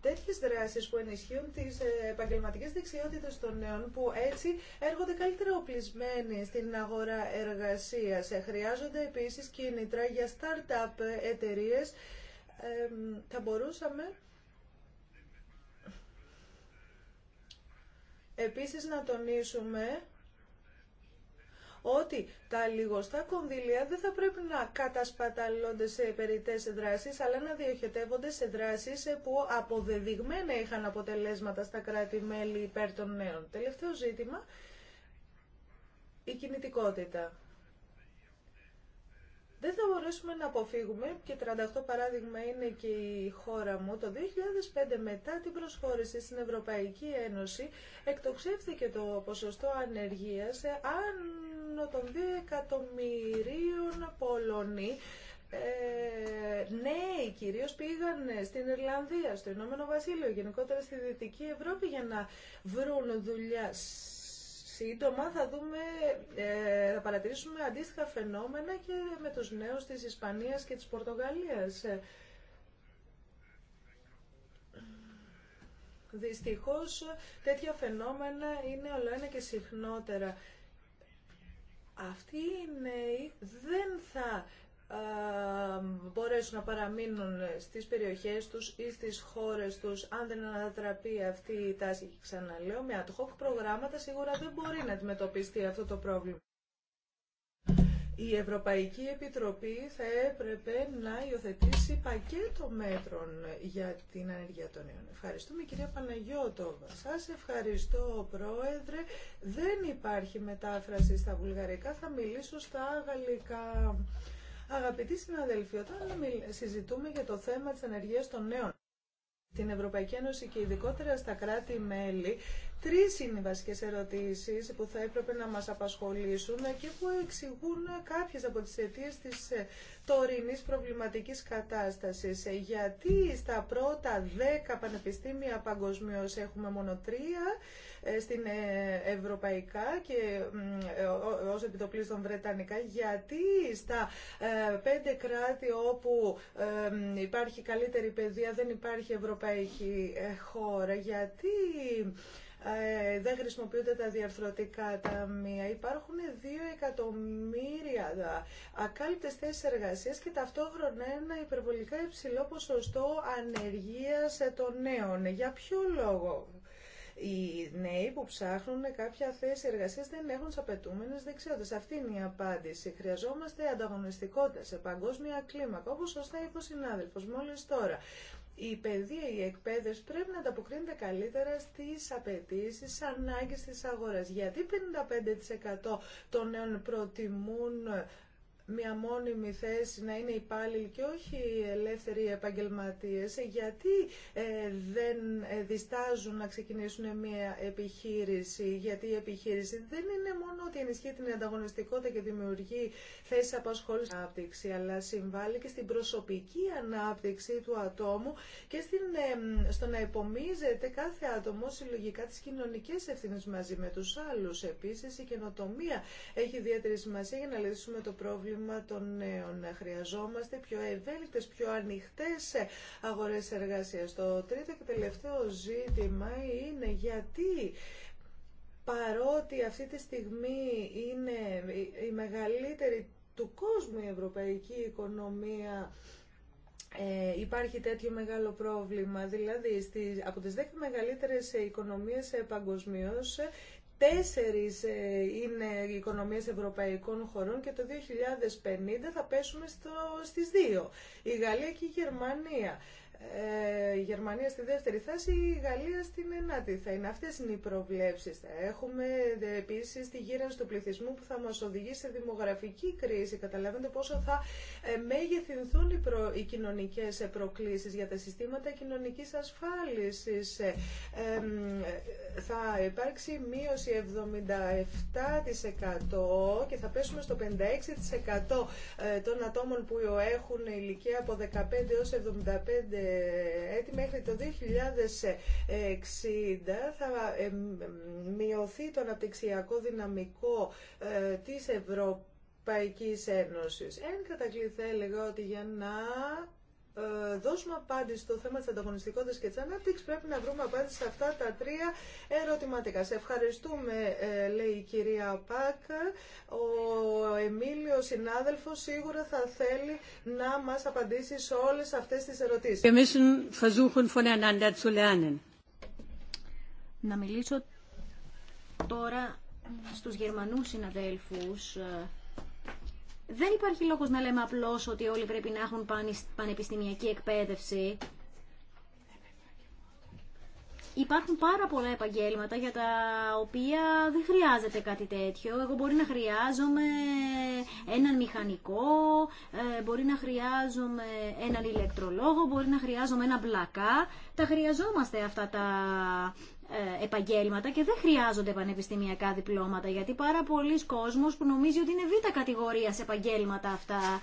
τέτοιε δράσει που ενισχύουν τι ε, επαγγελματικέ δεξιότητε των νέων, που έτσι έρχονται καλύτερα οπλισμένοι στην αγορά εργασία. Ε, χρειάζονται επίση κίνητρα για startup εταιρείε. Ε, θα μπορούσαμε Επίσης να τονίσουμε ότι τα λιγοστά κονδύλια δεν θα πρέπει να κατασπαταλώνται σε περιττές δράσεις, αλλά να διοχετεύονται σε δράσεις που αποδεδειγμένα είχαν αποτελέσματα στα κράτη-μέλη υπέρ των νέων. Τελευταίο ζήτημα, η κινητικότητα δεν θα μπορέσουμε να αποφύγουμε, και 38 παράδειγμα είναι και η χώρα μου, το 2005 μετά την προσχώρηση στην Ευρωπαϊκή Ένωση εκτοξεύθηκε το ποσοστό ανεργίας άνω των 2 εκατομμυρίων Πολωνοί. Ε, νέοι κυρίως πήγαν στην Ιρλανδία, στο Ηνωμένο Βασίλειο, γενικότερα στη Δυτική Ευρώπη για να βρουν δουλειά σύντομα θα δούμε, ε, παρατηρήσουμε αντίστοιχα φαινόμενα και με τους νέους της Ισπανίας και της Πορτογαλίας. Ε, δυστυχώς τέτοια φαινόμενα είναι όλο ένα και συχνότερα. Αυτοί οι νέοι δεν θα ε, μπορέσουν να παραμείνουν στις περιοχές τους ή στις χώρες τους αν δεν ανατραπεί αυτή η τάση και ξαναλέω με ad hoc προγράμματα σίγουρα δεν μπορεί να αντιμετωπιστεί αυτό το πρόβλημα. Η Ευρωπαϊκή Επιτροπή θα έπρεπε να υιοθετήσει πακέτο μέτρων για την ανεργία των νέων. Ευχαριστούμε κυρία Παναγιώτοβα. Σας ευχαριστώ πρόεδρε. Δεν υπάρχει μετάφραση στα βουλγαρικά, θα μιλήσω στα γαλλικά. Αγαπητοί συναδελφοί, όταν συζητούμε για το θέμα της ενέργειας των νέων, Την Ευρωπαϊκή Ένωση και ειδικότερα στα κράτη-μέλη, Τρεις είναι οι βασικές ερωτήσεις που θα έπρεπε να μας απασχολήσουν και που εξηγούν κάποιες από τις αιτίε της ε, τωρινής προβληματικής κατάστασης. Ε, γιατί στα πρώτα δέκα πανεπιστήμια παγκοσμίω έχουμε μόνο τρία, ε, στην ευρωπαϊκά και ως επιτοπλίστων βρετανικά, γιατί στα πέντε κράτη όπου υπάρχει καλύτερη παιδεία δεν υπάρχει ευρωπαϊκή χώρα, γιατί ε, δεν χρησιμοποιούνται τα διαρθρωτικά ταμεία. Υπάρχουν 2 εκατομμύρια ακάλυπτε θέσει εργασία και ταυτόχρονα ένα υπερβολικά υψηλό ποσοστό ανεργία των νέων. Για ποιο λόγο οι νέοι που ψάχνουν κάποια θέση εργασία δεν έχουν τι απαιτούμενε δεξιότητε. Αυτή είναι η απάντηση. Χρειαζόμαστε ανταγωνιστικότητα σε παγκόσμια κλίμακα, όπω σωστά είπε ο συνάδελφο μόλι τώρα η παιδεία, η εκπαίδευση πρέπει να ανταποκρίνεται καλύτερα στις απαιτήσεις, στις ανάγκες της αγοράς. Γιατί 55% των νέων προτιμούν μια μόνιμη θέση να είναι υπάλληλοι και όχι ελεύθεροι επαγγελματίες, γιατί ε, δεν ε, διστάζουν να ξεκινήσουν μια επιχείρηση, γιατί η επιχείρηση δεν είναι μόνο ότι ενισχύει την ανταγωνιστικότητα και δημιουργεί θέσεις απασχόλησης ανάπτυξη, αλλά συμβάλλει και στην προσωπική ανάπτυξη του ατόμου και στην, ε, στο να υπομίζεται κάθε άτομο συλλογικά τις κοινωνικές ευθύνες μαζί με τους άλλους. Επίσης, η καινοτομία έχει ιδιαίτερη σημασία για να λύσουμε το πρόβλημα των νέων. Χρειαζόμαστε πιο ευέλικτε, πιο ανοιχτές αγορές εργασίας. Το τρίτο και τελευταίο ζήτημα είναι γιατί παρότι αυτή τη στιγμή είναι η μεγαλύτερη του κόσμου η ευρωπαϊκή οικονομία ε, υπάρχει τέτοιο μεγάλο πρόβλημα. Δηλαδή, στις, από τις 10 μεγαλύτερες οικονομίες παγκοσμίω, τέσσερις ε, είναι οι οικονομίες ευρωπαϊκών χωρών και το 2050 θα πέσουμε στο, στις δύο, η Γαλλία και η Γερμανία. Ε, η Γερμανία στη δεύτερη θέση, η Γαλλία στην ενάτη θα είναι. Αυτές είναι οι προβλέψει. Θα έχουμε επίση τη γύρανση του πληθυσμού που θα μα οδηγήσει σε δημογραφική κρίση. Καταλαβαίνετε πόσο θα ε, μέγεθυνθούν οι, προ... οι κοινωνικές ε, προκλήσεις για τα συστήματα κοινωνικής ασφάλισης. Ε, θα υπάρξει μείωση 77% και θα πέσουμε στο 56% των ατόμων που έχουν ηλικία από 15 έως 75 έτη μέχρι το 2060 θα μειωθεί το αναπτυξιακό δυναμικό ε, της Ευρωπαϊκής Ένωσης. Εν κατακλείδη έλεγα ότι για να ε, δώσουμε απάντηση στο θέμα της ανταγωνιστικότητας και της ανάπτυξης πρέπει να βρούμε απάντηση σε αυτά τα τρία ερωτηματικά. Σε ευχαριστούμε, ε, λέει η κυρία Πακ. Ο Εμίλιο συνάδελφο, σίγουρα θα θέλει να μας απαντήσει σε όλες αυτές τις ερωτήσεις. Να μιλήσω τώρα στους Γερμανούς συναδέλφους ε, δεν υπάρχει λόγος να λέμε απλώς ότι όλοι πρέπει να έχουν πανεπιστημιακή εκπαίδευση. Υπάρχουν πάρα πολλά επαγγέλματα για τα οποία δεν χρειάζεται κάτι τέτοιο. Εγώ μπορεί να χρειάζομαι έναν μηχανικό, ε, μπορεί να χρειάζομαι έναν ηλεκτρολόγο, μπορεί να χρειάζομαι έναν μπλακά. Τα χρειαζόμαστε αυτά τα ε, επαγγέλματα και δεν χρειάζονται πανεπιστημιακά διπλώματα γιατί πάρα πολλοί κόσμος που νομίζει ότι είναι β' κατηγορία σε επαγγέλματα αυτά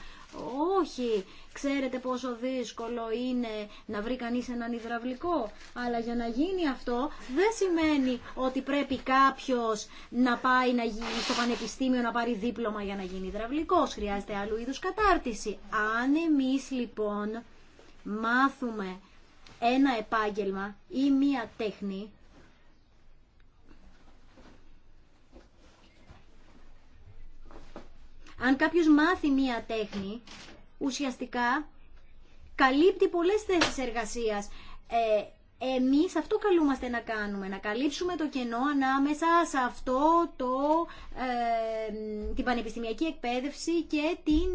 όχι, ξέρετε πόσο δύσκολο είναι να βρει κανείς έναν υδραυλικό αλλά για να γίνει αυτό δεν σημαίνει ότι πρέπει κάποιος να πάει να γίνει στο πανεπιστήμιο να πάρει δίπλωμα για να γίνει υδραυλικός χρειάζεται άλλου είδους κατάρτιση αν εμείς λοιπόν μάθουμε ένα επάγγελμα ή μία τέχνη Αν κάποιο μάθει μία τέχνη, ουσιαστικά καλύπτει πολλές θέσεις εργασίας. Ε, εμείς αυτό καλούμαστε να κάνουμε, να καλύψουμε το κενό ανάμεσα σε αυτό το, ε, την πανεπιστημιακή εκπαίδευση και την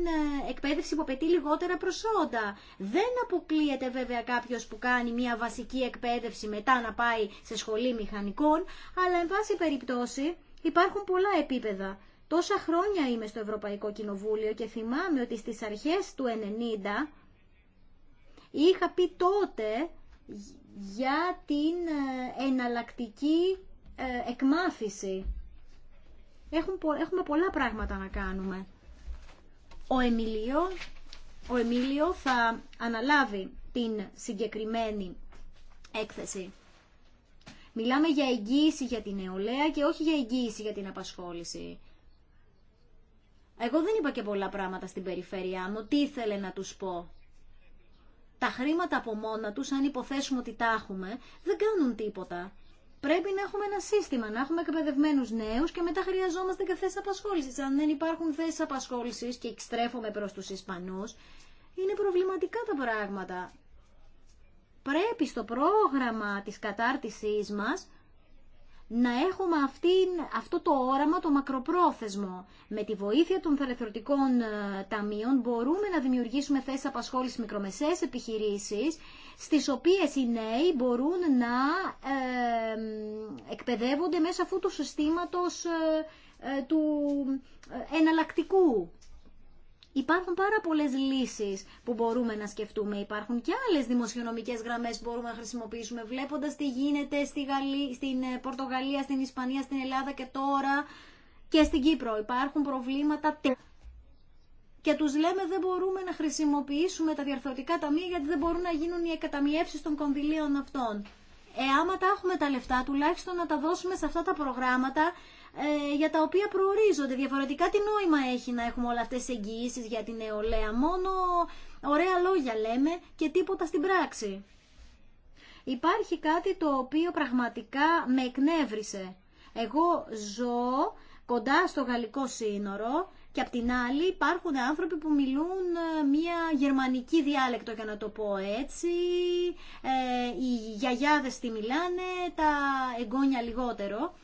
ε, εκπαίδευση που απαιτεί λιγότερα προσόντα. Δεν αποκλείεται βέβαια κάποιος που κάνει μια βασική εκπαίδευση μετά να πάει σε σχολή μηχανικών, αλλά εν πάση περιπτώσει υπάρχουν πολλά επίπεδα Τόσα χρόνια είμαι στο Ευρωπαϊκό Κοινοβούλιο και θυμάμαι ότι στις αρχές του 90 είχα πει τότε για την ε, εναλλακτική ε, εκμάθηση. Έχουμε πολλά πράγματα να κάνουμε. Ο Εμίλιο, ο Εμίλιο θα αναλάβει την συγκεκριμένη έκθεση. Μιλάμε για εγγύηση για την νεολαία και όχι για εγγύηση για την απασχόληση. Εγώ δεν είπα και πολλά πράγματα στην περιφέρειά μου. Τι ήθελε να τους πω. Τα χρήματα από μόνα τους, αν υποθέσουμε ότι τα έχουμε, δεν κάνουν τίποτα. Πρέπει να έχουμε ένα σύστημα, να έχουμε εκπαιδευμένου νέου και μετά χρειαζόμαστε και θέσει απασχόληση. Αν δεν υπάρχουν θέσει απασχόληση και εξτρέφομαι προ του Ισπανού, είναι προβληματικά τα πράγματα. Πρέπει στο πρόγραμμα τη κατάρτισή μα να έχουμε αυτό το όραμα το μακροπρόθεσμο. Με τη βοήθεια των θεραπευτικών ε, ταμείων μπορούμε να δημιουργήσουμε θέσεις απασχόλησης μικρομεσαίες επιχειρήσεις στις οποίες οι νέοι μπορούν να ε, εκπαιδεύονται μέσα αυτού του συστήματος ε, ε, του εναλλακτικού Υπάρχουν πάρα πολλέ λύσει που μπορούμε να σκεφτούμε. Υπάρχουν και άλλε δημοσιονομικέ γραμμέ που μπορούμε να χρησιμοποιήσουμε. Βλέποντα τι γίνεται στη στην ε, Πορτογαλία, στην Ισπανία, στην Ελλάδα και τώρα και στην Κύπρο. Υπάρχουν προβλήματα. Και του λέμε δεν μπορούμε να χρησιμοποιήσουμε τα διαρθρωτικά ταμεία γιατί δεν μπορούν να γίνουν οι εκαταμιεύσει των κονδυλίων αυτών. Ε, άμα τα έχουμε τα λεφτά, τουλάχιστον να τα δώσουμε σε αυτά τα προγράμματα ε, για τα οποία προορίζονται. Διαφορετικά τι νόημα έχει να έχουμε όλα αυτές τις εγγυήσεις για την νεολαία. Μόνο ωραία λόγια λέμε και τίποτα στην πράξη. Υπάρχει κάτι το οποίο πραγματικά με εκνεύρισε. Εγώ ζω κοντά στο γαλλικό σύνορο και απ' την άλλη υπάρχουν άνθρωποι που μιλούν ε, μια γερμανική διάλεκτο για να το πω έτσι, ε, οι γιαγιάδες τι μιλάνε, τα εγγόνια λιγότερο.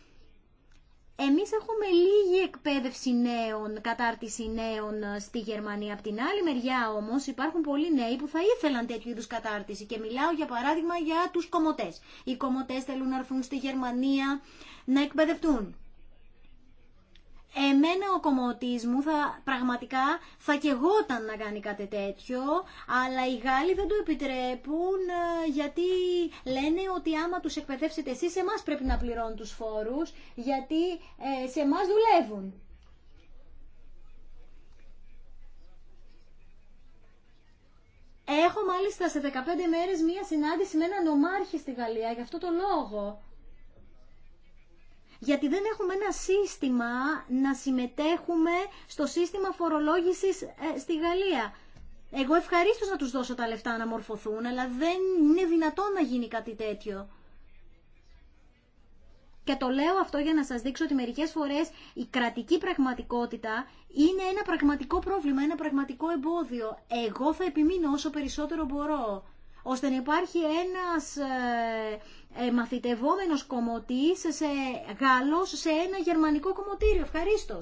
Εμείς έχουμε λίγη εκπαίδευση νέων, κατάρτιση νέων ε, στη Γερμανία. Από την άλλη μεριά όμως υπάρχουν πολλοί νέοι που θα ήθελαν τέτοιου είδους κατάρτιση και μιλάω για παράδειγμα για τους κομωτές. Οι κομωτές θέλουν να έρθουν στη Γερμανία να εκπαιδευτούν εμένα ο κομμωτής μου θα, πραγματικά θα κεγόταν να κάνει κάτι τέτοιο, αλλά οι Γάλλοι δεν το επιτρέπουν ε, γιατί λένε ότι άμα τους εκπαιδεύσετε εσείς, σε εμάς πρέπει να πληρώνουν τους φόρους, γιατί ε, σε εμάς δουλεύουν. Έχω μάλιστα σε 15 μέρες μία συνάντηση με έναν ομάρχη στη Γαλλία, γι' αυτό το λόγο γιατί δεν έχουμε ένα σύστημα να συμμετέχουμε στο σύστημα φορολόγησης ε, στη Γαλλία. Εγώ ευχαρίστως να τους δώσω τα λεφτά να μορφωθούν, αλλά δεν είναι δυνατόν να γίνει κάτι τέτοιο. Και το λέω αυτό για να σας δείξω ότι μερικές φορές η κρατική πραγματικότητα είναι ένα πραγματικό πρόβλημα, ένα πραγματικό εμπόδιο. Εγώ θα επιμείνω όσο περισσότερο μπορώ, ώστε να υπάρχει ένας ε, ε, μαθητευόμενος κομωτής σε Γάλλος σε ένα γερμανικό κομμωτήριο. Ευχαρίστω.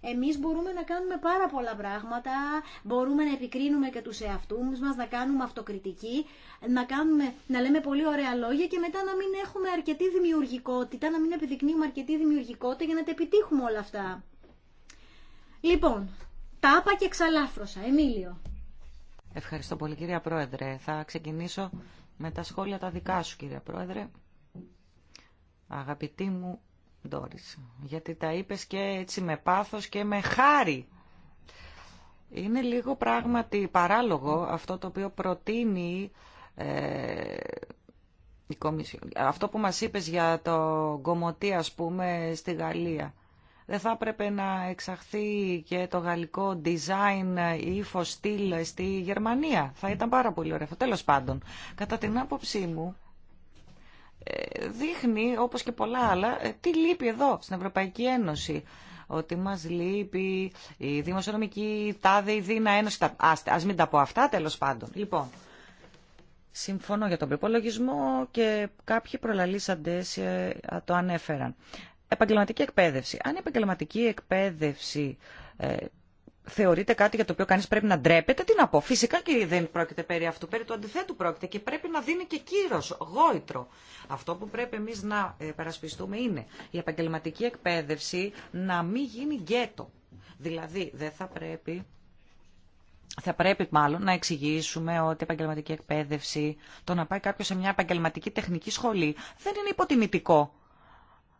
Εμείς μπορούμε να κάνουμε πάρα πολλά πράγματα, μπορούμε να επικρίνουμε και τους εαυτούς μας, να κάνουμε αυτοκριτική, να, κάνουμε, να λέμε πολύ ωραία λόγια και μετά να μην έχουμε αρκετή δημιουργικότητα, να μην επιδεικνύουμε αρκετή δημιουργικότητα για να τα επιτύχουμε όλα αυτά. Λοιπόν, τάπα και ξαλάφρωσα. Εμίλιο. Ευχαριστώ πολύ κυρία Πρόεδρε. Θα ξεκινήσω με τα σχόλια τα δικά σου κύριε Πρόεδρε, αγαπητή μου Ντόρις, γιατί τα είπες και έτσι με πάθος και με χάρη. Είναι λίγο πράγματι παράλογο αυτό το οποίο προτείνει ε, η Κομισιόν. Αυτό που μας είπες για το Γκομωτή, ας πούμε, στη Γαλλία. Δεν θα έπρεπε να εξαχθεί και το γαλλικό design ή φωστήλ στη Γερμανία. Θα ήταν πάρα πολύ ωραίο. Τέλος πάντων, κατά την άποψή μου, ε, δείχνει, όπως και πολλά άλλα, ε, τι λείπει εδώ, στην Ευρωπαϊκή Ένωση. Ότι μας λείπει η δημοσιονομική, η τάδε, δίνα ένωση. Τα... Ας, ας μην τα πω αυτά, τέλος πάντων. Λοιπόν, συμφωνώ για τον προπολογισμό και κάποιοι προλαλήσαντες ε, το ανέφεραν επαγγελματική εκπαίδευση. Αν η επαγγελματική εκπαίδευση ε, θεωρείται κάτι για το οποίο κανείς πρέπει να ντρέπεται, τι να πω. Φυσικά και δεν πρόκειται περί αυτού, περί του αντιθέτου πρόκειται και πρέπει να δίνει και κύρος, γόητρο. Αυτό που πρέπει εμείς να ε, περασπιστούμε είναι η επαγγελματική εκπαίδευση να μην γίνει γκέτο. Δηλαδή δεν θα πρέπει... Θα πρέπει μάλλον να εξηγήσουμε ότι η επαγγελματική εκπαίδευση, το να πάει κάποιο σε μια επαγγελματική τεχνική σχολή, δεν είναι υποτιμητικό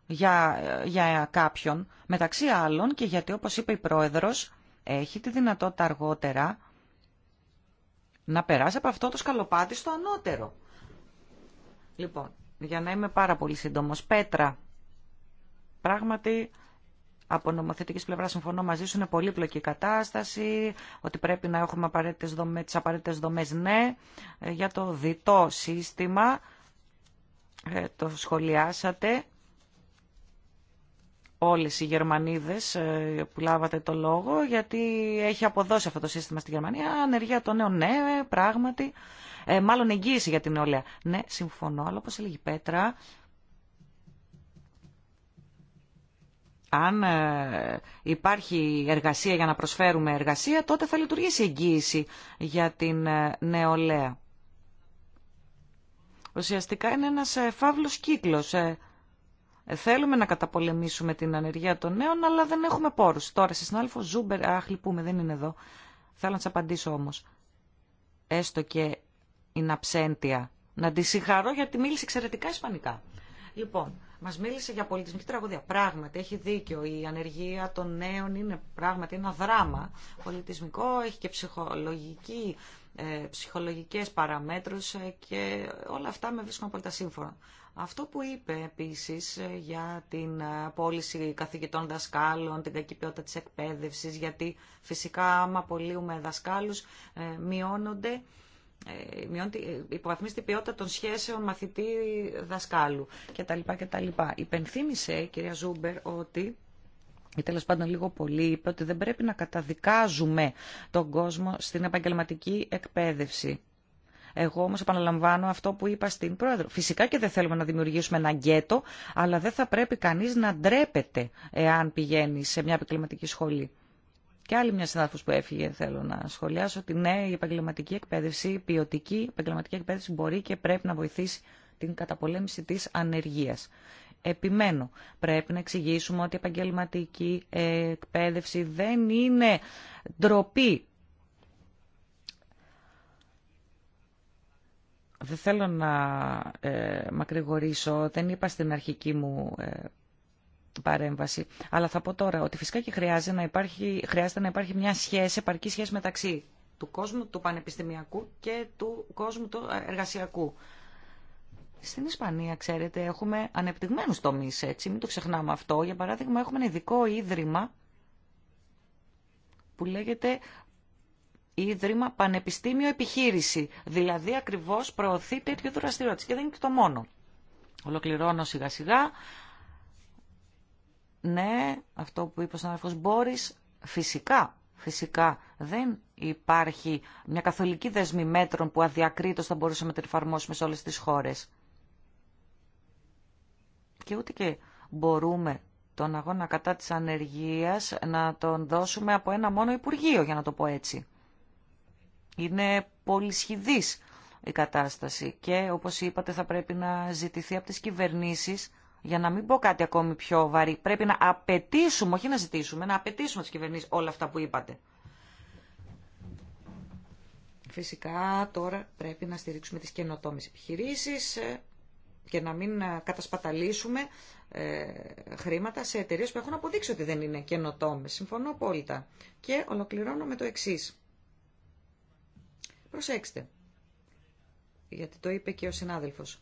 για, για κάποιον, μεταξύ άλλων και γιατί όπως είπε η πρόεδρος έχει τη δυνατότητα αργότερα να περάσει από αυτό το σκαλοπάτι στο ανώτερο. Λοιπόν, για να είμαι πάρα πολύ σύντομος, Πέτρα, πράγματι από νομοθετικής πλευρά συμφωνώ μαζί σου, είναι πολύπλοκη η κατάσταση, ότι πρέπει να έχουμε απαραίτητες δομές, τις απαραίτητες δομές ναι, ε, για το διτό σύστημα, ε, το σχολιάσατε, όλες οι Γερμανίδες ε, που λάβατε το λόγο, γιατί έχει αποδώσει αυτό το σύστημα στη Γερμανία. Ανεργία των νέων, ναι, πράγματι. Ε, μάλλον εγγύηση για την νεολαία. Ναι, συμφωνώ, αλλά όπως έλεγε η Πέτρα, αν ε, υπάρχει εργασία για να προσφέρουμε εργασία, τότε θα λειτουργήσει εγγύηση για την νεολαία. Ουσιαστικά είναι ένας φαύλος κύκλος. Ε, θέλουμε να καταπολεμήσουμε την ανεργία των νέων, αλλά δεν έχουμε πόρου. Τώρα, σε συνάδελφο Ζούμπερ, αχ, λυπούμε, δεν είναι εδώ. Θέλω να τη απαντήσω όμω. Έστω και είναι αψέντια. Να τη συγχαρώ γιατί μίλησε εξαιρετικά ισπανικά. Λοιπόν, μα μίλησε για πολιτισμική τραγωδία. Πράγματι, έχει δίκιο. Η ανεργία των νέων είναι πράγματι ένα δράμα πολιτισμικό. Έχει και ψυχολογική, ε, ψυχολογικές παραμέτρους ε, και όλα αυτά με βρίσκουν απόλυτα σύμφωνα. Αυτό που είπε επίσης ε, για την ε, πώληση καθηγητών δασκάλων, την κακή ποιότητα της εκπαίδευσης, γιατί φυσικά άμα απολύουμε δασκάλους ε, μειώνονται υποβαθμίζεται η ποιότητα των σχέσεων μαθητή-δασκάλου κτλ. Υπενθύμησε η κυρία Ζούμπερ ότι ή τέλος πάντων λίγο πολύ, είπε ότι δεν πρέπει να καταδικάζουμε τον κόσμο στην επαγγελματική εκπαίδευση. Εγώ όμω επαναλαμβάνω αυτό που είπα στην πρόεδρο. Φυσικά και δεν θέλουμε να δημιουργήσουμε ένα γκέτο, αλλά δεν θα πρέπει κανεί να ντρέπεται εάν πηγαίνει σε μια επαγγελματική σχολή. Και άλλη μια συνάδελφο που έφυγε θέλω να σχολιάσω ότι ναι, η επαγγελματική εκπαίδευση, η ποιοτική επαγγελματική εκπαίδευση μπορεί και πρέπει να βοηθήσει την καταπολέμηση τη ανεργία. Επιμένω, πρέπει να εξηγήσουμε ότι η επαγγελματική εκπαίδευση δεν είναι ντροπή Δεν θέλω να ε, μακρηγορήσω, δεν είπα στην αρχική μου ε, παρέμβαση, αλλά θα πω τώρα ότι φυσικά και χρειάζεται να υπάρχει, χρειάζεται να υπάρχει μια σχέση, επαρκή σχέση μεταξύ του κόσμου του πανεπιστημιακού και του κόσμου του ε, εργασιακού. Στην Ισπανία, ξέρετε, έχουμε ανεπτυγμένους τομείς, έτσι, μην το ξεχνάμε αυτό. Για παράδειγμα, έχουμε ένα ειδικό ίδρυμα που λέγεται ίδρυμα πανεπιστήμιο επιχείρηση. Δηλαδή ακριβώς προωθεί τέτοιο δραστηριότητα και δεν είναι και το μόνο. Ολοκληρώνω σιγά σιγά. Ναι, αυτό που είπε ο συνάδελφος Μπόρις, φυσικά, φυσικά δεν υπάρχει μια καθολική δεσμή μέτρων που αδιακρίτως θα μπορούσαμε να εφαρμόσουμε σε όλες τις χώρες. Και ούτε και μπορούμε τον αγώνα κατά της ανεργίας να τον δώσουμε από ένα μόνο Υπουργείο, για να το πω έτσι. Είναι πολύ πολυσχηδής η κατάσταση και όπως είπατε θα πρέπει να ζητηθεί από τις κυβερνήσεις για να μην πω κάτι ακόμη πιο βαρύ, πρέπει να απαιτήσουμε, όχι να ζητήσουμε, να απαιτήσουμε τις κυβερνήσεις όλα αυτά που είπατε. Φυσικά τώρα πρέπει να στηρίξουμε τις καινοτόμες επιχειρήσεις ε, και να μην ε, κατασπαταλήσουμε ε, χρήματα σε εταιρείες που έχουν αποδείξει ότι δεν είναι καινοτόμες. Συμφωνώ απόλυτα. Και ολοκληρώνω με το εξής. Προσέξτε, γιατί το είπε και ο συνάδελφος.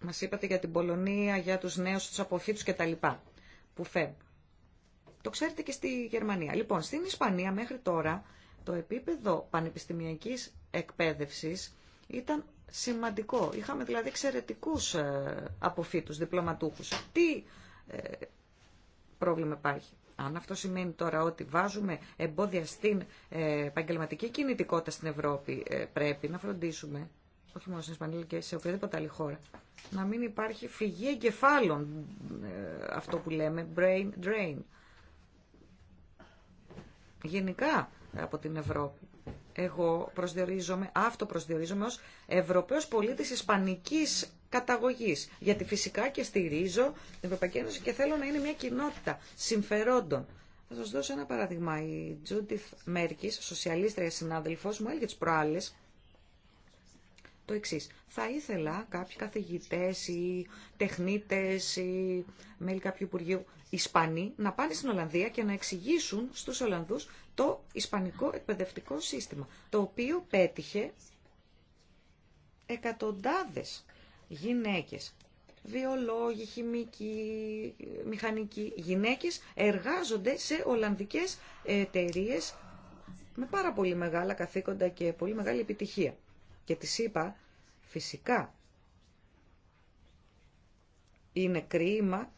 Μας είπατε για την Πολωνία, για τους νέους, τους αποφύτους κτλ. Που φεύγουν. Το ξέρετε και στη Γερμανία. Λοιπόν, στην Ισπανία μέχρι τώρα το επίπεδο πανεπιστημιακής εκπαίδευσης ήταν σημαντικό. Είχαμε δηλαδή εξαιρετικού ε, αποφύτους, διπλωματούχους. Τι ε, πρόβλημα υπάρχει. Αν αυτό σημαίνει τώρα ότι βάζουμε εμπόδια στην ε, επαγγελματική κινητικότητα στην Ευρώπη, ε, πρέπει να φροντίσουμε, όχι μόνο στην Ισπανία και σε οποιαδήποτε άλλη χώρα, να μην υπάρχει φυγή εγκεφάλων, ε, αυτό που λέμε brain drain. Γενικά από την Ευρώπη. Εγώ προσδιορίζομαι, αυτοπροσδιορίζομαι ως Ευρωπαίος πολίτης Ισπανικής καταγωγής. Γιατί φυσικά και στηρίζω την Ευρωπαϊκή Ένωση και θέλω να είναι μια κοινότητα συμφερόντων. Θα σας δώσω ένα παράδειγμα. Η Τζούντιθ Μέρκης, σοσιαλίστρια συνάδελφος μου, έλεγε τις προάλλες το εξή: Θα ήθελα κάποιοι καθηγητές ή τεχνίτες ή μέλη κάποιου Υπουργείου Ισπανοί να πάνε στην Ολλανδία και να εξηγήσουν στους Ολλανδούς το ισπανικό εκπαιδευτικό σύστημα, το οποίο πέτυχε εκατοντάδε γυναίκες, βιολόγοι, χημικοί, μηχανικοί, γυναίκες εργάζονται σε Ολλανδικές εταιρείε με πάρα πολύ μεγάλα καθήκοντα και πολύ μεγάλη επιτυχία. Και τις είπα, φυσικά, είναι κρίμα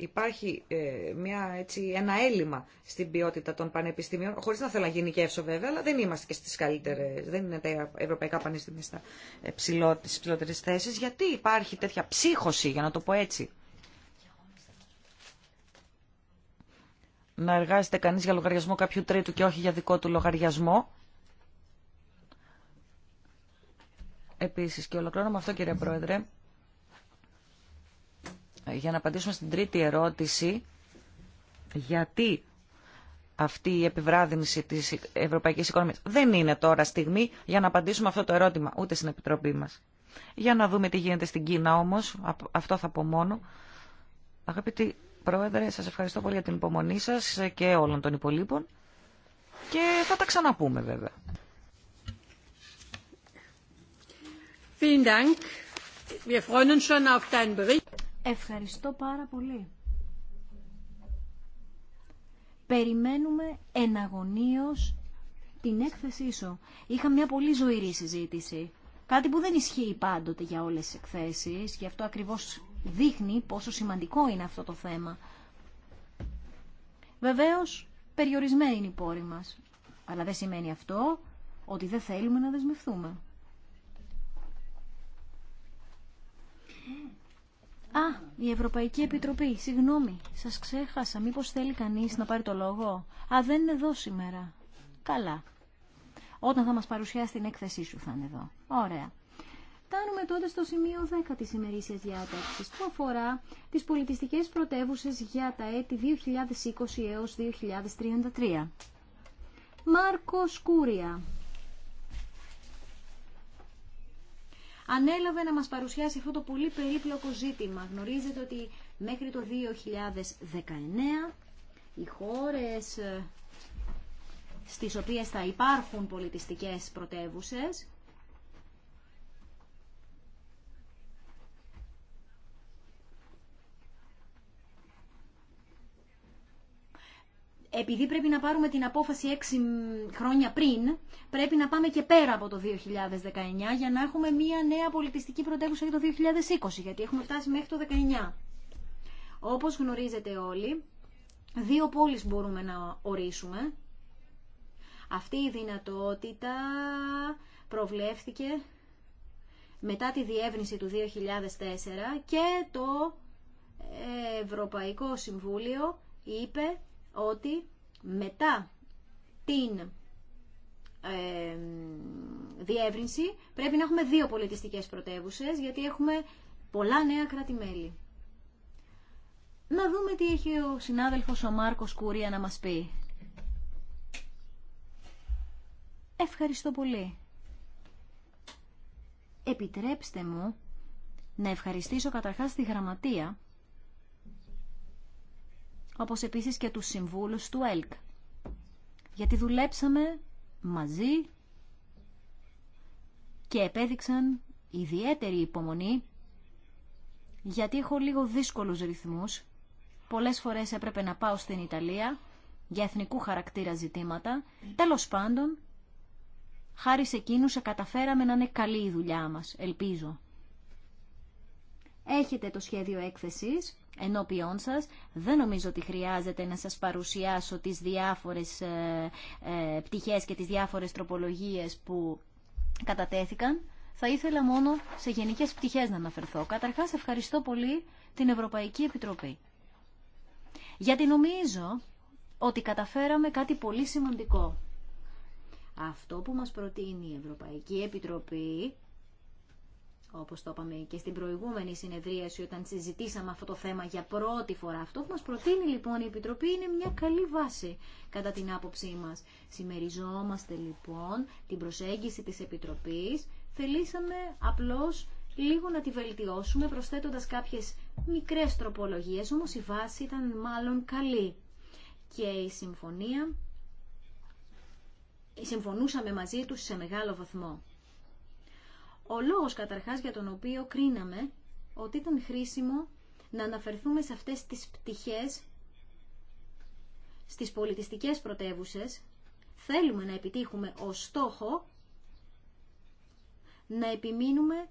υπάρχει ε, μια, έτσι, ένα έλλειμμα στην ποιότητα των πανεπιστήμιων, χωρίς να θέλω να γενικεύσω βέβαια, αλλά δεν είμαστε και στις καλύτερες, δεν είναι τα ευρωπαϊκά πανεπιστήμια στα ε, ψηλό, θέσεις, γιατί υπάρχει τέτοια ψύχωση, για να το πω έτσι. Να εργάζεται κανείς για λογαριασμό κάποιου τρίτου και όχι για δικό του λογαριασμό. Επίσης, και ολοκλώνω αυτό κύριε Πρόεδρε, για να απαντήσουμε στην τρίτη ερώτηση, γιατί αυτή η επιβράδυνση της ευρωπαϊκής οικονομίας. Δεν είναι τώρα στιγμή για να απαντήσουμε αυτό το ερώτημα, ούτε στην Επιτροπή μας. Για να δούμε τι γίνεται στην Κίνα όμως, αυτό θα πω μόνο. Αγαπητοί Πρόεδρε, σας ευχαριστώ πολύ για την υπομονή σας και όλων των υπολείπων και θα τα ξαναπούμε βέβαια. Ευχαριστώ πάρα πολύ. Περιμένουμε εναγωνίως την έκθεσή σου. Είχα μια πολύ ζωηρή συζήτηση. Κάτι που δεν ισχύει πάντοτε για όλες τις εκθέσεις. Γι' αυτό ακριβώς δείχνει πόσο σημαντικό είναι αυτό το θέμα. Βεβαίως, περιορισμένη είναι η πόροι μας. Αλλά δεν σημαίνει αυτό ότι δεν θέλουμε να δεσμευτούμε. Α, η Ευρωπαϊκή Επιτροπή, συγγνώμη, σας ξέχασα. Μήπως θέλει κανείς να πάρει το λόγο. Α, δεν είναι εδώ σήμερα. Καλά. Όταν θα μας παρουσιάσει την έκθεσή σου θα είναι εδώ. Ωραία. Τάνουμε τότε στο σημείο 10 της ημερήσιας διάταξης που αφορά τις πολιτιστικές πρωτεύουσες για τα έτη 2020 έως 2033. Μάρκο Σκούρια. ανέλαβε να μας παρουσιάσει αυτό το πολύ περίπλοκο ζήτημα. Γνωρίζετε ότι μέχρι το 2019 οι χώρες ε, στις οποίες θα υπάρχουν πολιτιστικές πρωτεύουσες επειδή πρέπει να πάρουμε την απόφαση έξι χρόνια πριν, πρέπει να πάμε και πέρα από το 2019 για να έχουμε μια νέα πολιτιστική πρωτεύουσα για το 2020, γιατί έχουμε φτάσει μέχρι το 2019. Όπως γνωρίζετε όλοι, δύο πόλεις μπορούμε να ορίσουμε. Αυτή η δυνατότητα προβλέφθηκε μετά τη διεύνηση του 2004 και το Ευρωπαϊκό Συμβούλιο είπε ότι μετά την ε, διεύρυνση πρέπει να έχουμε δύο πολιτιστικές πρωτεύουσες γιατί έχουμε πολλά νέα Να δούμε τι έχει ο συνάδελφος ο Μάρκος Κουρία να μας πει. Ευχαριστώ πολύ. Επιτρέψτε μου να ευχαριστήσω καταρχάς τη γραμματεία όπως επίσης και τους συμβούλους του ΕΛΚ. Γιατί δουλέψαμε μαζί και επέδειξαν ιδιαίτερη υπομονή γιατί έχω λίγο δύσκολους ρυθμούς. Πολλές φορές έπρεπε να πάω στην Ιταλία για εθνικού χαρακτήρα ζητήματα. Τέλος πάντων, χάρη σε εκείνους καταφέραμε να είναι καλή η δουλειά μας, ελπίζω. Έχετε το σχέδιο έκθεσης ενώπιόν σας. Δεν νομίζω ότι χρειάζεται να σας παρουσιάσω τις διάφορες ε, ε, πτυχές και τις διάφορες τροπολογίες που κατατέθηκαν. Θα ήθελα μόνο σε γενικές πτυχές να αναφερθώ. Καταρχάς ευχαριστώ πολύ την Ευρωπαϊκή Επιτροπή. Γιατί νομίζω ότι καταφέραμε κάτι πολύ σημαντικό. Αυτό που μας προτείνει η Ευρωπαϊκή Επιτροπή όπως το είπαμε και στην προηγούμενη συνεδρίαση όταν συζητήσαμε αυτό το θέμα για πρώτη φορά. Αυτό που μας προτείνει λοιπόν η Επιτροπή είναι μια καλή βάση κατά την άποψή μας. Συμμεριζόμαστε λοιπόν την προσέγγιση της Επιτροπής, θελήσαμε απλώς λίγο να τη βελτιώσουμε προσθέτοντας κάποιες μικρές τροπολογίες, όμως η βάση ήταν μάλλον καλή. Και η συμφωνία συμφωνούσαμε μαζί τους σε μεγάλο βαθμό. Ο λόγος καταρχάς για τον οποίο κρίναμε ότι ήταν χρήσιμο να αναφερθούμε σε αυτές τις πτυχές στις πολιτιστικές πρωτεύουσες θέλουμε να επιτύχουμε ως στόχο να επιμείνουμε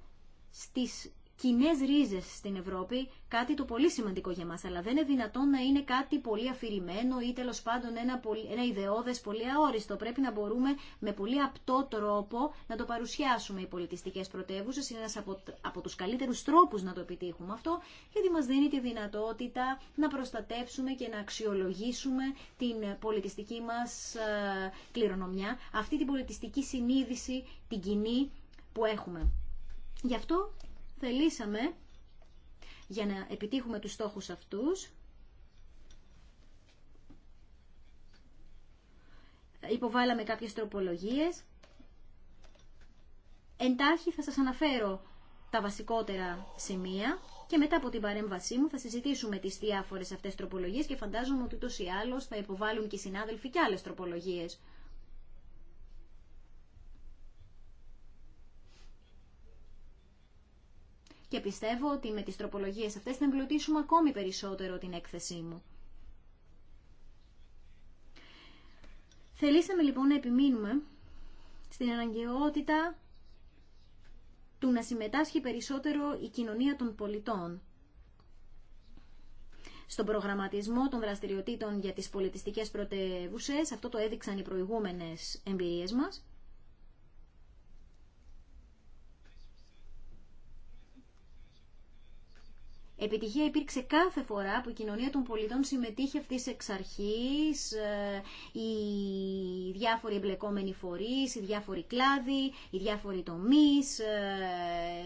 στις κοινέ ρίζε στην Ευρώπη, κάτι το πολύ σημαντικό για μα. Αλλά δεν είναι δυνατόν να είναι κάτι πολύ αφηρημένο ή τέλο πάντων ένα, ένα ιδεώδε πολύ αόριστο. Πρέπει να μπορούμε με πολύ απτό τρόπο να το παρουσιάσουμε. Οι πολιτιστικέ πρωτεύουσε είναι ένα από, από του καλύτερου τρόπου να το επιτύχουμε αυτό, γιατί μα δίνει τη δυνατότητα να προστατεύσουμε και να αξιολογήσουμε την πολιτιστική μα ε, κληρονομιά, αυτή την πολιτιστική συνείδηση, την κοινή που έχουμε. Γι' αυτό θελήσαμε για να επιτύχουμε τους στόχους αυτούς υποβάλαμε κάποιες τροπολογίες εντάχει θα σας αναφέρω τα βασικότερα σημεία και μετά από την παρέμβασή μου θα συζητήσουμε τις διάφορες αυτές τροπολογίες και φαντάζομαι ότι ούτως ή άλλως θα υποβάλουν και οι συνάδελφοι και άλλες τροπολογίες. και πιστεύω ότι με τις τροπολογίες αυτές θα εμπλουτίσουμε ακόμη περισσότερο την έκθεσή μου. Θελήσαμε λοιπόν να επιμείνουμε στην αναγκαιότητα του να συμμετάσχει περισσότερο η κοινωνία των πολιτών στον προγραμματισμό των δραστηριοτήτων για τις πολιτιστικές πρωτεύουσες, Αυτό το έδειξαν οι προηγούμενες εμπειρίες μας. Επιτυχία υπήρξε κάθε φορά που η κοινωνία των πολιτών συμμετείχε αυτή εξ αρχής, ε, οι διάφοροι εμπλεκόμενοι φορεί, οι διάφοροι κλάδοι, οι διάφοροι τομεί.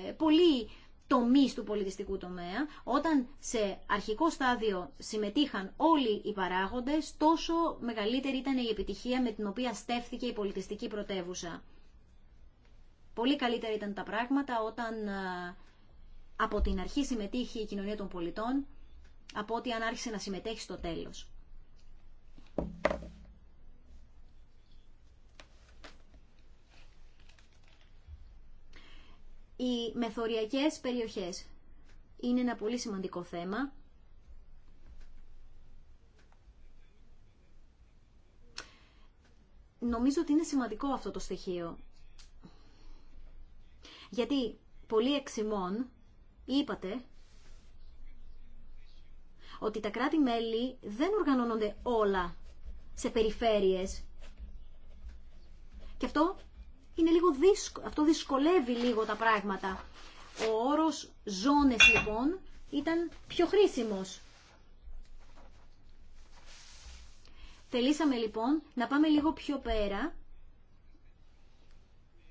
Ε, πολλοί τομεί του πολιτιστικού τομέα, όταν σε αρχικό στάδιο συμμετείχαν όλοι οι παράγοντε, τόσο μεγαλύτερη ήταν η επιτυχία με την οποία στέφθηκε η πολιτιστική πρωτεύουσα. Πολύ καλύτερα ήταν τα πράγματα όταν ε, από την αρχή συμμετείχε η κοινωνία των πολιτών από ότι αν άρχισε να συμμετέχει στο τέλος. Οι μεθοριακές περιοχές είναι ένα πολύ σημαντικό θέμα. Νομίζω ότι είναι σημαντικό αυτό το στοιχείο. Γιατί πολλοί εξημών είπατε ότι τα κράτη-μέλη δεν οργανώνονται όλα σε περιφέρειες. Και αυτό, είναι λίγο αυτό δυσκολεύει λίγο τα πράγματα. Ο όρος ζώνες λοιπόν ήταν πιο χρήσιμος. Θελήσαμε λοιπόν να πάμε λίγο πιο πέρα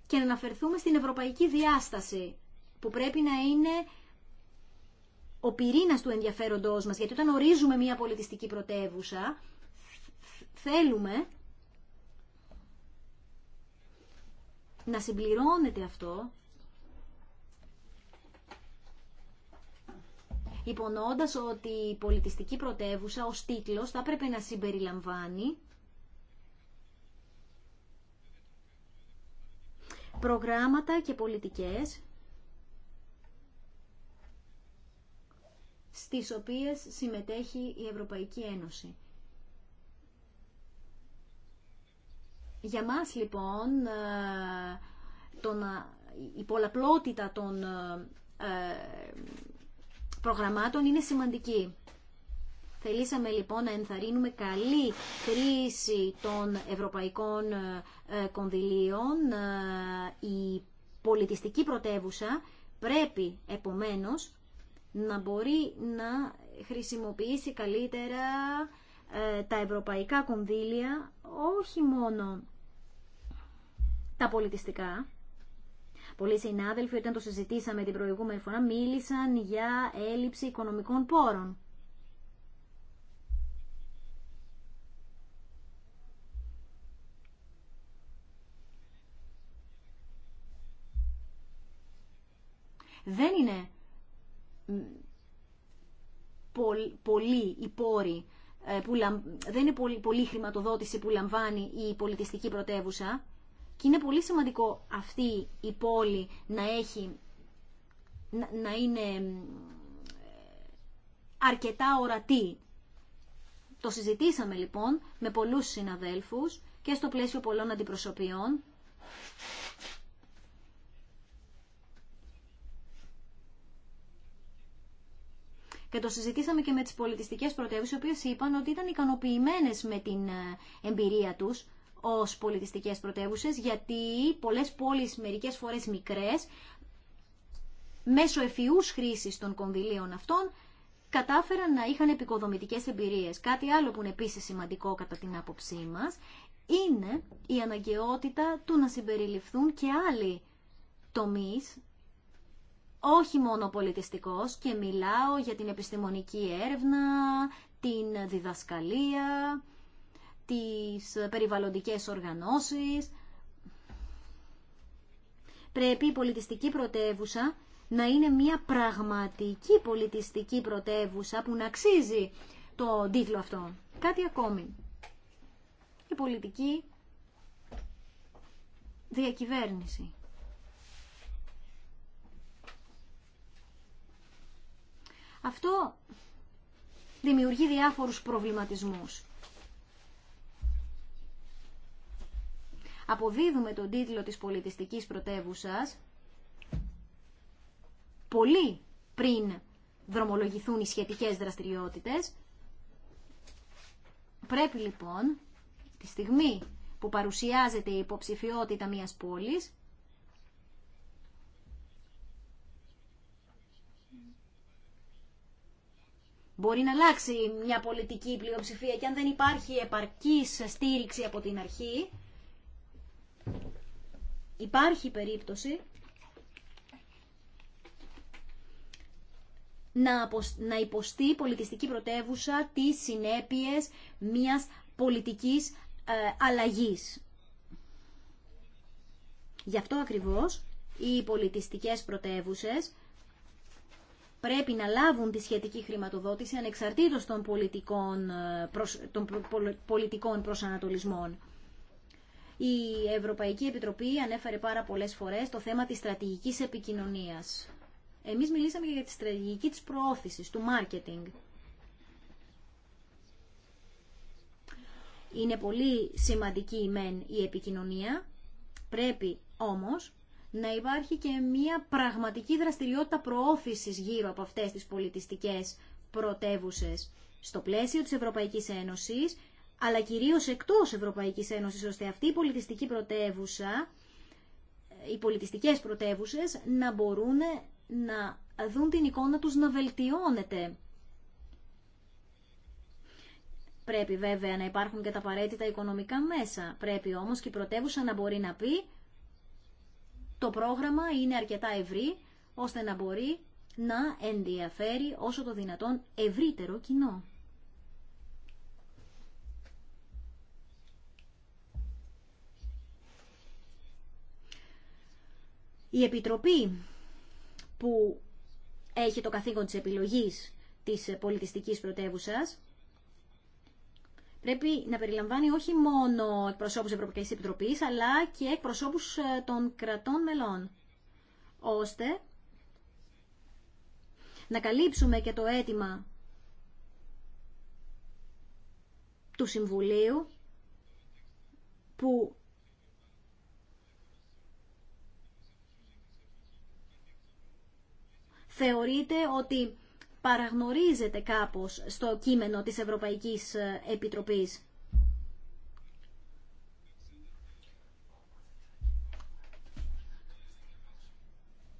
και να αναφερθούμε στην ευρωπαϊκή διάσταση που πρέπει να είναι ο πυρήνας του ενδιαφέροντός μας, γιατί όταν ορίζουμε μια πολιτιστική πρωτεύουσα, θέλουμε να συμπληρώνεται αυτό υπονοώντας ότι η πολιτιστική πρωτεύουσα ο τίτλος θα έπρεπε να συμπεριλαμβάνει προγράμματα και πολιτικές στις οποίες συμμετέχει η Ευρωπαϊκή Ένωση. Για μας λοιπόν ε, το ε, η πολλαπλότητα των ε, προγραμμάτων είναι σημαντική. Θελήσαμε λοιπόν να ενθαρρύνουμε καλή χρήση των ευρωπαϊκών κονδυλίων. Η πολιτιστική πρωτεύουσα πρέπει επομένως να μπορεί να χρησιμοποιήσει καλύτερα ε, τα ευρωπαϊκά κονδύλια, όχι μόνο τα πολιτιστικά. Πολλοί συνάδελφοι, όταν το συζητήσαμε την προηγούμενη φορά, μίλησαν για έλλειψη οικονομικών πόρων. Δεν είναι πολλοί οι ε, που δεν είναι πολύ, χρηματοδότηση που λαμβάνει η πολιτιστική πρωτεύουσα και είναι πολύ σημαντικό αυτή η πόλη να έχει να, είναι ε, αρκετά ορατή. Το συζητήσαμε λοιπόν με πολλούς συναδέλφους και στο πλαίσιο πολλών αντιπροσωπιών Και το συζητήσαμε και με τις πολιτιστικές πρωτεύουσες, οι οποίες είπαν ότι ήταν ικανοποιημένες με την ε, εμπειρία τους ως πολιτιστικές πρωτεύουσες, γιατί πολλές πόλεις, μερικές φορές μικρές, μέσω εφιούς χρήσης των κονδυλίων αυτών, κατάφεραν να είχαν επικοδομητικές εμπειρίες. Κάτι άλλο που είναι επίσης σημαντικό κατά την άποψή μας, είναι η αναγκαιότητα του να συμπεριληφθούν και άλλοι τομείς όχι μόνο πολιτιστικός και μιλάω για την επιστημονική έρευνα, την διδασκαλία, τις περιβαλλοντικές οργανώσεις. Πρέπει η πολιτιστική πρωτεύουσα να είναι μια πραγματική πολιτιστική πρωτεύουσα που να αξίζει το τίτλο αυτό. Κάτι ακόμη. Η πολιτική διακυβέρνηση. Αυτό δημιουργεί διάφορους προβληματισμούς. Αποδίδουμε τον τίτλο της πολιτιστικής πρωτεύουσας πολύ πριν δρομολογηθούν οι σχετικές δραστηριότητες. Πρέπει λοιπόν, τη στιγμή που παρουσιάζεται η υποψηφιότητα μιας πόλης, Μπορεί να αλλάξει μια πολιτική πλειοψηφία και αν δεν υπάρχει επαρκής στήριξη από την αρχή, υπάρχει περίπτωση να υποστεί πολιτιστική πρωτεύουσα τις συνέπειες μιας πολιτικής ε, αλλαγής. Γι' αυτό ακριβώς οι πολιτιστικές πρωτεύουσες πρέπει να λάβουν τη σχετική χρηματοδότηση ανεξαρτήτως των ε, πολιτικών, προσανατολισμών. Η Ευρωπαϊκή Επιτροπή ανέφερε πάρα πολλές φορές το θέμα της στρατηγικής επικοινωνίας. Εμείς μιλήσαμε για τη στρατηγική της προώθησης, του μάρκετινγκ. Είναι πολύ σημαντική η επικοινωνία, πρέπει όμως να υπάρχει και μια πραγματική δραστηριότητα προώθησης γύρω από αυτές τις πολιτιστικές πρωτεύουσε στο πλαίσιο της Ευρωπαϊκής Ένωσης, αλλά κυρίως εκτός Ευρωπαϊκής Ένωσης, ώστε αυτή η πολιτιστική πρωτεύουσα, οι πολιτιστικές πρωτεύουσε να μπορούν να δουν την εικόνα τους να βελτιώνεται. Πρέπει βέβαια να υπάρχουν και τα απαραίτητα οικονομικά μέσα. Πρέπει όμως και η πρωτεύουσα να μπορεί να πει το πρόγραμμα είναι αρκετά ευρύ ώστε να μπορεί να ενδιαφέρει όσο το δυνατόν ευρύτερο κοινό. Η Επιτροπή που έχει το καθήκον της επιλογής της πολιτιστικής πρωτεύουσας πρέπει να περιλαμβάνει όχι μόνο εκπροσώπους Ευρωπαϊκή Επιτροπής, αλλά και εκπροσώπου ε, των κρατών μελών, ώστε να καλύψουμε και το αίτημα του Συμβουλίου που θεωρείται ότι παραγνωρίζεται κάπως στο κείμενο της Ευρωπαϊκής ε, Επιτροπής.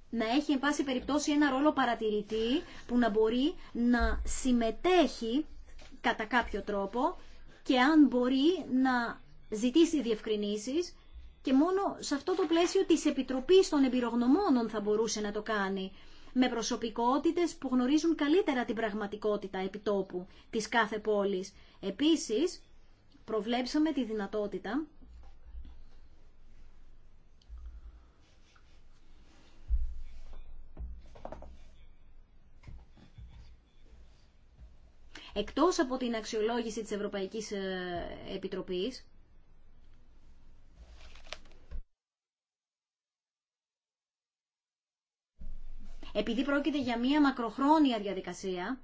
να έχει εν πάση περιπτώσει ένα ρόλο παρατηρητή που να μπορεί να συμμετέχει κατά κάποιο τρόπο και αν μπορεί να ζητήσει διευκρινήσεις και μόνο σε αυτό το πλαίσιο της Επιτροπής των Εμπειρογνωμόνων θα μπορούσε να το κάνει με προσωπικότητες που γνωρίζουν καλύτερα την πραγματικότητα επιτόπου της κάθε πόλης. Επίσης, προβλέψαμε τη δυνατότητα εκτός από την αξιολόγηση της Ευρωπαϊκής ε, Επιτροπής Επειδή πρόκειται για μία μακροχρόνια διαδικασία,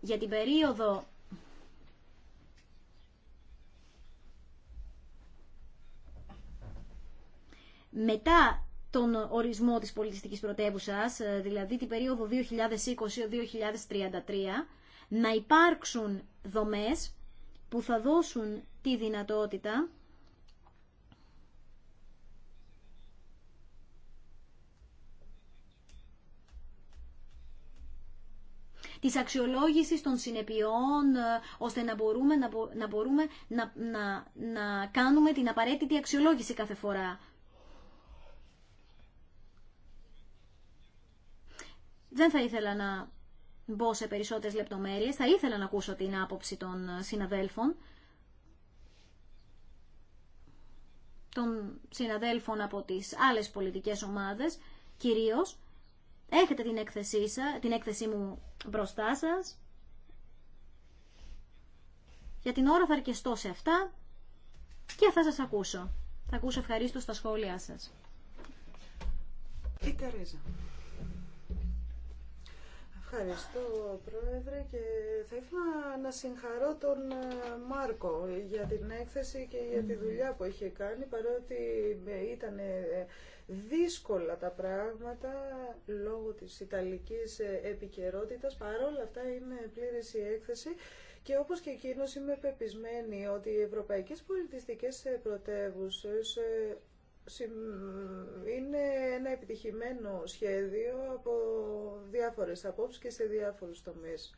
για την περίοδο μετά τον ορισμό της πολιτιστικής πρωτεύουσας, δηλαδή την περίοδο 2020-2033, να υπάρξουν δομές που θα δώσουν τη δυνατότητα της αξιολόγησης των συνεπειών, ε, ώστε να μπορούμε, να, να, μπορούμε να, να, να κάνουμε την απαραίτητη αξιολόγηση κάθε φορά. Δεν θα ήθελα να μπω σε περισσότερες λεπτομέρειες. Θα ήθελα να ακούσω την άποψη των συναδέλφων. των συναδέλφων από τις άλλες πολιτικές ομάδες, Κυρίω, Έχετε την έκθεσή, σας, την έκθεσή μου μπροστά σα. Για την ώρα θα αρκεστώ σε αυτά και θα σας ακούσω. Θα ακούσω ευχαρίστω τα σχόλιά σας. Ευχαριστώ Πρόεδρε και θα ήθελα να συγχαρώ τον ε, Μάρκο για την έκθεση και για τη δουλειά που είχε κάνει παρότι ε, ήταν ε, δύσκολα τα πράγματα λόγω της Ιταλικής επικαιρότητα. παρόλα αυτά είναι πλήρης η έκθεση και όπως και εκείνος είμαι πεπισμένη ότι οι ευρωπαϊκές πολιτιστικές πρωτεύουσες είναι ένα επιτυχημένο σχέδιο από διάφορες απόψεις και σε διάφορους τομείς.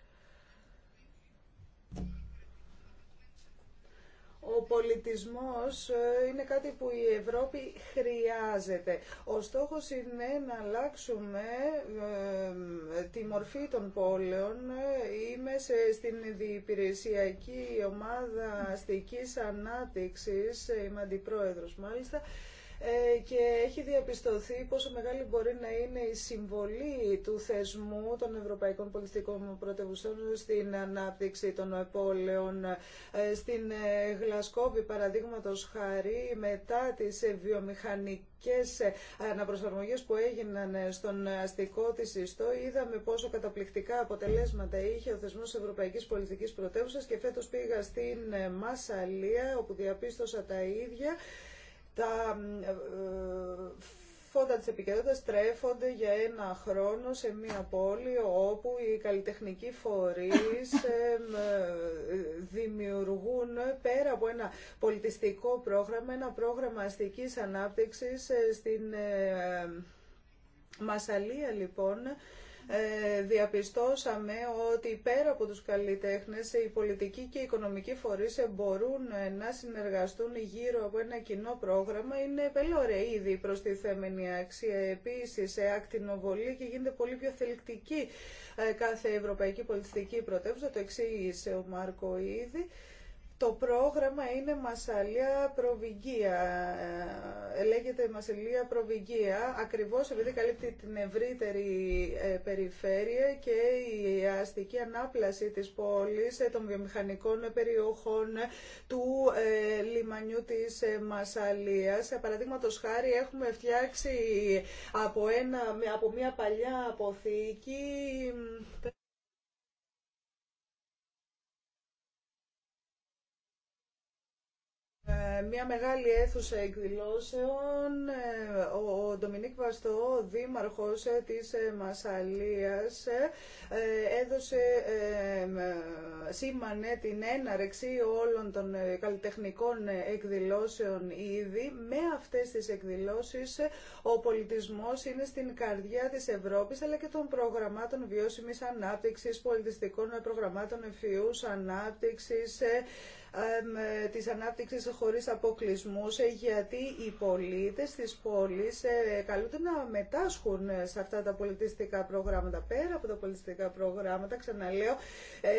Ο πολιτισμός ε, είναι κάτι που η Ευρώπη χρειάζεται. Ο στόχος είναι να αλλάξουμε ε, τη μορφή των πόλεων. Είμαι σε, στην διυπηρεσιακή ομάδα αστικής ανάπτυξης, είμαι αντιπρόεδρος μάλιστα, ε, και έχει διαπιστωθεί πόσο μεγάλη μπορεί να είναι η συμβολή του θεσμού των Ευρωπαϊκών Πολιτικών Πρωτευουσών στην ανάπτυξη των πόλεων. Ε, στην ε, Γλασκόβη, παραδείγματος χάρη, μετά τις βιομηχανικές και αναπροσαρμογές που έγιναν στον αστικό της ιστό είδαμε πόσο καταπληκτικά αποτελέσματα είχε ο θεσμός Ευρωπαϊκής Πολιτικής Πρωτεύουσας και φέτος πήγα στην Μασαλία όπου διαπίστωσα τα ίδια τα ε, φώτα της επικαιρότητα τρέφονται για ένα χρόνο σε μία πόλη όπου οι καλλιτεχνικοί φορείς ε, ε, δημιουργούν πέρα από ένα πολιτιστικό πρόγραμμα, ένα πρόγραμμα αστικής ανάπτυξης στην Μασαλία λοιπόν ε, διαπιστώσαμε ότι πέρα από τους καλλιτέχνες οι πολιτικοί και οι οικονομικοί φορείς μπορούν να συνεργαστούν γύρω από ένα κοινό πρόγραμμα. Είναι πελώρε ήδη προς τη θέμενη αξία. Επίσης, σε ακτινοβολή και γίνεται πολύ πιο θελκτική ε, κάθε ευρωπαϊκή πολιτιστική πρωτεύουσα. Το εξήγησε ο Μάρκο ήδη. Το πρόγραμμα είναι Μασαλία Προβυγία. Ε, λέγεται Μασαλία Προβυγία ακριβώς επειδή καλύπτει την ευρύτερη ε, περιφέρεια και η αστική ανάπλαση της πόλης, ε, των βιομηχανικών περιοχών, του λιμανιού της Μασαλίας. Παραδείγματο χάρη έχουμε φτιάξει από, ένα, από μια παλιά αποθήκη Ε, μια μεγάλη αίθουσα εκδηλώσεων. Ε, ο Ντομινίκ Βαστό, δήμαρχος ε, της Μασαλίας, έδωσε, σήμανε την έναρξη όλων των καλλιτεχνικών εκδηλώσεων ήδη. Με αυτές τις εκδηλώσεις ο πολιτισμός είναι στην καρδιά της Ευρώπης, αλλά και των προγραμμάτων βιώσιμης ανάπτυξης, πολιτιστικών προγραμμάτων ευφυούς ανάπτυξης, της ανάπτυξης χωρίς αποκλεισμούς, γιατί οι πολίτες της πόλης ε, καλούνται να μετάσχουν σε αυτά τα πολιτιστικά προγράμματα. Πέρα από τα πολιτιστικά προγράμματα, ξαναλέω, ε,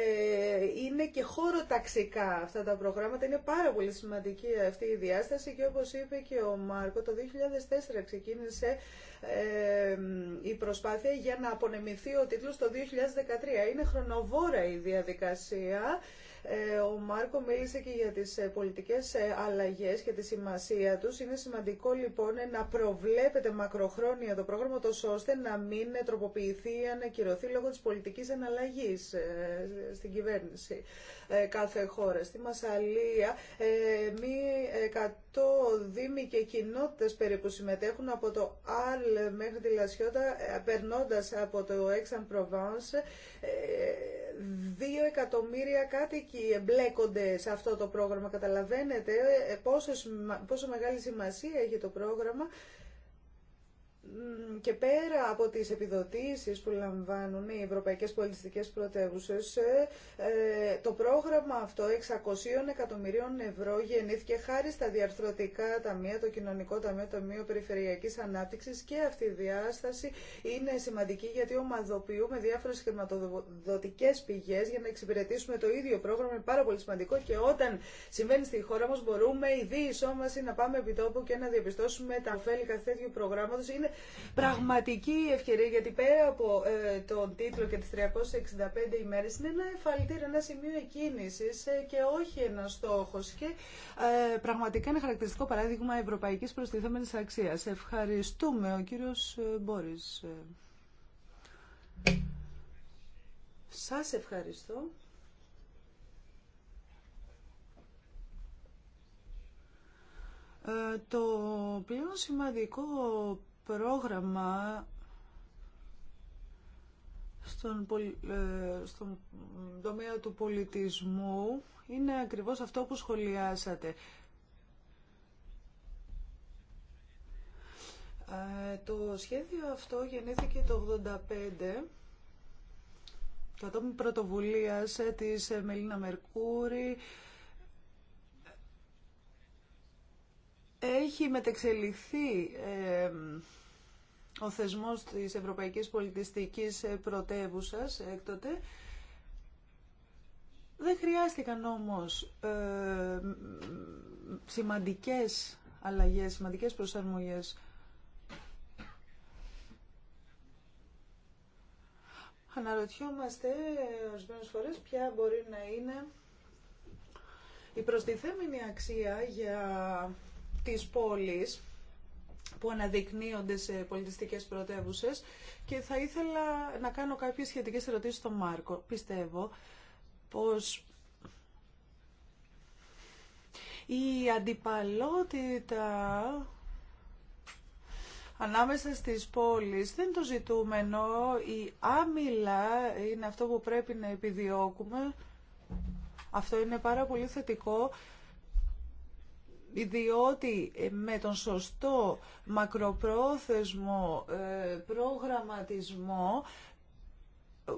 είναι και χωροταξικά αυτά τα προγράμματα. Είναι πάρα πολύ σημαντική αυτή η διάσταση και όπως είπε και ο Μάρκο, το 2004 ξεκίνησε η προσπάθεια για να απονεμηθεί ο τίτλος το 2013. Είναι χρονοβόρα η διαδικασία. Ε, ο Μάρκο μίλησε και για τις ε, πολιτικές ε, αλλαγές και τη σημασία τους. Είναι σημαντικό λοιπόν να προβλέπετε μακροχρόνια το πρόγραμμα τόσο ώστε να μην τροποποιηθεί ή ανακυρωθεί λόγω της πολιτικής αναλλαγής στην κυβέρνηση. Ε, κάθε χώρα. Στη Μασαλία ε, μη 100 ε, δήμοι και κοινότητες περίπου συμμετέχουν από το Αλ μέχρι τη Λασιώτα περνώντας από το Έξαν Προβάνς. Δύο εκατομμύρια κάτοικοι εμπλέκονται σε αυτό το πρόγραμμα. Καταλαβαίνετε πόσο, πόσο μεγάλη σημασία έχει το πρόγραμμα και πέρα από τις επιδοτήσεις που λαμβάνουν οι ευρωπαϊκές πολιτιστικές πρωτεύουσες, ε, ε, το πρόγραμμα αυτό 600 εκατομμυρίων ευρώ γεννήθηκε χάρη στα διαρθρωτικά ταμεία, το Κοινωνικό Ταμείο, το Ταμείο Περιφερειακής Ανάπτυξης και αυτή η διάσταση είναι σημαντική γιατί ομαδοποιούμε διάφορες χρηματοδοτικές πηγές για να εξυπηρετήσουμε το ίδιο πρόγραμμα, είναι πάρα πολύ σημαντικό και όταν συμβαίνει στη χώρα μας μπορούμε η διεισόμαση να πάμε επί τόπου και να διαπιστώσουμε τα ωφέλη τέτοιου προγράμματος πραγματική ευκαιρία, γιατί πέρα από ε, τον τίτλο και τις 365 ημέρες είναι ένα εφαλτήριο, ένα σημείο εκκίνησης ε, και όχι ένα στόχος και ε, πραγματικά είναι χαρακτηριστικό παράδειγμα ευρωπαϊκής προστιθέμενης αξίας. Ευχαριστούμε ο κύριος Μπόρις. Σας ευχαριστώ. Το πιο σημαντικό πρόγραμμα στον, ε, στον τομέα του πολιτισμού είναι ακριβώς αυτό που σχολιάσατε. Ε, το σχέδιο αυτό γεννήθηκε το 85 κατόπιν πρωτοβουλίας της Μελίνα Μερκούρη, έχει μετεξελιχθεί ο θεσμός της Ευρωπαϊκής Πολιτιστικής Πρωτεύουσας έκτοτε. Δεν χρειάστηκαν όμως ε, σημαντικές αλλαγές, σημαντικές προσαρμογές. Αναρωτιόμαστε ορισμένε φορές ποια μπορεί να είναι η προστιθέμενη αξία για της πόλης που αναδεικνύονται σε πολιτιστικές πρωτεύουσες και θα ήθελα να κάνω κάποιες σχετικές ερωτήσεις στον Μάρκο. Πιστεύω πως η αντιπαλότητα ανάμεσα στις πόλεις δεν το ζητούμενο. Η άμυλα είναι αυτό που πρέπει να επιδιώκουμε. Αυτό είναι πάρα πολύ θετικό διότι ε, με τον σωστό μακροπρόθεσμο ε, προγραμματισμό ε,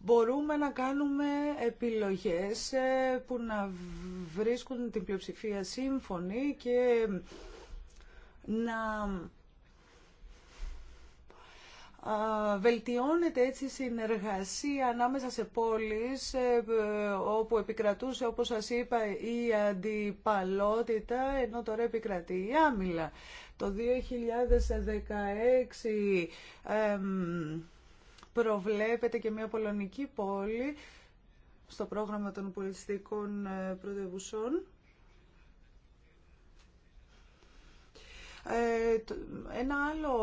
μπορούμε να κάνουμε επιλογές που να βρίσκουν την πλειοψηφία σύμφωνη και να Βελτιώνεται έτσι η συνεργασία ανάμεσα σε πόλεις ε, ε, όπου επικρατούσε, όπως σας είπα, η αντιπαλότητα, ενώ τώρα επικρατεί η άμυλα. Το 2016 προβλέπεται και μια πολωνική πόλη στο πρόγραμμα των πολιτιστικών ε, πρωτευουσών. Ένα άλλο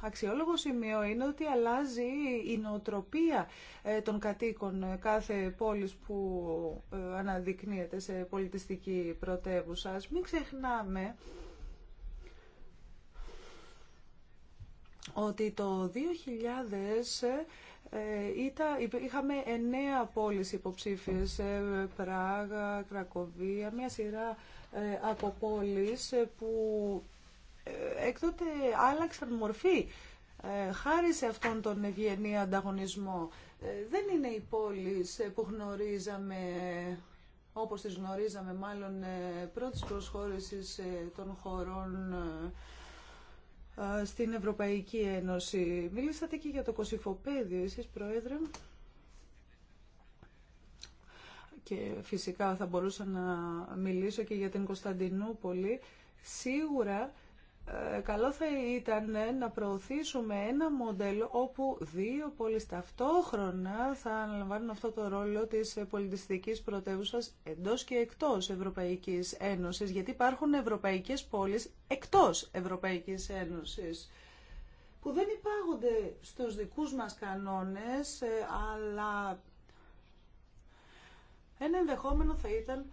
αξιόλογο σημείο είναι ότι αλλάζει η νοοτροπία ε, των κατοίκων ε, κάθε πόλης που ε, αναδεικνύεται σε πολιτιστική πρωτεύουσα. Μην ξεχνάμε ότι το 2000 είχαμε εννέα πόλεις υποψήφιες, Πράγα, Κρακοβία, μια σειρά από πόλεις που έκτοτε άλλαξαν μορφή ε, χάρη σε αυτόν τον ευγενή ανταγωνισμό. Ε, δεν είναι οι πόλεις ε, που γνωρίζαμε όπως τις γνωρίζαμε μάλλον πρώτης προσχώρησης των χωρών στην Ευρωπαϊκή Ένωση. Μίλησατε και για το κοσυφοπαίδιο, εσείς Πρόεδρε. Και φυσικά θα μπορούσα να μιλήσω και για την Κωνσταντινούπολη. Σίγουρα ε, καλό θα ήταν να προωθήσουμε ένα μοντέλο όπου δύο πόλεις ταυτόχρονα θα αναλαμβάνουν αυτό το ρόλο της πολιτιστικής πρωτεύουσας εντός και εκτός Ευρωπαϊκής Ένωσης, γιατί υπάρχουν ευρωπαϊκές πόλεις εκτός Ευρωπαϊκής Ένωσης που δεν υπάγονται στους δικούς μας κανόνες, ε, αλλά ένα ενδεχόμενο θα ήταν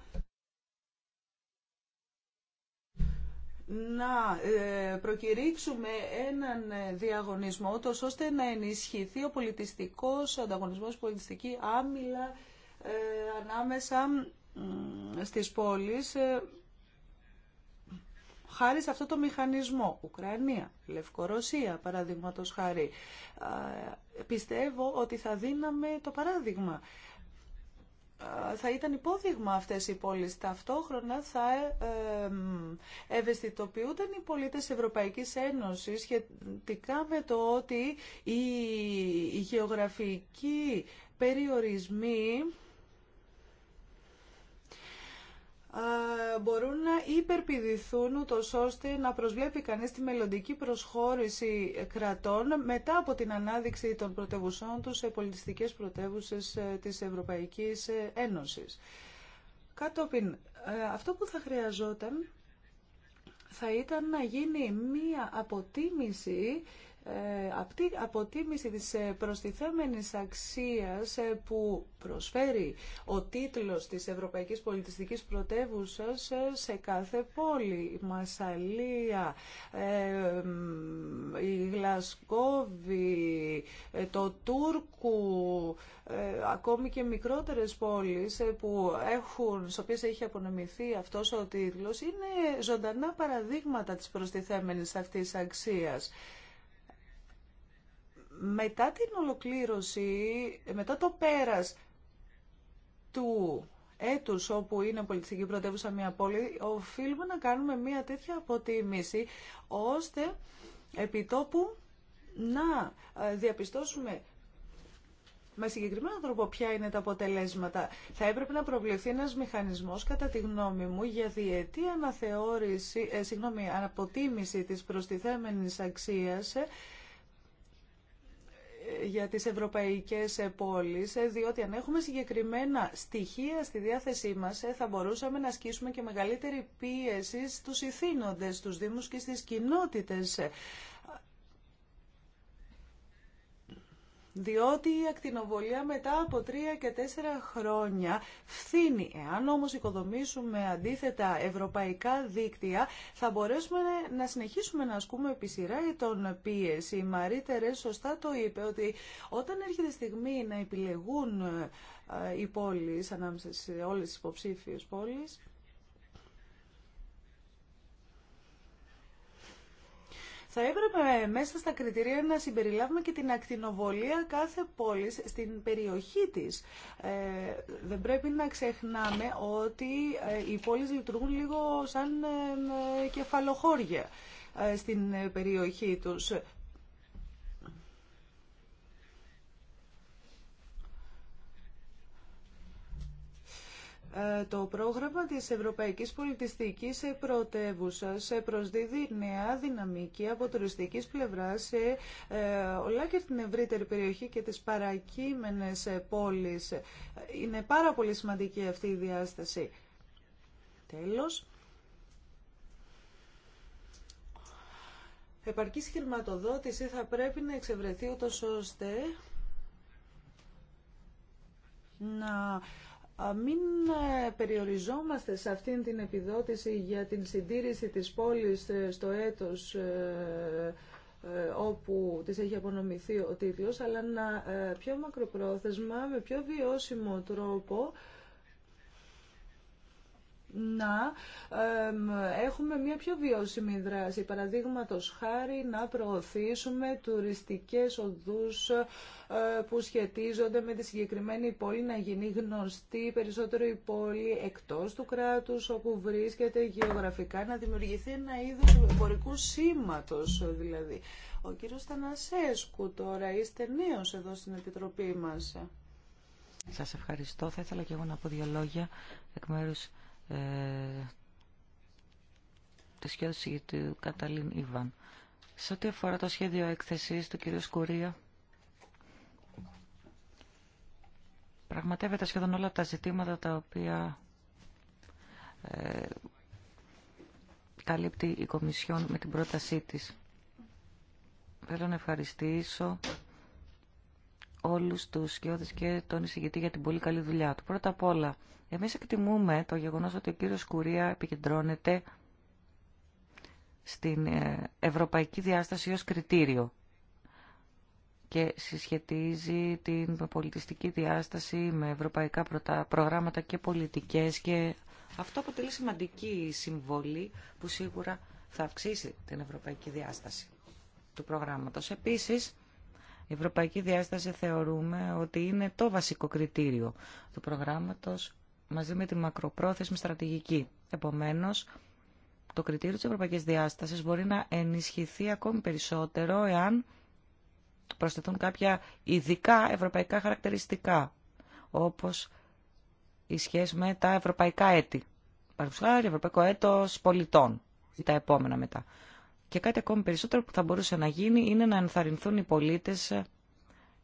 να ε, προκηρύξουμε έναν ε, διαγωνισμό τόσο ώστε να ενισχυθεί ο πολιτιστικός ανταγωνισμός, πολιτιστική άμυλα ε, ανάμεσα στις πόλεις χάρη σε αυτό το μηχανισμό. Ουκρανία, Λευκορωσία, παραδείγματος χάρη. Πιστεύω ότι θα δίναμε το παράδειγμα θα ήταν υπόδειγμα αυτές οι πόλεις. Ταυτόχρονα θα ευαισθητοποιούνταν οι πολίτες Ευρωπαϊκής Ένωσης σχετικά με το ότι οι γεωγραφικοί περιορισμοί Ε, μπορούν να υπερπηδηθούν ούτω ώστε να προσβλέπει κανείς τη μελλοντική προσχώρηση κρατών μετά από την ανάδειξη των πρωτεύουσών τους σε πολιτιστικές πρωτεύουσες ε, της Ευρωπαϊκής ε, Ένωσης. Κατόπιν, αυτό που θα χρειαζόταν θα ήταν να γίνει μία αποτίμηση ε, αποτίμηση της ε, προστιθέμενης αξίας ε, που προσφέρει ο τίτλος της Ευρωπαϊκής Πολιτιστικής Πρωτεύουσας σε κάθε πόλη. Η Μασαλία, η Γλασκόβη, το Τούρκου, ακόμη και μικρότερες πόλεις που έχουν, στις οποίες έχει απονομηθεί αυτός ο τίτλος, είναι ζωντανά παραδείγματα της προστιθέμενης αυτής αξίας μετά την ολοκλήρωση, μετά το πέρας του έτους όπου είναι πολιτιστική πρωτεύουσα μια πόλη, οφείλουμε να κάνουμε μια τέτοια αποτίμηση, ώστε επιτόπου να ε, διαπιστώσουμε με συγκεκριμένο τρόπο ποια είναι τα αποτελέσματα. Θα έπρεπε να προβληθεί ένας μηχανισμός, κατά τη γνώμη μου, για διετή αναθεώρηση, ε, συγγνώμη, αναποτίμηση της προστιθέμενης αξίας ε, για τις ευρωπαϊκές ε, πόλεις, ε, διότι αν έχουμε συγκεκριμένα στοιχεία στη διάθεσή μας, ε, θα μπορούσαμε να ασκήσουμε και μεγαλύτερη πίεση στους ηθήνοντες, στους δήμους και στις κοινότητες διότι η ακτινοβολία μετά από τρία και τέσσερα χρόνια φθήνει. Εάν όμως οικοδομήσουμε αντίθετα ευρωπαϊκά δίκτυα, θα μπορέσουμε να συνεχίσουμε να ασκούμε επί σειρά τον πίεση. Η Μαρή σωστά το είπε ότι όταν έρχεται η στιγμή να επιλεγούν ε, οι πόλεις ανάμεσα σε όλες τις υποψήφιες πόλεις, Θα έπρεπε μέσα στα κριτηρία να συμπεριλάβουμε και την ακτινοβολία κάθε πόλης στην περιοχή της. Ε, δεν πρέπει να ξεχνάμε ότι ε, οι πόλεις λειτουργούν λίγο σαν ε, κεφαλοχώρια ε, στην περιοχή τους. το πρόγραμμα της Ευρωπαϊκής Πολιτιστικής Πρωτεύουσας προσδίδει νέα δυναμική από τουριστικής πλευράς σε ε, ολά και την ευρύτερη περιοχή και τις παρακείμενες πόλεις. Είναι πάρα πολύ σημαντική αυτή η διάσταση. Τέλος. Επαρκής χρηματοδότηση θα πρέπει να εξευρεθεί ούτως ώστε να μην ε, περιοριζόμαστε σε αυτήν την επιδότηση για την συντήρηση της πόλης ε, στο έτος ε, όπου της έχει απονομηθεί ο τίτλος, αλλά να πιο μακροπρόθεσμα, με πιο βιώσιμο τρόπο, να έχουμε μια πιο βιώσιμη δράση. Παραδείγματο χάρη να προωθήσουμε τουριστικές οδούς ε, που σχετίζονται με τη συγκεκριμένη πόλη, να γίνει γνωστή περισσότερο η πόλη εκτός του κράτους όπου βρίσκεται γεωγραφικά, να δημιουργηθεί ένα είδος εμπορικού σήματος δηλαδή. Ο κύριος Στανασέσκου τώρα είστε νέος εδώ στην Επιτροπή μας. Σας ευχαριστώ. Θα ήθελα και εγώ να πω δύο λόγια εκ μέρους ε, του σχέδιου Καταλήν Ιβάν. Σε ό,τι αφορά το σχέδιο έκθεσης του κ. Σκουρία, πραγματεύεται σχεδόν όλα τα ζητήματα τα οποία ε, καλύπτει η Κομισιόν με την πρότασή της. Θέλω να ευχαριστήσω όλους τους σκιώδες και τον εισηγητή για την πολύ καλή δουλειά του. Πρώτα απ' όλα, εμείς εκτιμούμε το γεγονός ότι ο κύριος Κουρία επικεντρώνεται στην ε, ευρωπαϊκή διάσταση ως κριτήριο και συσχετίζει την πολιτιστική διάσταση με ευρωπαϊκά προγράμματα και πολιτικές και αυτό αποτελεί σημαντική συμβολή που σίγουρα θα αυξήσει την ευρωπαϊκή διάσταση του προγράμματος. Επίσης, η ευρωπαϊκή διάσταση θεωρούμε ότι είναι το βασικό κριτήριο του προγράμματος μαζί με τη μακροπρόθεσμη στρατηγική. Επομένω, το κριτήριο τη Ευρωπαϊκή Διάσταση μπορεί να ενισχυθεί ακόμη περισσότερο εάν προσθεθούν κάποια ειδικά ευρωπαϊκά χαρακτηριστικά, όπω η σχέση με τα ευρωπαϊκά έτη. Παραδείγματος ευρωπαϊκό Έτο πολιτών ή τα επόμενα μετά. Και κάτι ακόμη περισσότερο που θα μπορούσε να γίνει είναι να ενθαρρυνθούν οι πολίτε,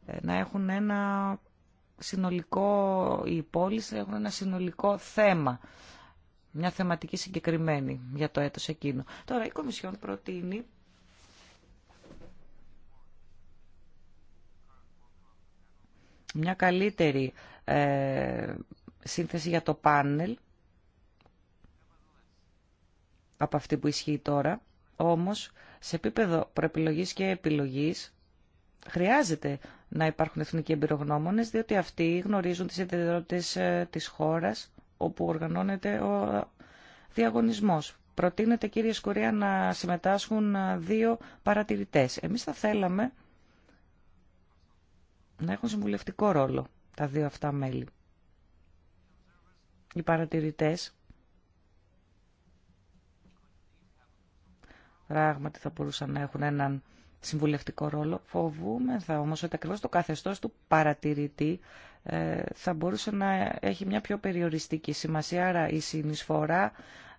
ε, να έχουν ένα συνολικό, οι πόλεις έχουν ένα συνολικό θέμα, μια θεματική συγκεκριμένη για το έτος εκείνο. Τώρα η Κομισιόν προτείνει μια καλύτερη ε, σύνθεση για το πάνελ από αυτή που ισχύει τώρα, όμως σε επίπεδο προεπιλογής και επιλογής χρειάζεται να υπάρχουν εθνικοί εμπειρογνώμονες, διότι αυτοί γνωρίζουν τις ιδιαιτερότητες ε, της χώρας όπου οργανώνεται ο διαγωνισμός. Προτείνεται, κύριε Σκουρία, να συμμετάσχουν ε, δύο παρατηρητές. Εμείς θα θέλαμε να έχουν συμβουλευτικό ρόλο τα δύο αυτά μέλη. Οι παρατηρητές πράγματι θα μπορούσαν να έχουν έναν συμβουλευτικό ρόλο. Φοβούμεθα όμως ότι ακριβώς το καθεστώς του παρατηρητή ε, θα μπορούσε να έχει μια πιο περιοριστική σημασία, άρα η συνεισφορά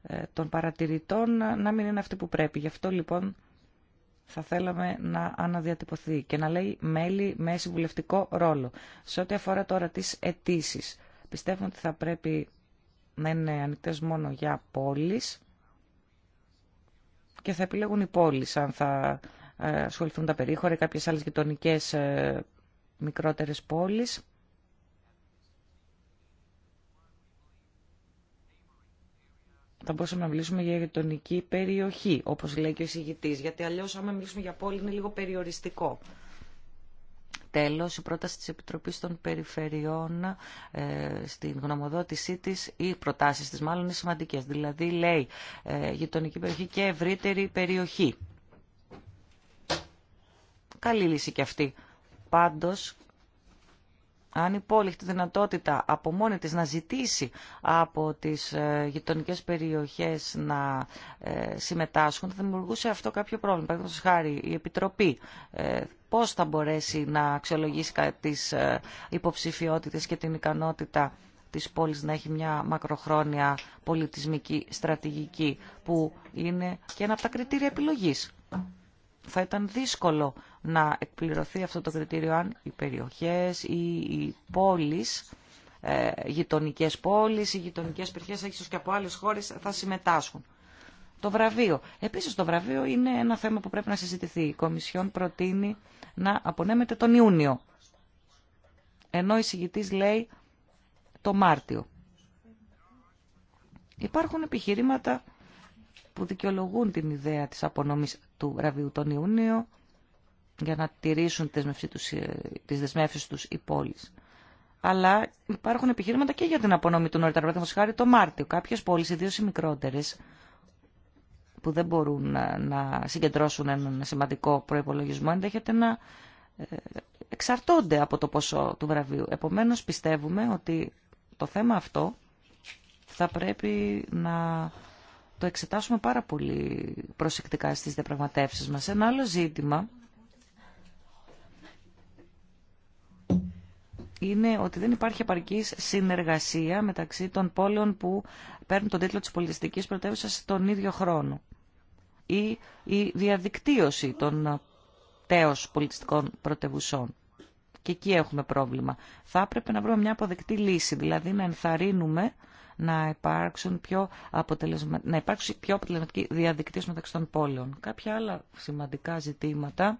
ε, των παρατηρητών να μην είναι αυτή που πρέπει. Γι' αυτό λοιπόν θα θέλαμε να αναδιατυπωθεί και να λέει μέλη με συμβουλευτικό ρόλο. Σε ό,τι αφορά τώρα τις αιτήσει. πιστεύουμε ότι θα πρέπει να είναι ανοιχτέ μόνο για πόλεις και θα επιλέγουν οι πόλεις αν θα ασχοληθούν τα περίχωρα, κάποιες άλλες γειτονικέ ε, μικρότερες πόλεις. Θα μπορούσαμε να μιλήσουμε για γειτονική περιοχή, όπως λέει και ο εισηγητής, γιατί αλλιώς άμα μιλήσουμε για πόλη είναι λίγο περιοριστικό. Τέλος, η πρόταση της Επιτροπής των Περιφερειών ε, στην γνωμοδότησή της ή οι προτάσεις της μάλλον είναι σημαντικές. Δηλαδή λέει ε, γειτονική περιοχή και ευρύτερη περιοχή. Καλή λύση και αυτή. Πάντως, αν η πόλη έχει τη δυνατότητα από μόνη της να ζητήσει από τις ε, γειτονικές περιοχές να ε, συμμετάσχουν, θα δημιουργούσε αυτό κάποιο πρόβλημα. Παραδείγματος χάρη, η Επιτροπή ε, πώς θα μπορέσει να αξιολογήσει τις υποψηφιότητες και την ικανότητα της πόλης να έχει μια μακροχρόνια πολιτισμική στρατηγική που είναι και ένα από τα κριτήρια επιλογής θα ήταν δύσκολο να εκπληρωθεί αυτό το κριτήριο αν οι περιοχές ή οι πόλεις, ε, γειτονικές πόλεις, οι γειτονικές περιοχές, ίσως και από άλλες χώρες θα συμμετάσχουν. Το βραβείο. Επίσης το βραβείο είναι ένα θέμα που πρέπει να συζητηθεί. Η Κομισιόν προτείνει να απονέμεται τον Ιούνιο. Ενώ η συγητής λέει το Μάρτιο. Υπάρχουν επιχειρήματα που δικαιολογούν την ιδέα της απονομής του βραβείου τον Ιούνιο για να τηρήσουν ε, τις δεσμεύσεις τους οι πόλεις. Αλλά υπάρχουν επιχείρηματα και για την απονομή του νωρίτερα. Παραδείγματο χάρη το Μάρτιο. κάποιες πόλεις ιδίω οι μικρότερε, που δεν μπορούν να συγκεντρώσουν έναν σημαντικό προπολογισμό, ενδέχεται να ε, εξαρτώνται από το ποσό του βραβείου. Επομένως πιστεύουμε ότι το θέμα αυτό θα πρέπει να το εξετάσουμε πάρα πολύ προσεκτικά στις διαπραγματεύσεις μας. Ένα άλλο ζήτημα είναι ότι δεν υπάρχει επαρκής συνεργασία μεταξύ των πόλεων που παίρνουν τον τίτλο της πολιτιστικής πρωτεύουσα τον ίδιο χρόνο ή η διαδικτύωση των τέος πολιτιστικών πρωτεύουσών. Και εκεί έχουμε πρόβλημα. Θα έπρεπε να βρούμε μια αποδεκτή λύση, δηλαδή να ενθαρρύνουμε να, υπάρξουν πιο αποτελεσμα... να υπάρξει πιο αποτελεσματική διαδικτύωση μεταξύ των πόλεων. Κάποια άλλα σημαντικά ζητήματα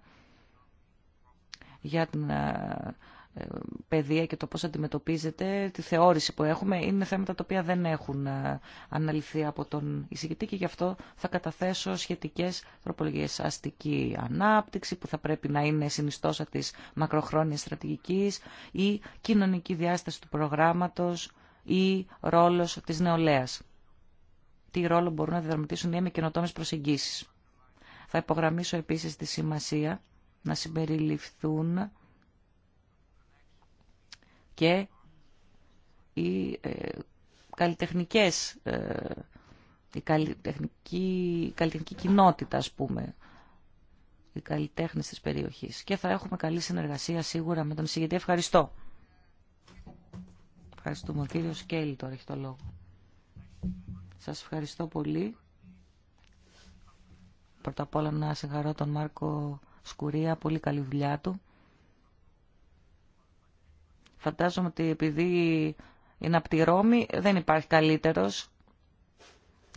για την ε, ε, παιδεία και το πώς αντιμετωπίζεται, τη θεώρηση που έχουμε, είναι θέματα τα οποία δεν έχουν ε, αναλυθεί από τον εισηγητή και γι' αυτό θα καταθέσω σχετικές τροπολογίες αστική ανάπτυξη που θα πρέπει να είναι συνιστόσα της μακροχρόνιας στρατηγικής ή κοινωνική διάσταση του προγράμματος ή ρόλος της νεολαίας. Τι ρόλο μπορούν να διδραματίσουν οι με καινοτόμε προσεγγίσεις. Θα υπογραμμίσω επίσης τη σημασία να συμπεριληφθούν και οι ε, καλλιτεχνικές, ε, η καλλιτεχνική, καλλιτεχνική κοινότητα, ας πούμε, οι καλλιτέχνες της περιοχής. Και θα έχουμε καλή συνεργασία σίγουρα με τον Σιγητή. Ευχαριστώ. Ευχαριστούμε. Ο κύριος Κέλλη τώρα έχει το λόγο. Σας ευχαριστώ πολύ. Πρώτα απ' όλα να συγχαρώ τον Μάρκο Σκουρία, πολύ καλή δουλειά του. Φαντάζομαι ότι επειδή είναι από τη Ρώμη δεν υπάρχει καλύτερος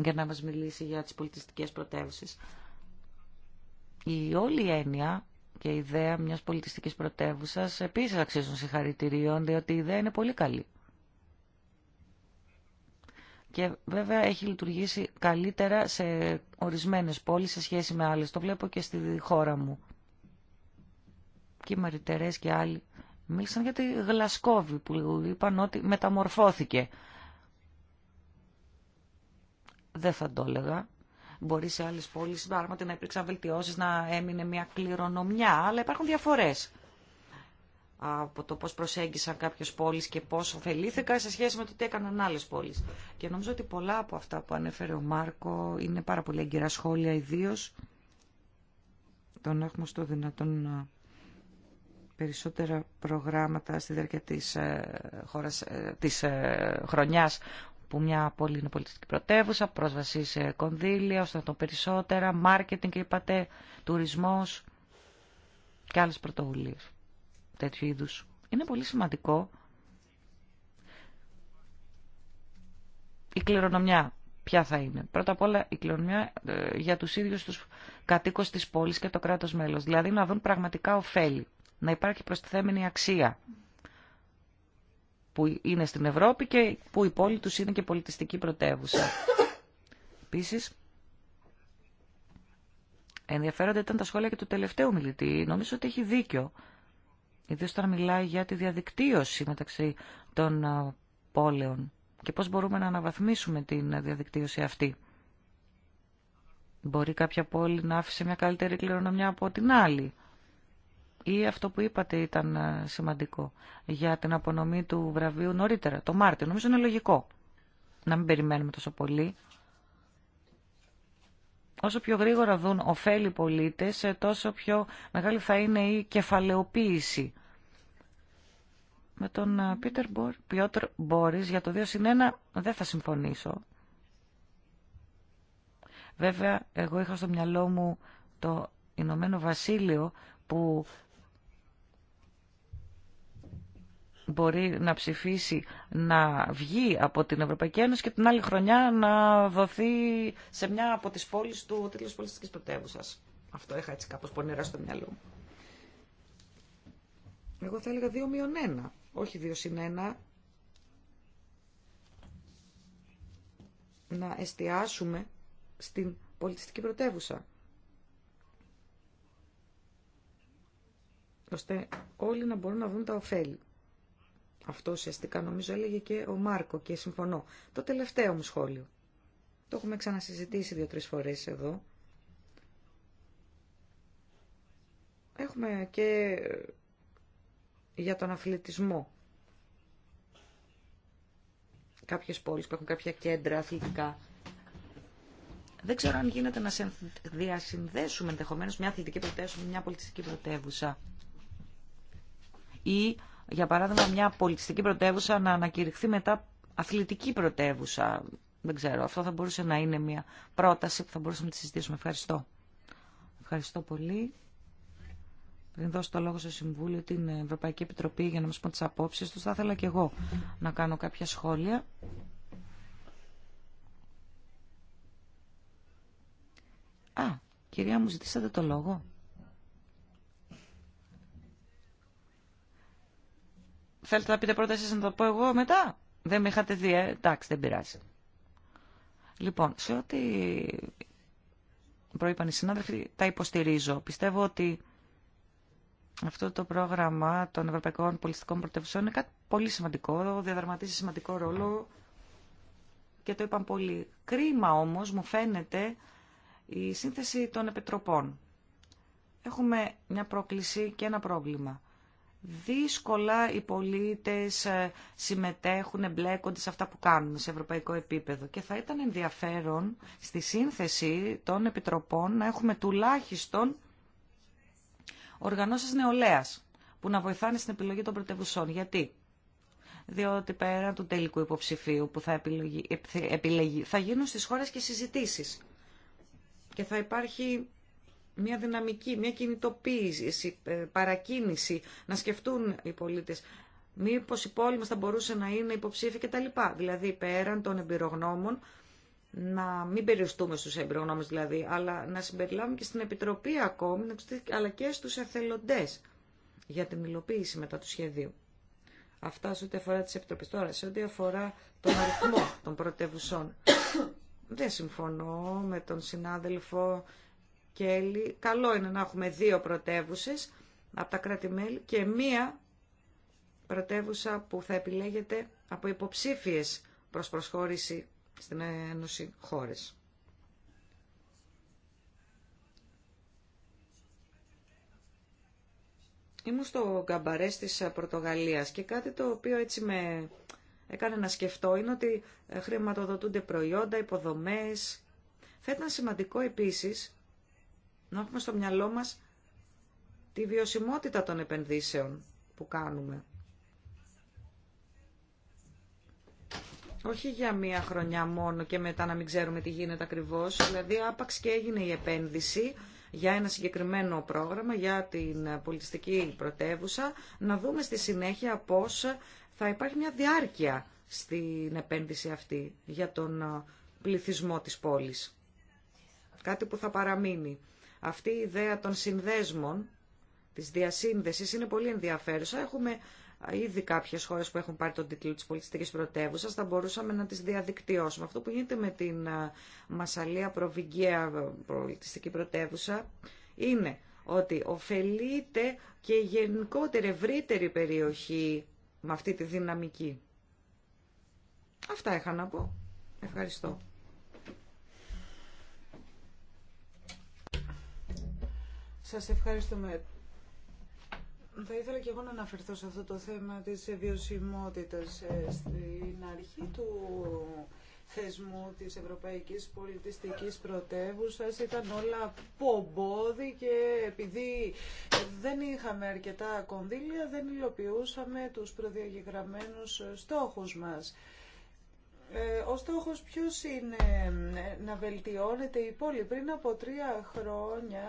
για να μας μιλήσει για τις πολιτιστικές πρωτεύουσες. Η όλη έννοια και η ιδέα μιας πολιτιστικής πρωτεύουσας επίσης αξίζουν συγχαρητηρίων, διότι η ιδέα είναι πολύ καλή. Και βέβαια έχει λειτουργήσει καλύτερα σε ορισμένες πόλεις σε σχέση με άλλες. Το βλέπω και στη χώρα μου. Και οι Μαριτερές και άλλοι μίλησαν για τη Γλασκόβη που είπαν ότι μεταμορφώθηκε. Δεν θα το έλεγα. Μπορεί σε άλλες πόλεις πράγματι να υπήρξαν βελτιώσεις, να έμεινε μια κληρονομιά, αλλά υπάρχουν διαφορές από το πώς προσέγγισαν κάποιες πόλεις και πώς ωφελήθηκα σε σχέση με το τι έκαναν άλλες πόλεις. Και νομίζω ότι πολλά από αυτά που ανέφερε ο Μάρκο είναι πάρα πολύ έγκυρα σχόλια, ιδίω τον έχουμε στο δυνατόν ε, περισσότερα προγράμματα στη διάρκεια της, ε, χώρας, ε, της χρονιάς που μια πόλη είναι πολιτιστική πρωτεύουσα, πρόσβαση σε κονδύλια, ώστε να περισσότερα, μάρκετινγκ είπατε, τουρισμός και άλλες πρωτοβουλίες τέτοιου είδους. Είναι πολύ σημαντικό η κληρονομιά. Ποια θα είναι. Πρώτα απ' όλα η κληρονομιά ε, για τους ίδιους τους κατοίκους της πόλης και το κράτος μέλος. Δηλαδή να δουν πραγματικά ωφέλη. Να υπάρχει προστιθέμενη αξία που είναι στην Ευρώπη και που η πόλη τους είναι και πολιτιστική πρωτεύουσα. Επίσης, ενδιαφέρονται ήταν τα σχόλια και του τελευταίου μιλητή. Νομίζω ότι έχει δίκιο Ιδίως όταν μιλάει για τη διαδικτύωση μεταξύ των πόλεων και πώς μπορούμε να αναβαθμίσουμε την διαδικτύωση αυτή. Μπορεί κάποια πόλη να άφησε μια καλύτερη κληρονομιά από την άλλη. Ή αυτό που είπατε ήταν σημαντικό για την απονομή του βραβείου νωρίτερα, το Μάρτιο. Νομίζω είναι λογικό να μην περιμένουμε τόσο πολύ όσο πιο γρήγορα δουν ωφέλη πολίτες, ε, τόσο πιο μεγάλη θα είναι η κεφαλαιοποίηση. Με τον ε, Πίτερ Πιότρ Μπόρις για το 2 συν 1 δεν θα συμφωνήσω. Βέβαια, εγώ είχα στο μυαλό μου το Ηνωμένο Βασίλειο που μπορεί να ψηφίσει να βγει από την Ευρωπαϊκή Ένωση και την άλλη χρονιά να δοθεί σε μια από τις πόλεις του τίτλου πολιτιστικής πρωτεύουσα. Αυτό είχα έτσι κάπως πονηρά στο μυαλό μου. Εγώ θα έλεγα δύο μειον 1, όχι δύο συν 1. Να εστιάσουμε στην πολιτιστική πρωτεύουσα. ώστε όλοι να μπορούν να δουν τα ωφέλη. Αυτό ουσιαστικά νομίζω έλεγε και ο Μάρκο και συμφωνώ. Το τελευταίο μου σχόλιο. Το έχουμε ξανασυζητήσει δύο-τρεις φορές εδώ. Έχουμε και για τον αθλητισμό. Κάποιες πόλεις που έχουν κάποια κέντρα αθλητικά. Δεν ξέρω αν γίνεται να διασυνδέσουμε ενδεχομένω μια αθλητική πρωτεύουσα με μια πολιτιστική πρωτεύουσα. Ή για παράδειγμα, μια πολιτιστική πρωτεύουσα να ανακηρυχθεί μετά αθλητική πρωτεύουσα. Δεν ξέρω, αυτό θα μπορούσε να είναι μια πρόταση που θα μπορούσαμε να τη συζητήσουμε. Ευχαριστώ. Ευχαριστώ πολύ. Πριν δώσω το λόγο στο Συμβούλιο, την Ευρωπαϊκή Επιτροπή για να μας πω τις απόψεις τους, θα ήθελα και εγώ να κάνω κάποια σχόλια. Α, κυρία μου, ζητήσατε το λόγο. Θέλετε να πείτε πρώτα εσείς να το πω εγώ μετά. Δεν με είχατε δει, ε. εντάξει, δεν πειράζει. Λοιπόν, σε ό,τι προείπαν οι συνάδελφοι, τα υποστηρίζω. Πιστεύω ότι αυτό το πρόγραμμα των Ευρωπαϊκών Πολιτιστικών Πρωτεύουσεων είναι κάτι πολύ σημαντικό, διαδραματίζει σημαντικό ρόλο και το είπαν πολύ. Κρίμα όμως μου φαίνεται η σύνθεση των επιτροπών. Έχουμε μια πρόκληση και ένα πρόβλημα δύσκολα οι πολίτες ε, συμμετέχουν, εμπλέκονται σε αυτά που κάνουν σε ευρωπαϊκό επίπεδο. Και θα ήταν ενδιαφέρον στη σύνθεση των επιτροπών να έχουμε τουλάχιστον οργανώσεις νεολαίας που να βοηθάνε στην επιλογή των πρωτευουσών. Γιατί? Διότι πέρα του τελικού υποψηφίου που θα επιλεγεί, θα γίνουν στις χώρες και συζητήσεις. Και θα υπάρχει μια δυναμική, μια κινητοποίηση, ε, παρακίνηση, να σκεφτούν οι πολίτες μήπως η πόλη μας θα μπορούσε να είναι υποψήφια κτλ. Δηλαδή πέραν των εμπειρογνώμων, να μην περιοριστούμε στους εμπειρογνώμους δηλαδή, αλλά να συμπεριλάβουμε και στην Επιτροπή ακόμη, αλλά και στους εθελοντές για την υλοποίηση μετά του σχεδίου. Αυτά σε ό,τι αφορά τις Επιτροπές. Τώρα, σε ό,τι αφορά τον αριθμό των πρωτεύουσών. [COUGHS] Δεν συμφωνώ με τον συνάδελφο καλό είναι να έχουμε δύο πρωτεύουσε από τα κράτη-μέλη και μία πρωτεύουσα που θα επιλέγεται από υποψήφιες προς προσχώρηση στην Ένωση χώρες. Ήμουν στο γκαμπαρέ της Πορτογαλίας και κάτι το οποίο έτσι με έκανε να σκεφτώ είναι ότι ε, χρηματοδοτούνται προϊόντα, υποδομές. Θα ήταν σημαντικό επίσης να έχουμε στο μυαλό μας τη βιωσιμότητα των επενδύσεων που κάνουμε. Όχι για μία χρονιά μόνο και μετά να μην ξέρουμε τι γίνεται ακριβώς. Δηλαδή άπαξ και έγινε η επένδυση για ένα συγκεκριμένο πρόγραμμα, για την πολιτιστική πρωτεύουσα, να δούμε στη συνέχεια πώς θα υπάρχει μια διάρκεια στην επένδυση αυτή για τον ε, πληθυσμό της πόλης. Κάτι που θα παραμείνει. Αυτή η ιδέα των συνδέσμων, της διασύνδεσης, είναι πολύ ενδιαφέρουσα. Έχουμε ήδη κάποιες χώρες που έχουν πάρει τον τίτλο της πολιτιστικής πρωτεύουσας, θα μπορούσαμε να τις διαδικτυώσουμε. Αυτό που γίνεται με την Μασαλία Προβυγγαία ε, πολιτιστική πρωτεύουσα είναι ότι ωφελείται και η γενικότερη ευρύτερη περιοχή με αυτή τη δυναμική. Αυτά είχα να πω. Ευχαριστώ. Σας ευχαριστούμε. Θα ήθελα και εγώ να αναφερθώ σε αυτό το θέμα της βιωσιμότητας ε, στην αρχή του θεσμού της Ευρωπαϊκής Πολιτιστικής Πρωτεύουσας ήταν όλα πομπόδι και επειδή δεν είχαμε αρκετά κονδύλια δεν υλοποιούσαμε τους προδιαγεγραμμένους στόχους μας. Ε, ο στόχος ποιος είναι ε, να βελτιώνεται η πόλη. Πριν από τρία χρόνια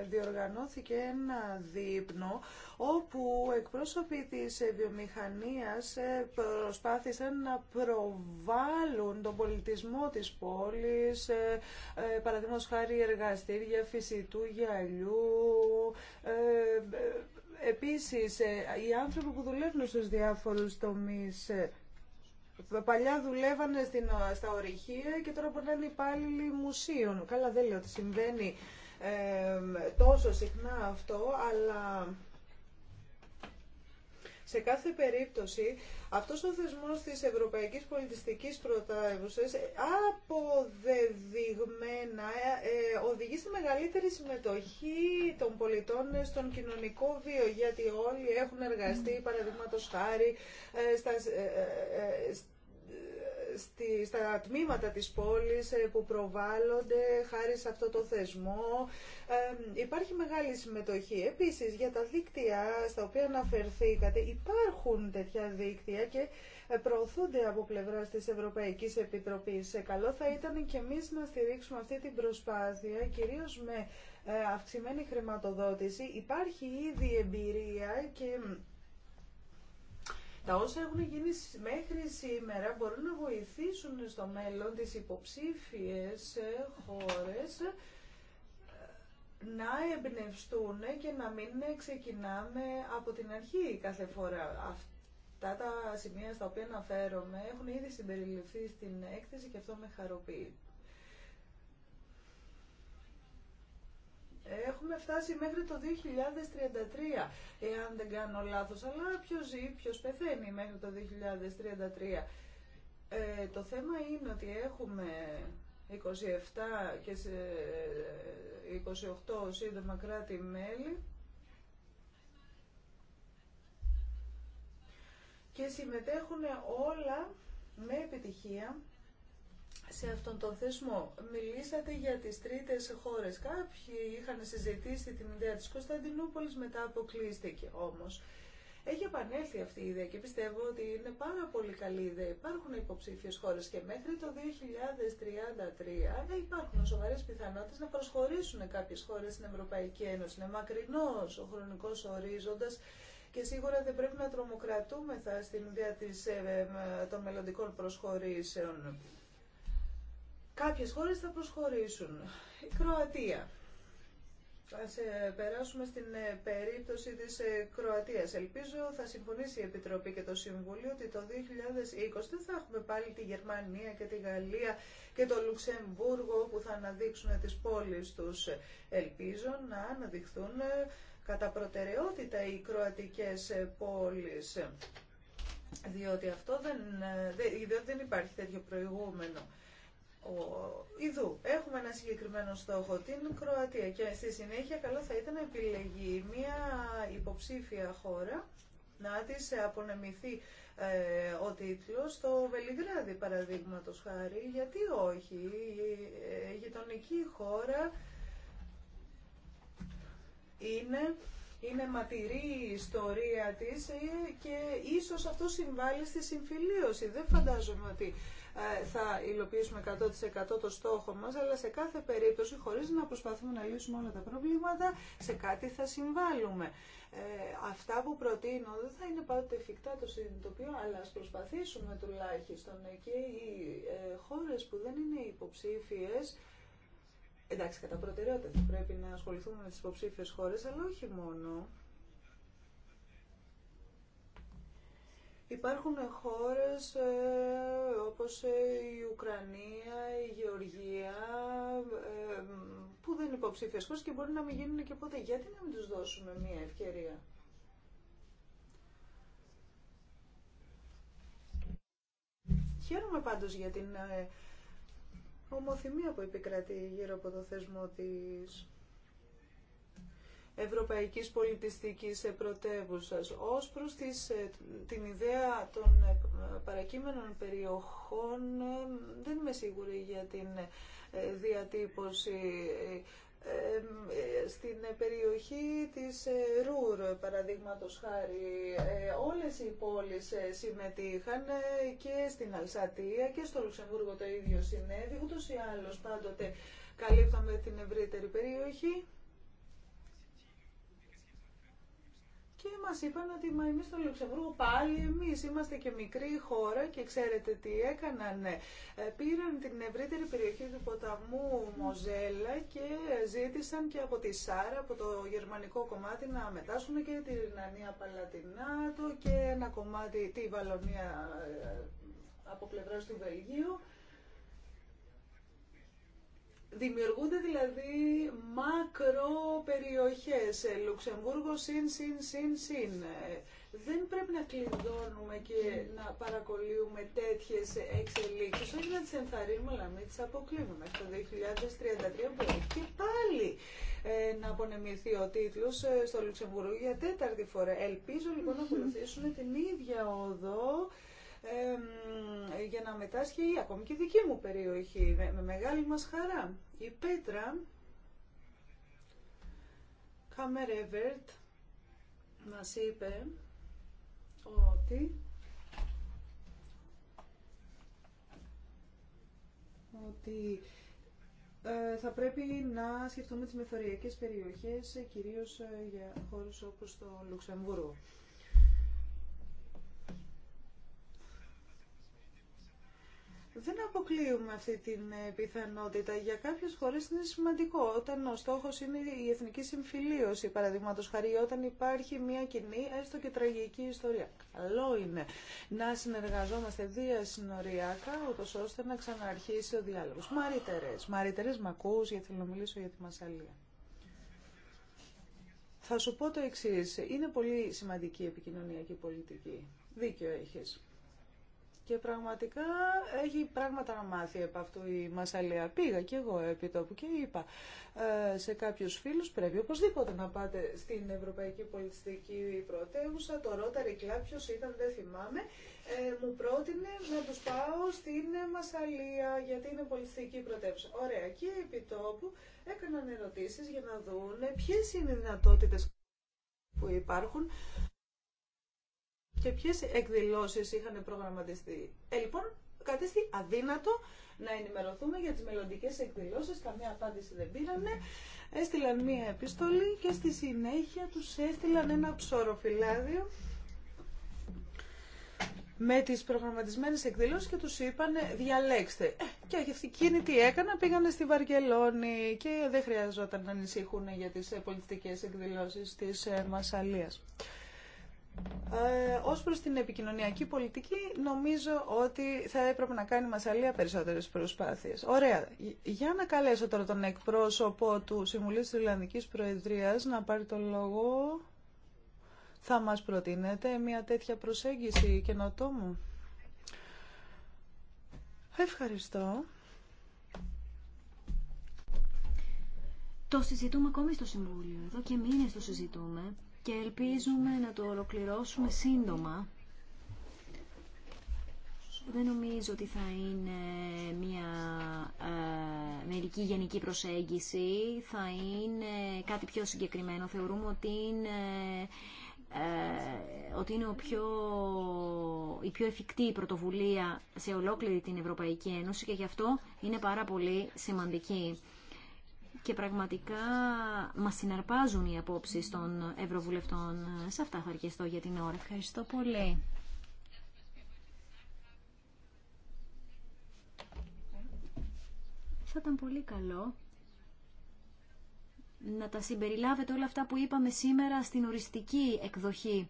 ε, διοργανώθηκε ένα δείπνο όπου εκπρόσωποι της βιομηχανίας προσπάθησαν να προβάλλουν τον πολιτισμό της πόλης, ε, παραδείγματος χάρη εργαστήρια, φυσικού γυαλιού, Επίσης, οι άνθρωποι που δουλεύουν στους διάφορους τομείς Παλιά δουλεύανε στην, στα ορυχεία και τώρα μπορεί να είναι υπάλληλοι μουσείων. Καλά δεν λέω ότι συμβαίνει ε, τόσο συχνά αυτό, αλλά σε κάθε περίπτωση, αυτός ο θεσμός της Ευρωπαϊκής Πολιτιστικής Πρωτεύουσας αποδεδειγμένα ε, ε, οδηγεί στη μεγαλύτερη συμμετοχή των πολιτών στον κοινωνικό βίο, γιατί όλοι έχουν εργαστεί, παραδείγματος χάρη, ε, στα, στα τμήματα της πόλης ε, που προβάλλονται χάρη σε αυτό το θεσμό. Ε, υπάρχει μεγάλη συμμετοχή. Επίσης, για τα δίκτυα στα οποία αναφερθήκατε, υπάρχουν τέτοια δίκτυα και ε, προωθούνται από πλευρά της Ευρωπαϊκής Επιτροπής. Ε, καλό θα ήταν και εμείς να στηρίξουμε αυτή την προσπάθεια, κυρίως με αυξημένη χρηματοδότηση. Υπάρχει ήδη εμπειρία και τα όσα έχουν γίνει μέχρι σήμερα μπορούν να βοηθήσουν στο μέλλον τις υποψήφιες ε, χώρες ε, να εμπνευστούν και να μην ξεκινάμε από την αρχή κάθε φορά. Αυτά τα σημεία στα οποία αναφέρομαι έχουν ήδη συμπεριληφθεί στην έκθεση και αυτό με χαροποιεί. Έχουμε φτάσει μέχρι το 2033, εάν δεν κάνω λάθος, αλλά ποιος ζει, ποιος πεθαίνει μέχρι το 2033. Ε, το θέμα είναι ότι έχουμε 27 και 28 ε, σύντομα κράτη-μέλη και συμμετέχουν όλα με επιτυχία σε αυτόν τον θεσμό. Μιλήσατε για τις τρίτες χώρες. Κάποιοι είχαν συζητήσει την ιδέα της Κωνσταντινούπολης, μετά αποκλείστηκε όμως. Έχει επανέλθει αυτή η ιδέα και πιστεύω ότι είναι πάρα πολύ καλή ιδέα. Υπάρχουν υποψήφιε χώρε και μέχρι το 2033 υπάρχουν σοβαρέ πιθανότητε να προσχωρήσουν κάποιε χώρε στην Ευρωπαϊκή Ένωση. Είναι μακρινό ο χρονικό ορίζοντα και σίγουρα δεν πρέπει να τρομοκρατούμεθα στην ιδέα ε, ε, των μελλοντικών προσχωρήσεων. Κάποιες χώρες θα προσχωρήσουν. Η Κροατία. Ας ε, περάσουμε στην ε, περίπτωση της ε, Κροατίας. Ελπίζω θα συμφωνήσει η Επιτροπή και το Συμβούλιο ότι το 2020 θα έχουμε πάλι τη Γερμανία και τη Γαλλία και το Λουξεμβούργο που θα αναδείξουν τις πόλεις τους. Ελπίζω να αναδειχθούν κατά προτεραιότητα οι κροατικές πόλεις, διότι, αυτό δεν, διότι δεν υπάρχει τέτοιο προηγούμενο. Ιδού, έχουμε ένα συγκεκριμένο στόχο, την Κροατία και στη συνέχεια καλό θα ήταν να επιλεγεί μια υποψήφια χώρα να της απονεμηθεί ε, ο τίτλος στο Βελιγράδι παραδείγματος χάρη, γιατί όχι, ε, η γειτονική χώρα είναι είναι ματηρή η ιστορία της ε, και ίσως αυτό συμβάλλει στη συμφιλίωση. Δεν φαντάζομαι ότι ε, θα υλοποιήσουμε 100% το στόχο μας, αλλά σε κάθε περίπτωση, χωρίς να προσπαθούμε να λύσουμε όλα τα προβλήματα, σε κάτι θα συμβάλλουμε. Ε, αυτά που προτείνω δεν θα είναι πάντοτε εφικτά, το συνειδητοποιώ, αλλά ας προσπαθήσουμε τουλάχιστον και οι ε, χώρες που δεν είναι υποψήφιες, εντάξει κατά προτεραιότητα θα πρέπει να ασχοληθούμε με τις υποψήφιες χώρες, αλλά όχι μόνο. Υπάρχουν χώρες ε, όπως ε, η Ουκρανία, η Γεωργία ε, που δεν είναι υποψήφιες και μπορεί να μην γίνουν και ποτέ. Γιατί να μην τους δώσουμε μια ευκαιρία. Χαίρομαι πάντως για την ομοθυμία που επικρατεί γύρω από το θεσμό της ευρωπαϊκής πολιτιστικής πρωτεύουσας. Ως προς τις, ε, την ιδέα των ε, παρακείμενων περιοχών ε, δεν είμαι σίγουρη για την διατύπωση στην περιοχή της Ρουρ, παραδείγματος χάρη, όλες οι πόλεις συμμετείχαν και στην Αλσατία και στο Λουξεμβούργο το ίδιο συνέβη, ούτως ή άλλως πάντοτε καλύπταμε την ευρύτερη περιοχή. Και μα είπαν ότι μα εμείς στο Λουξεμβούργο πάλι εμείς είμαστε και μικρή χώρα και ξέρετε τι έκαναν. Ε, πήραν την ευρύτερη περιοχή του ποταμού Μοζέλα και ζήτησαν και από τη Σάρα, από το γερμανικό κομμάτι να μετάσχουν και τη ρινανια Παλατινάτο και ένα κομμάτι τη Βαλονία ε, από πλευρά του Βελγίου. Δημιουργούνται δηλαδή μακρό περιοχές, ε, Λουξεμβούργο συν, συν, συν, συν. Ε, δεν πρέπει να κλειδώνουμε και να παρακολύουμε τέτοιες εξελίξεις, όχι να τις ενθαρρύνουμε, αλλά μην τις αποκλείουμε. Στο 2033 μπορεί και πάλι ε, να απονεμηθεί ο τίτλος στο Λουξεμβούργο για τέταρτη φορά. Ελπίζω λοιπόν να ακολουθήσουν την ίδια οδό. για να μετάσχει ακόμη και η δική μου περιοχή με, με μεγάλη μας χαρά. Η Πέτρα Καμερεβερτ μας είπε ότι ότι ε, θα πρέπει να σκεφτούμε τις μεθοριακές περιοχές, κυρίως ε, για χώρους όπως το Λουξεμβούργο. Δεν αποκλείουμε αυτή την ε, πιθανότητα. Για κάποιε χώρε είναι σημαντικό. Όταν ο στόχο είναι η εθνική συμφιλίωση, παραδείγματο χάρη, όταν υπάρχει μια κοινή, έστω και τραγική ιστορία. Καλό είναι να συνεργαζόμαστε διασυνοριακά, ούτω ώστε να ξαναρχίσει ο διάλογο. Μαρίτερε. Μαρίτερε, μ' ακού, γιατί θέλω να μιλήσω για τη Μασαλία. Θα σου πω το εξή. Είναι πολύ σημαντική η επικοινωνιακή πολιτική. Δίκιο έχεις. Και πραγματικά έχει πράγματα να μάθει από αυτού η Μασαλία. Πήγα και εγώ επί τόπου και είπα ε, σε κάποιους φίλους πρέπει οπωσδήποτε να πάτε στην Ευρωπαϊκή Πολιτιστική Πρωτεύουσα. Το Rotary Club ποιος ήταν δεν θυμάμαι. Ε, μου πρότεινε να τους πάω στην Μασαλία γιατί είναι πολιτιστική πρωτεύουσα. Ωραία. Και επί τόπου έκαναν ερωτήσεις για να δουν ποιες είναι οι δυνατότητες που υπάρχουν και ποιε εκδηλώσεις είχαν προγραμματιστεί. Ε, λοιπόν, κατέστη αδύνατο να ενημερωθούμε για τις μελλοντικέ εκδηλώσεις, καμία απάντηση δεν πήρανε. Έστειλαν μία επιστολή και στη συνέχεια τους έστειλαν ένα ψωροφυλάδιο με τις προγραμματισμένες εκδηλώσεις και τους είπαν διαλέξτε. Ε, και εκείνοι τι έκανα, πήγανε στη Βαρκελόνη και δεν χρειαζόταν να ανησυχούν για τις ε, πολιτικές εκδηλώσεις της ε, Μασαλίας. Ε, ως προς την επικοινωνιακή πολιτική, νομίζω ότι θα έπρεπε να κάνει μασαλία περισσότερες προσπάθειες. Ωραία. Για να καλέσω τώρα τον εκπρόσωπο του Συμβουλίου τη Ιρλανδική Προεδρίας να πάρει το λόγο. Θα μας προτείνετε μια τέτοια προσέγγιση καινοτόμου. Ευχαριστώ. Το συζητούμε ακόμη στο Συμβούλιο. Εδώ και μήνες το συζητούμε και ελπίζουμε να το ολοκληρώσουμε σύντομα. Δεν νομίζω ότι θα είναι μια ε, μερική γενική προσέγγιση, θα είναι κάτι πιο συγκεκριμένο. Θεωρούμε ότι είναι, ε, ότι είναι ο πιο, η πιο εφικτή πρωτοβουλία σε ολόκληρη την Ευρωπαϊκή Ένωση και γι' αυτό είναι πάρα πολύ σημαντική και πραγματικά μα συναρπάζουν οι απόψεις των Ευρωβουλευτών. Σε αυτά θα αρκεστώ για την ώρα. Ευχαριστώ πολύ. Θα ήταν πολύ καλό να τα συμπεριλάβετε όλα αυτά που είπαμε σήμερα στην οριστική εκδοχή.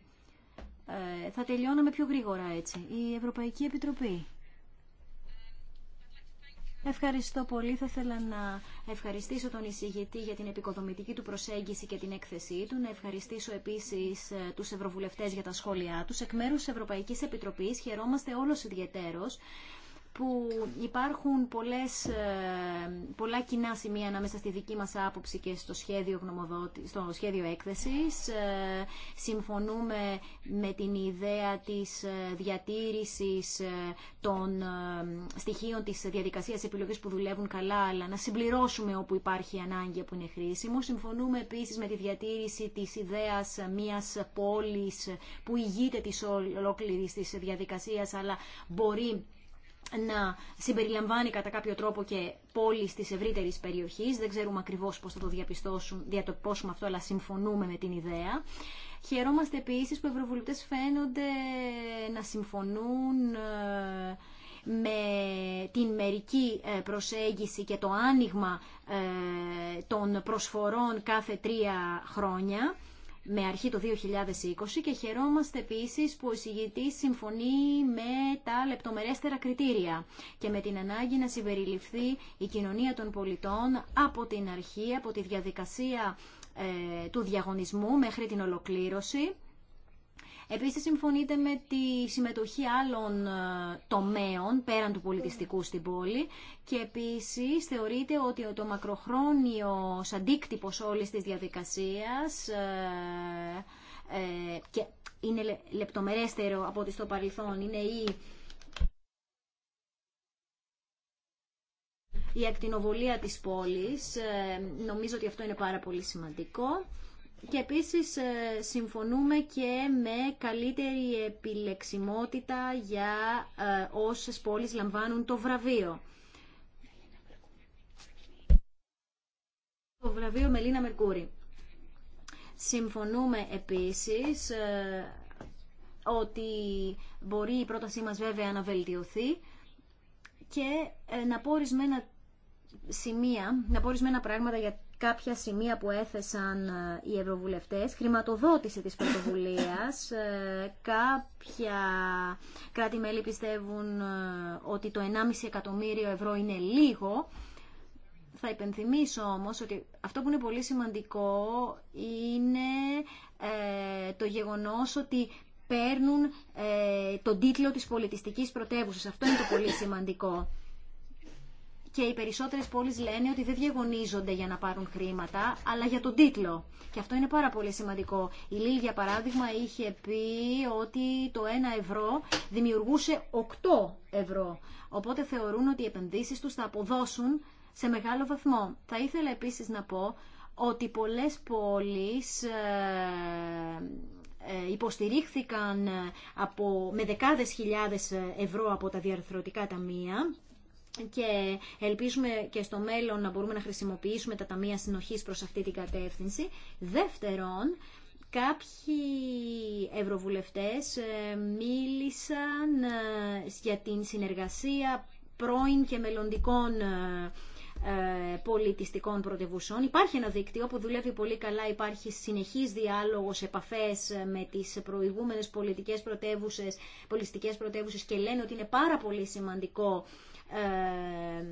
Ε, θα τελειώναμε πιο γρήγορα έτσι. Η Ευρωπαϊκή Επιτροπή. Ευχαριστώ πολύ. Θα ήθελα να ευχαριστήσω τον εισηγητή για την επικοδομητική του προσέγγιση και την έκθεσή του. Να ευχαριστήσω επίση ε, του ευρωβουλευτέ για τα σχόλιά του. Εκ μέρου τη Ευρωπαϊκή Επιτροπή χαιρόμαστε όλο ιδιαίτερω που υπάρχουν πολλές, ε, πολλά κοινά σημεία ανάμεσα στη δική μας άποψη και στο σχέδιο, γνωμοδότη, στο σχέδιο έκθεσης. Ε, συμφωνούμε με την ιδέα της ε, διατήρησης των στοιχείων της διαδικασίας επιλογής που δουλεύουν καλά, αλλά να συμπληρώσουμε όπου υπάρχει ανάγκη που είναι χρήσιμο. Συμφωνούμε επίσης με τη διατήρηση της ιδέας μιας πόλης που ηγείται της ολόκληρης της διαδικασίας, αλλά μπορεί να συμπεριλαμβάνει κατά κάποιο τρόπο και πόλεις της ευρύτερη περιοχής. Δεν ξέρουμε ακριβώς πώς θα το διαπιστώσουν, διατοπώσουμε αυτό, αλλά συμφωνούμε με την ιδέα. Χαιρόμαστε επίσης που οι ευρωβουλευτές φαίνονται να συμφωνούν ε, με την μερική ε, προσέγγιση και το άνοιγμα ε, των προσφορών κάθε τρία χρόνια με αρχή το 2020 και χαιρόμαστε επίσης που ο εισηγητής συμφωνεί με τα λεπτομερέστερα κριτήρια και με την ανάγκη να συμπεριληφθεί η κοινωνία των πολιτών από την αρχή, από τη διαδικασία ε, του διαγωνισμού μέχρι την ολοκλήρωση Επίσης συμφωνείτε με τη συμμετοχή άλλων ε, τομέων πέραν του πολιτιστικού στην πόλη και επίσης θεωρείτε ότι το μακροχρόνιο αντίκτυπο όλης της διαδικασίας ε, ε, και είναι λεπτομερέστερο από ό,τι στο παρελθόν είναι η η ακτινοβολία της πόλης. Νομίζω ότι αυτό είναι πάρα πολύ σημαντικό. Και επίσης ε, συμφωνούμε και με καλύτερη επιλεξιμότητα για ε, όσες πόλεις λαμβάνουν το βραβείο. Το βραβείο Μελίνα Μερκούρη. Συμφωνούμε επίσης ε, ότι μπορεί η πρότασή μας βέβαια να βελτιωθεί και να πω ορισμένα σημεία, να πω ορισμένα πράγματα για κάποια σημεία που έθεσαν ε, οι ευρωβουλευτές, χρηματοδότηση της πρωτοβουλία. καποια ε, Κάποια κράτη-μέλη πιστεύουν ε, ότι το 1,5 εκατομμύριο ευρώ είναι λίγο. Θα υπενθυμίσω όμως ότι αυτό που είναι πολύ σημαντικό είναι το γεγονός ότι παίρνουν τον τίτλο της πολιτιστικής πρωτεύουσας. Αυτό είναι το πολύ σημαντικό και οι περισσότερε πόλει λένε ότι δεν διαγωνίζονται για να πάρουν χρήματα, αλλά για τον τίτλο. Και αυτό είναι πάρα πολύ σημαντικό. Η Λίλ, για παράδειγμα, είχε πει ότι το 1 ευρώ δημιουργούσε 8 ευρώ. Οπότε θεωρούν ότι οι επενδύσει του θα αποδώσουν σε μεγάλο βαθμό. Θα ήθελα επίση να πω ότι πολλές πόλεις ε, ε, υποστηρίχθηκαν από, με δεκάδες χιλιάδες ευρώ από τα διαρθρωτικά ταμεία και ελπίζουμε και στο μέλλον να μπορούμε να χρησιμοποιήσουμε τα ταμεία συνοχής προς αυτή την κατεύθυνση. Δεύτερον, Κάποιοι ευρωβουλευτές ε, μίλησαν ε, για την συνεργασία πρώην και μελλοντικών ε, πολιτιστικών πρωτευουσών. Υπάρχει ένα δίκτυο που δουλεύει πολύ καλά, υπάρχει συνεχής διάλογος, επαφές με τις προηγούμενες πολιτικές πρωτεύουσες, πολιτιστικές πρωτεύουσες και λένε ότι είναι πάρα πολύ σημαντικό ε,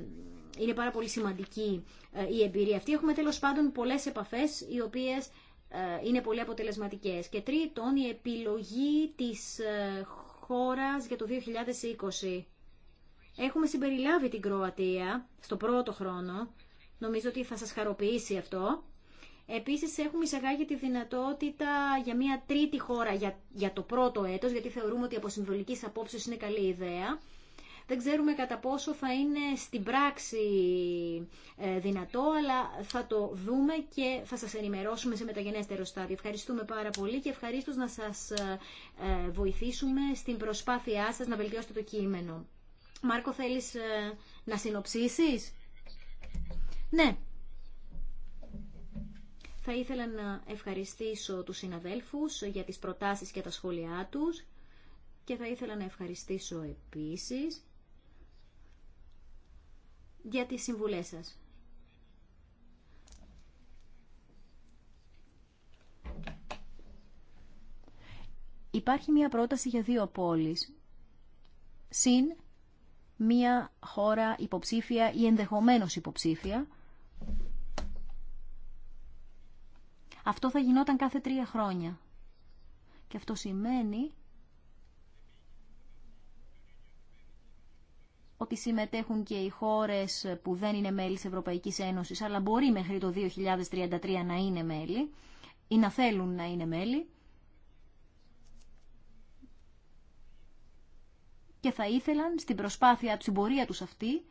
είναι πάρα πολύ σημαντική ε, η εμπειρία αυτή. Έχουμε τέλος πάντων πολλές επαφές οι οποίες ε, είναι πολύ αποτελεσματικές. Και τρίτον, η επιλογή της χώρας για το 2020. Έχουμε συμπεριλάβει την Κροατία στο πρώτο χρόνο. Νομίζω ότι θα σας χαροποιήσει αυτό. Επίσης έχουμε εισαγάγει τη δυνατότητα για μια τρίτη χώρα για, το πρώτο έτος, γιατί θεωρούμε ότι από συμβολικής απόψεως είναι καλή ιδέα. Δεν ξέρουμε κατά πόσο θα είναι στην πράξη ε, δυνατό, αλλά θα το δούμε και θα σας ενημερώσουμε σε μεταγενέστερο στάδιο. Ευχαριστούμε πάρα πολύ και ευχαρίστως να σας ε, ε, βοηθήσουμε στην προσπάθειά σας να βελτιώσετε το κείμενο. Μάρκο, θέλεις να συνοψίσεις? Ναι. Θα ήθελα να ευχαριστήσω τους συναδέλφους για τις προτάσεις και τα σχόλιά τους και θα ήθελα να ευχαριστήσω επίσης για τις συμβουλές σας. Υπάρχει μία πρόταση για δύο πόλεις, συν μία χώρα υποψήφια ή ενδεχομένως υποψήφια. Αυτό θα γινόταν κάθε τρία χρόνια. Και αυτό σημαίνει ότι συμμετέχουν και οι χώρες που δεν είναι μέλη της Ευρωπαϊκής Ένωσης, αλλά μπορεί μέχρι το 2033 να είναι μέλη ή να θέλουν να είναι μέλη. Και θα ήθελαν στην προσπάθεια, στην πορεία τους αυτή,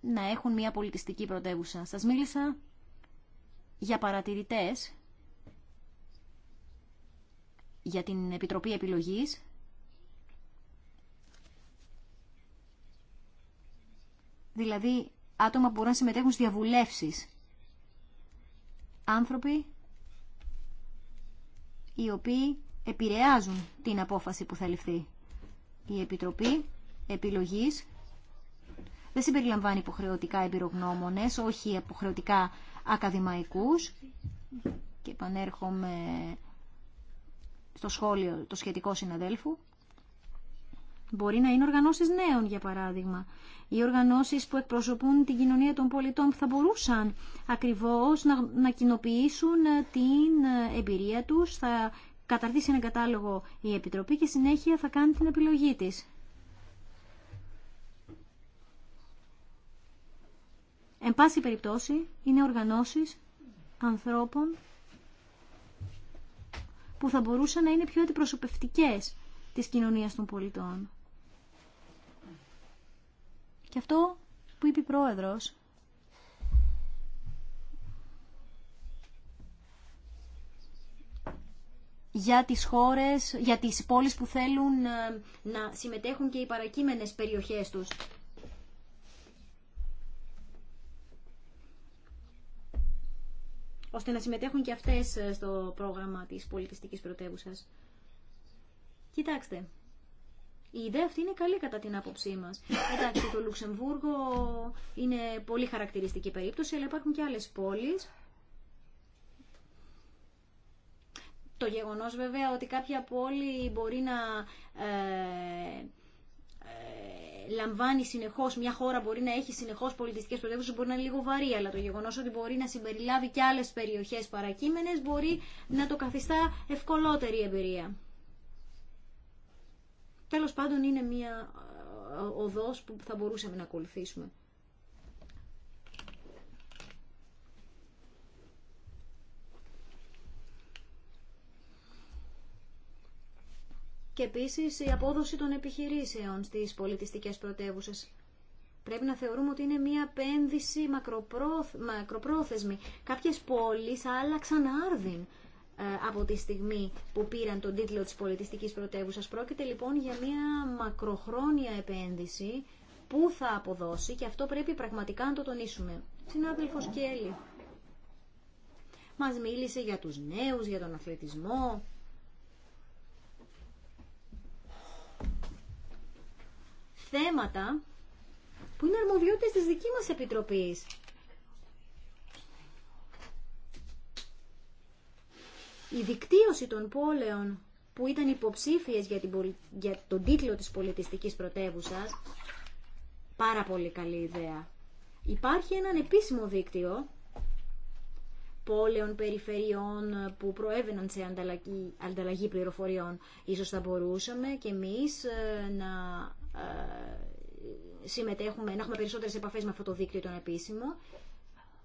να έχουν μια πολιτιστική πρωτεύουσα. Σας μίλησα για παρατηρητές, για την Επιτροπή Επιλογής, δηλαδή άτομα που μπορούν να συμμετέχουν στις διαβουλεύσεις. Άνθρωποι οι οποίοι επηρεάζουν την απόφαση που θα ληφθεί. Η Επιτροπή Επιλογής δεν συμπεριλαμβάνει υποχρεωτικά εμπειρογνώμονε, όχι υποχρεωτικά ακαδημαϊκούς. Και επανέρχομαι στο σχόλιο το σχετικό συναδέλφου. Μπορεί να είναι οργανώσεις νέων, για παράδειγμα, Οι οργανώσεις που εκπροσωπούν την κοινωνία των πολιτών που θα μπορούσαν ακριβώς να, να κοινοποιήσουν ε, την ε, εμπειρία τους, θα καταρτήσει ένα κατάλογο η Επιτροπή και συνέχεια θα κάνει την επιλογή της. Εν πάση περιπτώσει, είναι οργανώσεις ανθρώπων που θα μπορούσαν να είναι πιο αντιπροσωπευτικές της κοινωνίας των πολιτών. Και αυτό που είπε η Πρόεδρος, για τις χώρες, για τις πόλεις που θέλουν ε, να συμμετέχουν και οι παρακείμενες περιοχές τους. ώστε να συμμετέχουν και αυτές ε, στο πρόγραμμα της πολιτιστικής πρωτεύουσας. Κοιτάξτε, η ιδέα αυτή είναι καλή κατά την άποψή μα. Εντάξει, το Λουξεμβούργο είναι πολύ χαρακτηριστική περίπτωση, αλλά υπάρχουν και άλλε πόλει. Το γεγονό βέβαια ότι κάποια πόλη μπορεί να. Ε, ε λαμβάνει συνεχώ, μια χώρα μπορεί να έχει συνεχώ πολιτιστικέ πρωτεύουσε, μπορεί να είναι λίγο βαρύ, αλλά το γεγονό ότι μπορεί να συμπεριλάβει και άλλε περιοχέ παρακείμενε μπορεί να το καθιστά ευκολότερη εμπειρία. Τέλος πάντων είναι μια ε, οδός που θα μπορούσαμε να ακολουθήσουμε. Και επίσης η απόδοση των επιχειρήσεων στις πολιτιστικές πρωτεύουσες. Πρέπει να θεωρούμε ότι είναι μια επένδυση μακροπρόθεσμη. Κάποιες πόλεις άλλαξαν άρδιν ε, από τη στιγμή που πήραν τον τίτλο της πολιτιστικής πρωτεύουσας. Πρόκειται λοιπόν για μια μακροχρόνια επένδυση που θα αποδώσει και αυτό πρέπει πραγματικά να το τονίσουμε. Συνάδελφος Κέλλη μας μίλησε για τους νέους, για τον αθλητισμό. Θέματα που είναι αρμοδιότητες της δική μας επιτροπής. Η δικτύωση των πόλεων που ήταν υποψήφιες για, την, για τον τίτλο της πολιτιστικής πρωτεύουσας, πάρα πολύ καλή ιδέα. Υπάρχει έναν επίσημο δίκτυο πόλεων, περιφερειών που προέβαιναν σε ανταλλαγή, πληροφοριών. Ίσως θα μπορούσαμε και εμείς ε, να ε, συμμετέχουμε, να έχουμε περισσότερες επαφές με αυτό το δίκτυο τον επίσημο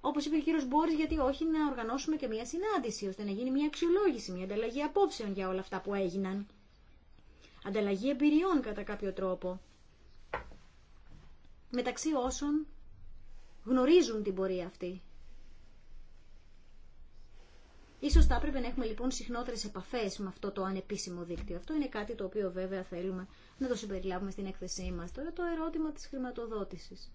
Όπω είπε ο κύριο Μπόρις, γιατί όχι να οργανώσουμε και μια συνάντηση, ώστε να γίνει μια αξιολόγηση, μια ανταλλαγή απόψεων για όλα αυτά που έγιναν. Ανταλλαγή εμπειριών κατά κάποιο τρόπο. Μεταξύ όσων γνωρίζουν την πορεία αυτή. Ίσως θα έπρεπε να έχουμε λοιπόν συχνότερες επαφές με αυτό το ανεπίσημο δίκτυο. Αυτό είναι κάτι το οποίο βέβαια θέλουμε να το συμπεριλάβουμε στην έκθεσή μας. Τώρα το ερώτημα της χρηματοδότησης.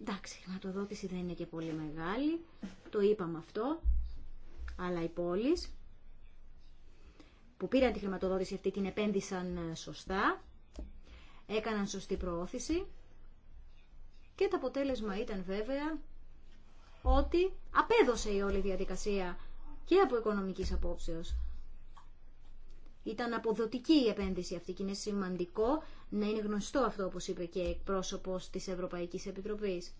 Εντάξει, η χρηματοδότηση δεν είναι και πολύ μεγάλη, το είπαμε αυτό, αλλά οι πόλεις που πήραν τη χρηματοδότηση αυτή την επένδυσαν ε, σωστά, έκαναν σωστή προώθηση και το αποτέλεσμα ήταν βέβαια ότι απέδωσε η όλη διαδικασία και από οικονομικής απόψεως. Ήταν αποδοτική η επένδυση αυτή και είναι σημαντικό να είναι γνωστό αυτό όπως είπε και εκπρόσωπος της Ευρωπαϊκής Επιτροπής.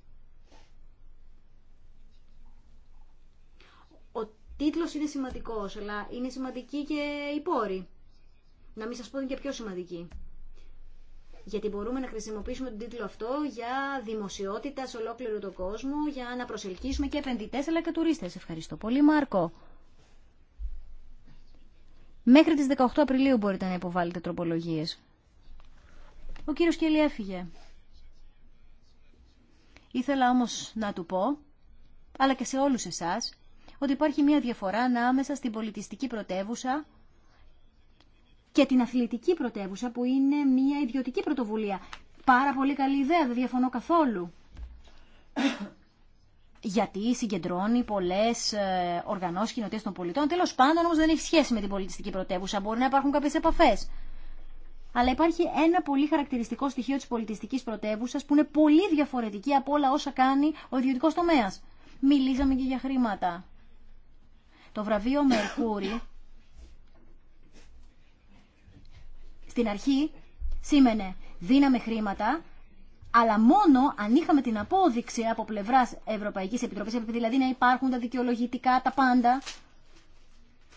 Ο τίτλος είναι σημαντικός, αλλά είναι σημαντική και η πόρη. Να μην σας πω και πιο σημαντική. Γιατί μπορούμε να χρησιμοποιήσουμε τον τίτλο αυτό για δημοσιότητα σε ολόκληρο τον κόσμο, για να προσελκύσουμε και επενδυτές αλλά και τουρίστες. Ευχαριστώ πολύ Μάρκο. Μέχρι τις 18 Απριλίου μπορείτε να υποβάλλετε τροπολογίες. Ο κύριος Κέλλη έφυγε. Ήθελα όμως να του πω, αλλά και σε όλους εσάς, ότι υπάρχει μια διαφορά ανάμεσα στην πολιτιστική πρωτεύουσα και την αθλητική πρωτεύουσα που είναι μια ιδιωτική πρωτοβουλία. Πάρα πολύ καλή ιδέα, δεν διαφωνώ καθόλου γιατί συγκεντρώνει πολλέ ε, οργανώσει κοινοτήτων των πολιτών. Τέλο πάντων, όμω δεν έχει σχέση με την πολιτιστική πρωτεύουσα. Μπορεί να υπάρχουν κάποιε επαφέ. Αλλά υπάρχει ένα πολύ χαρακτηριστικό στοιχείο τη πολιτιστική πρωτεύουσα που είναι πολύ διαφορετική από όλα όσα κάνει ο ιδιωτικό τομέα. Μιλήσαμε και για χρήματα. Το βραβείο Μερκούρι στην αρχή σήμαινε δίναμε χρήματα αλλά μόνο αν είχαμε την απόδειξη από πλευρά Ευρωπαϊκή Επιτροπή, δηλαδή να υπάρχουν τα δικαιολογητικά, τα πάντα,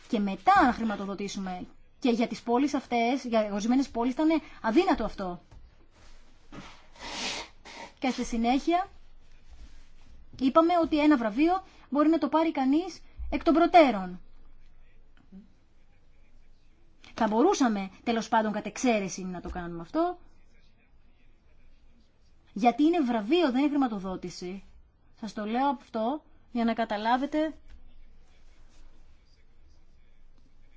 και μετά να χρηματοδοτήσουμε. Και για τις πόλεις αυτές, για ορισμένε πόλεις ήταν αδύνατο αυτό. Και στη συνέχεια είπαμε ότι ένα βραβείο μπορεί να το πάρει κανείς εκ των προτέρων. Θα μπορούσαμε τέλος πάντων κατ' εξαίρεση να το κάνουμε αυτό, γιατί είναι βραβείο, δεν είναι χρηματοδότηση. σα το λέω αυτό για να καταλάβετε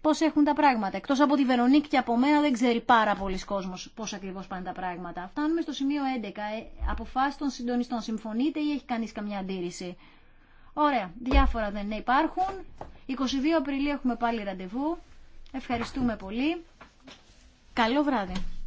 πώ έχουν τα πράγματα. Εκτό από τη Βερονίκη και από μένα δεν ξέρει πάρα πολλοί κόσμο πώ ακριβώ πάνε τα πράγματα. Φτάνουμε στο σημείο 11. Ε, Αποφάσει των συντονιστών συμφωνείτε ή έχει κανεί καμιά αντίρρηση. Ωραία. Διάφορα δεν υπάρχουν. 22 Απριλίου έχουμε πάλι ραντεβού. Ευχαριστούμε πολύ. Καλό βράδυ.